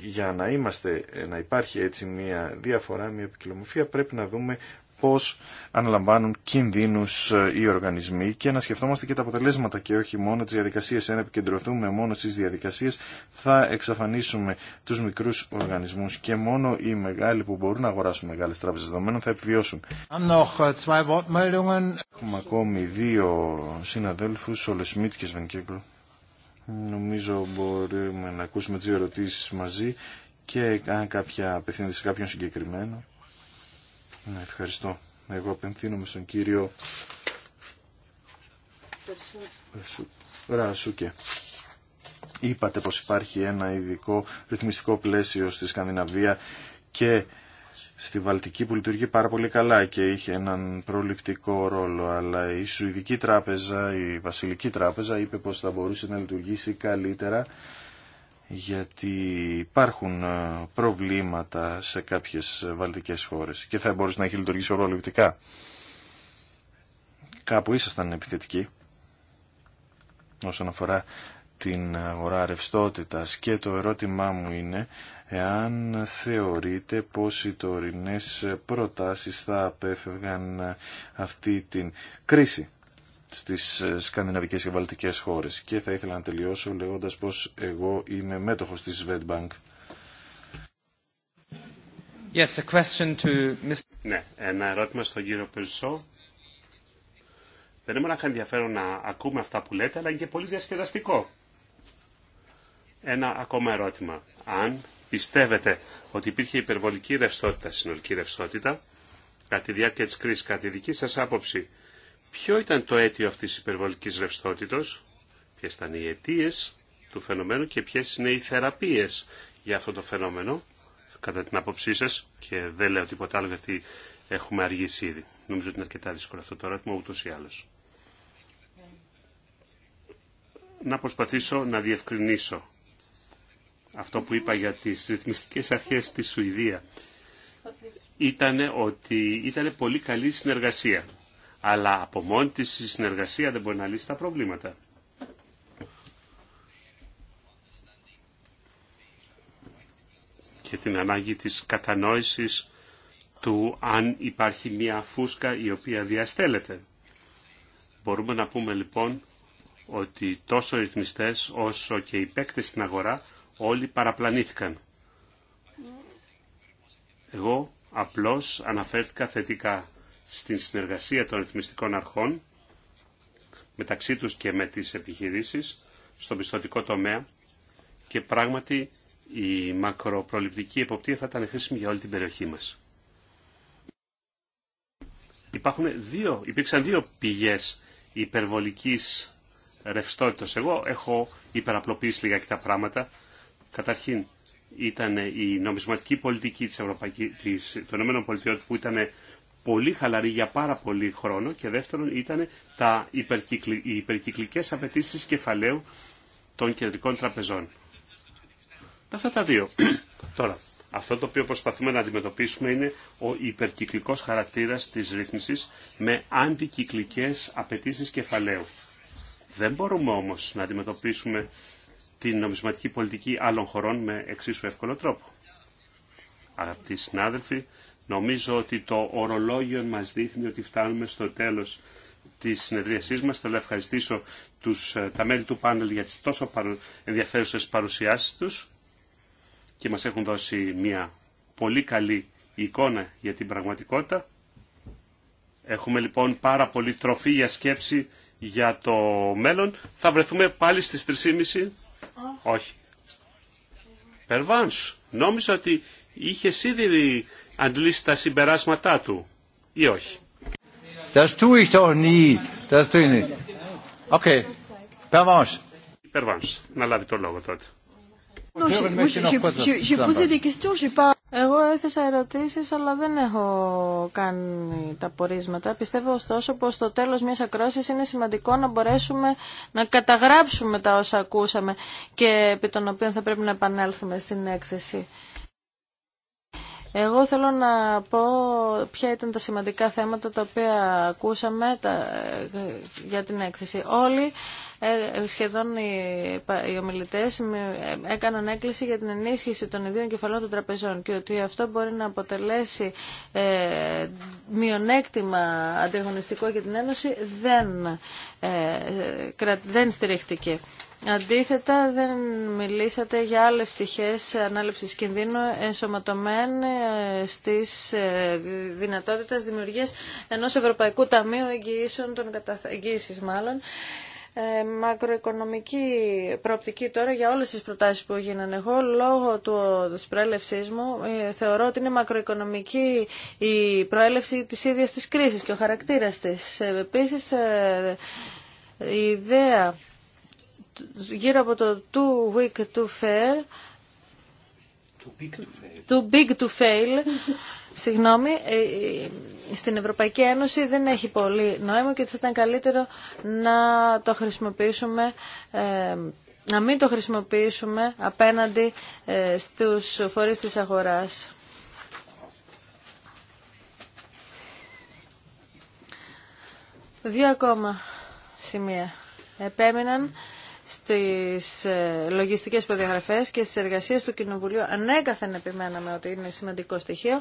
για να, είμαστε, να υπάρχει έτσι μια διαφορά, μια ποικιλομορφία πρέπει να δούμε πώς αναλαμβάνουν κινδύνους ε, οι οργανισμοί και να σκεφτόμαστε και τα αποτελέσματα και όχι μόνο τις διαδικασίες. Ένα επικεντρωθούμε μόνο στις διαδικασίες θα εξαφανίσουμε τους μικρούς οργανισμούς και μόνο οι μεγάλοι που μπορούν να αγοράσουν μεγάλες τράπεζες δεδομένων θα επιβιώσουν. Äh, Έχουμε ακόμη δύο συναδέλφους, ο Λεσμίτ και Σβενκέκλου. Νομίζω μπορούμε να ακούσουμε τις ερωτήσεις μαζί και αν κάποια απευθύνεται σε κάποιον συγκεκριμένο. Ναι, ευχαριστώ. Εγώ απενθύνομαι στον κύριο Ρασούκε. Είπατε πως υπάρχει ένα ειδικό ρυθμιστικό πλαίσιο στη Σκανδιναβία και στη Βαλτική που λειτουργεί πάρα πολύ καλά και είχε έναν προληπτικό ρόλο, αλλά η Σουηδική Τράπεζα, η Βασιλική Τράπεζα είπε πως θα μπορούσε να λειτουργήσει καλύτερα γιατί υπάρχουν ε, προβλήματα σε κάποιες βαλτικές χώρες και θα μπορούσε να έχει λειτουργήσει ορολογητικά. Κάπου ήσασταν επιθετικοί όσον αφορά την αγορά ρευστότητα και το ερώτημά μου είναι εάν θεωρείτε πως οι τωρινές προτάσεις θα απέφευγαν αυτή την κρίση στις ε, σκανδιναβικές και βαλτικές χώρες. Και θα ήθελα να τελειώσω λέγοντας πως εγώ είμαι μέτοχος της Swedbank. Yes, a to Mr. Ναι, ένα ερώτημα στον κύριο Περσό. Δεν είναι μόνο ενδιαφέρον να ακούμε αυτά που λέτε, αλλά είναι και πολύ διασκεδαστικό. Ένα ακόμα ερώτημα. Αν πιστεύετε ότι υπήρχε υπερβολική ρευστότητα, συνολική ρευστότητα, κατά τη διάρκεια της κρίσης, κατά τη δική σας άποψη, Ποιο ήταν το αίτιο αυτής της υπερβολικής ρευστότητος, ποιες ήταν οι αιτίε του φαινομένου και ποιες είναι οι θεραπείες για αυτό το φαινόμενο, κατά την άποψή σας, και δεν λέω τίποτα άλλο γιατί έχουμε αργήσει ήδη. Νομίζω ότι είναι αρκετά δύσκολο αυτό το ερώτημα ούτως ή άλλως. Να προσπαθήσω να διευκρινίσω αυτό που είπα για τις ρυθμιστικές αρχές στη Σουηδία. Ήταν ότι ήταν πολύ καλή συνεργασία αλλά από μόνη της η συνεργασία δεν μπορεί να λύσει τα προβλήματα. Και την ανάγκη της κατανόησης του αν υπάρχει μία φούσκα η οποία διαστέλλεται. Μπορούμε να πούμε λοιπόν ότι τόσο οι ρυθμιστές όσο και οι παίκτες στην αγορά όλοι παραπλανήθηκαν. Εγώ απλώς αναφέρθηκα θετικά στην συνεργασία των ρυθμιστικών αρχών μεταξύ τους και με τις επιχειρήσεις στον πιστοτικό τομέα και πράγματι η μακροπροληπτική εποπτεία θα ήταν χρήσιμη για όλη την περιοχή μας. Υπάρχουν δύο, υπήρξαν δύο πηγές υπερβολικής ρευστότητας. Εγώ έχω υπεραπλοποιήσει λιγάκι τα πράγματα. Καταρχήν ήταν η νομισματική πολιτική της, Ευρωπαϊκής, της των ΗΠΑ που ήταν πολύ χαλαρή για πάρα πολύ χρόνο και δεύτερον ήταν τα οι υπερκυκλικές απαιτήσει κεφαλαίου των κεντρικών τραπεζών. Αυτά τα δύο. [clears throat] Τώρα, αυτό το οποίο προσπαθούμε να αντιμετωπίσουμε είναι ο υπερκυκλικός χαρακτήρας της ρύθμισης με αντικυκλικές απαιτήσει κεφαλαίου. Δεν μπορούμε όμως να αντιμετωπίσουμε την νομισματική πολιτική άλλων χωρών με εξίσου εύκολο τρόπο. Αγαπητοί συνάδελφοι, Νομίζω ότι το ορολόγιο μας δείχνει ότι φτάνουμε στο τέλος της συνεδρίασής μας. Θέλω να ευχαριστήσω τους, ε, τα μέλη του πάνελ για τις τόσο ενδιαφέρουσες παρουσιάσεις τους και μας έχουν δώσει μια πολύ καλή εικόνα για την πραγματικότητα. Έχουμε λοιπόν πάρα πολύ τροφή για σκέψη για το μέλλον. Θα βρεθούμε πάλι στις 3.30. Όχι. Περβάνς, νόμιζα ότι είχε ήδη αντλήσει τα συμπεράσματά του ή όχι. Das tue ich doch nie. Das tue ich nicht. Okay. Να λάβει το λόγο τότε. Εγώ έθεσα ερωτήσεις αλλά δεν έχω κάνει τα πορίσματα. Πιστεύω ωστόσο πως στο τέλος μιας ακρόσης είναι σημαντικό να μπορέσουμε να καταγράψουμε τα όσα ακούσαμε και επί των οποίων θα πρέπει να επανέλθουμε στην έκθεση. Εγώ θέλω να πω ποια ήταν τα σημαντικά θέματα τα οποία ακούσαμε ε, για την έκθεση. Όλοι ε, σχεδόν οι ομιλητέ ε, έκαναν έκκληση για την ενίσχυση των ιδίων κεφαλών των τραπεζών και ότι αυτό μπορεί να αποτελέσει μειονέκτημα ανταγωνιστικό για την Ένωση δεν, δεν στηρίχτηκε. Αντίθετα, δεν μιλήσατε για άλλες πτυχές ανάληψης κινδύνου ενσωματωμένες ε, στις ε, δυνατότητες δημιουργίας ενός Ευρωπαϊκού Ταμείου Εγγυήσεων των μάλλον. Ε, μακροοικονομική προοπτική τώρα για όλες τις προτάσεις που γίνανε εγώ λόγω του, της μου θεωρώ ότι είναι μακροοικονομική η προέλευση της ίδιας της κρίσης και ο χαρακτήρας της. επίσης η ιδέα γύρω από το too weak to fail, too big to fail, too big to fail συγγνώμη, ε, ε, στην Ευρωπαϊκή Ένωση δεν έχει πολύ νόημα και θα ήταν καλύτερο να το χρησιμοποιήσουμε ε, να μην το χρησιμοποιήσουμε απέναντι στους φορείς της αγοράς. Δύο ακόμα σημεία επέμειναν στις ε, λογιστικές προδιαγραφέ και στις εργασίες του Κοινοβουλίου ανέκαθεν επιμέναμε ότι είναι σημαντικό στοιχείο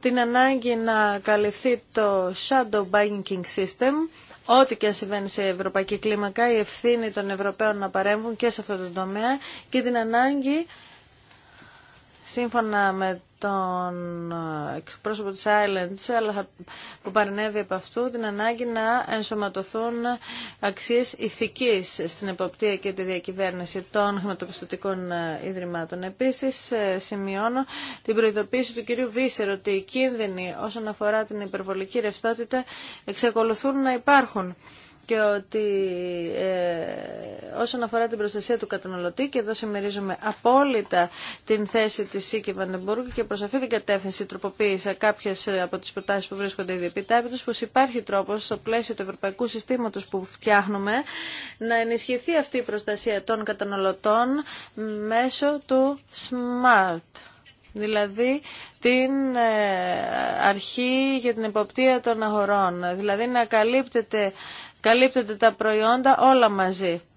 την ανάγκη να καλυφθεί το shadow banking system Ό,τι και αν συμβαίνει σε ευρωπαϊκή κλίμακα, η ευθύνη των Ευρωπαίων να παρέμβουν και σε αυτό το τομέα και την ανάγκη, σύμφωνα με τον εκπρόσωπο της Islands αλλά που παρενέβη από αυτού την ανάγκη να ενσωματωθούν αξίες ηθικής στην εποπτεία και τη διακυβέρνηση των χρηματοπιστωτικών ε, ιδρυμάτων. Επίσης ε, σημειώνω την προειδοποίηση του κυρίου Βίσερ ότι οι κίνδυνοι όσον αφορά την υπερβολική ρευστότητα εξακολουθούν να υπάρχουν και ότι ε, όσον αφορά την προστασία του καταναλωτή και εδώ συμμερίζομαι απόλυτα την θέση της Σίκη Βαντεμπούρκ και προς αυτή την κατεύθυνση τροποποίησα κάποιες από τις προτάσεις που βρίσκονται ήδη επιτάπητος πως υπάρχει τρόπος στο πλαίσιο του ευρωπαϊκού συστήματος που φτιάχνουμε να ενισχυθεί αυτή η προστασία των καταναλωτών μέσω του SMART δηλαδή την ε, αρχή για την εποπτεία των αγορών. Δηλαδή να καλύπτεται Καλύπτεται τα προϊόντα όλα μαζί.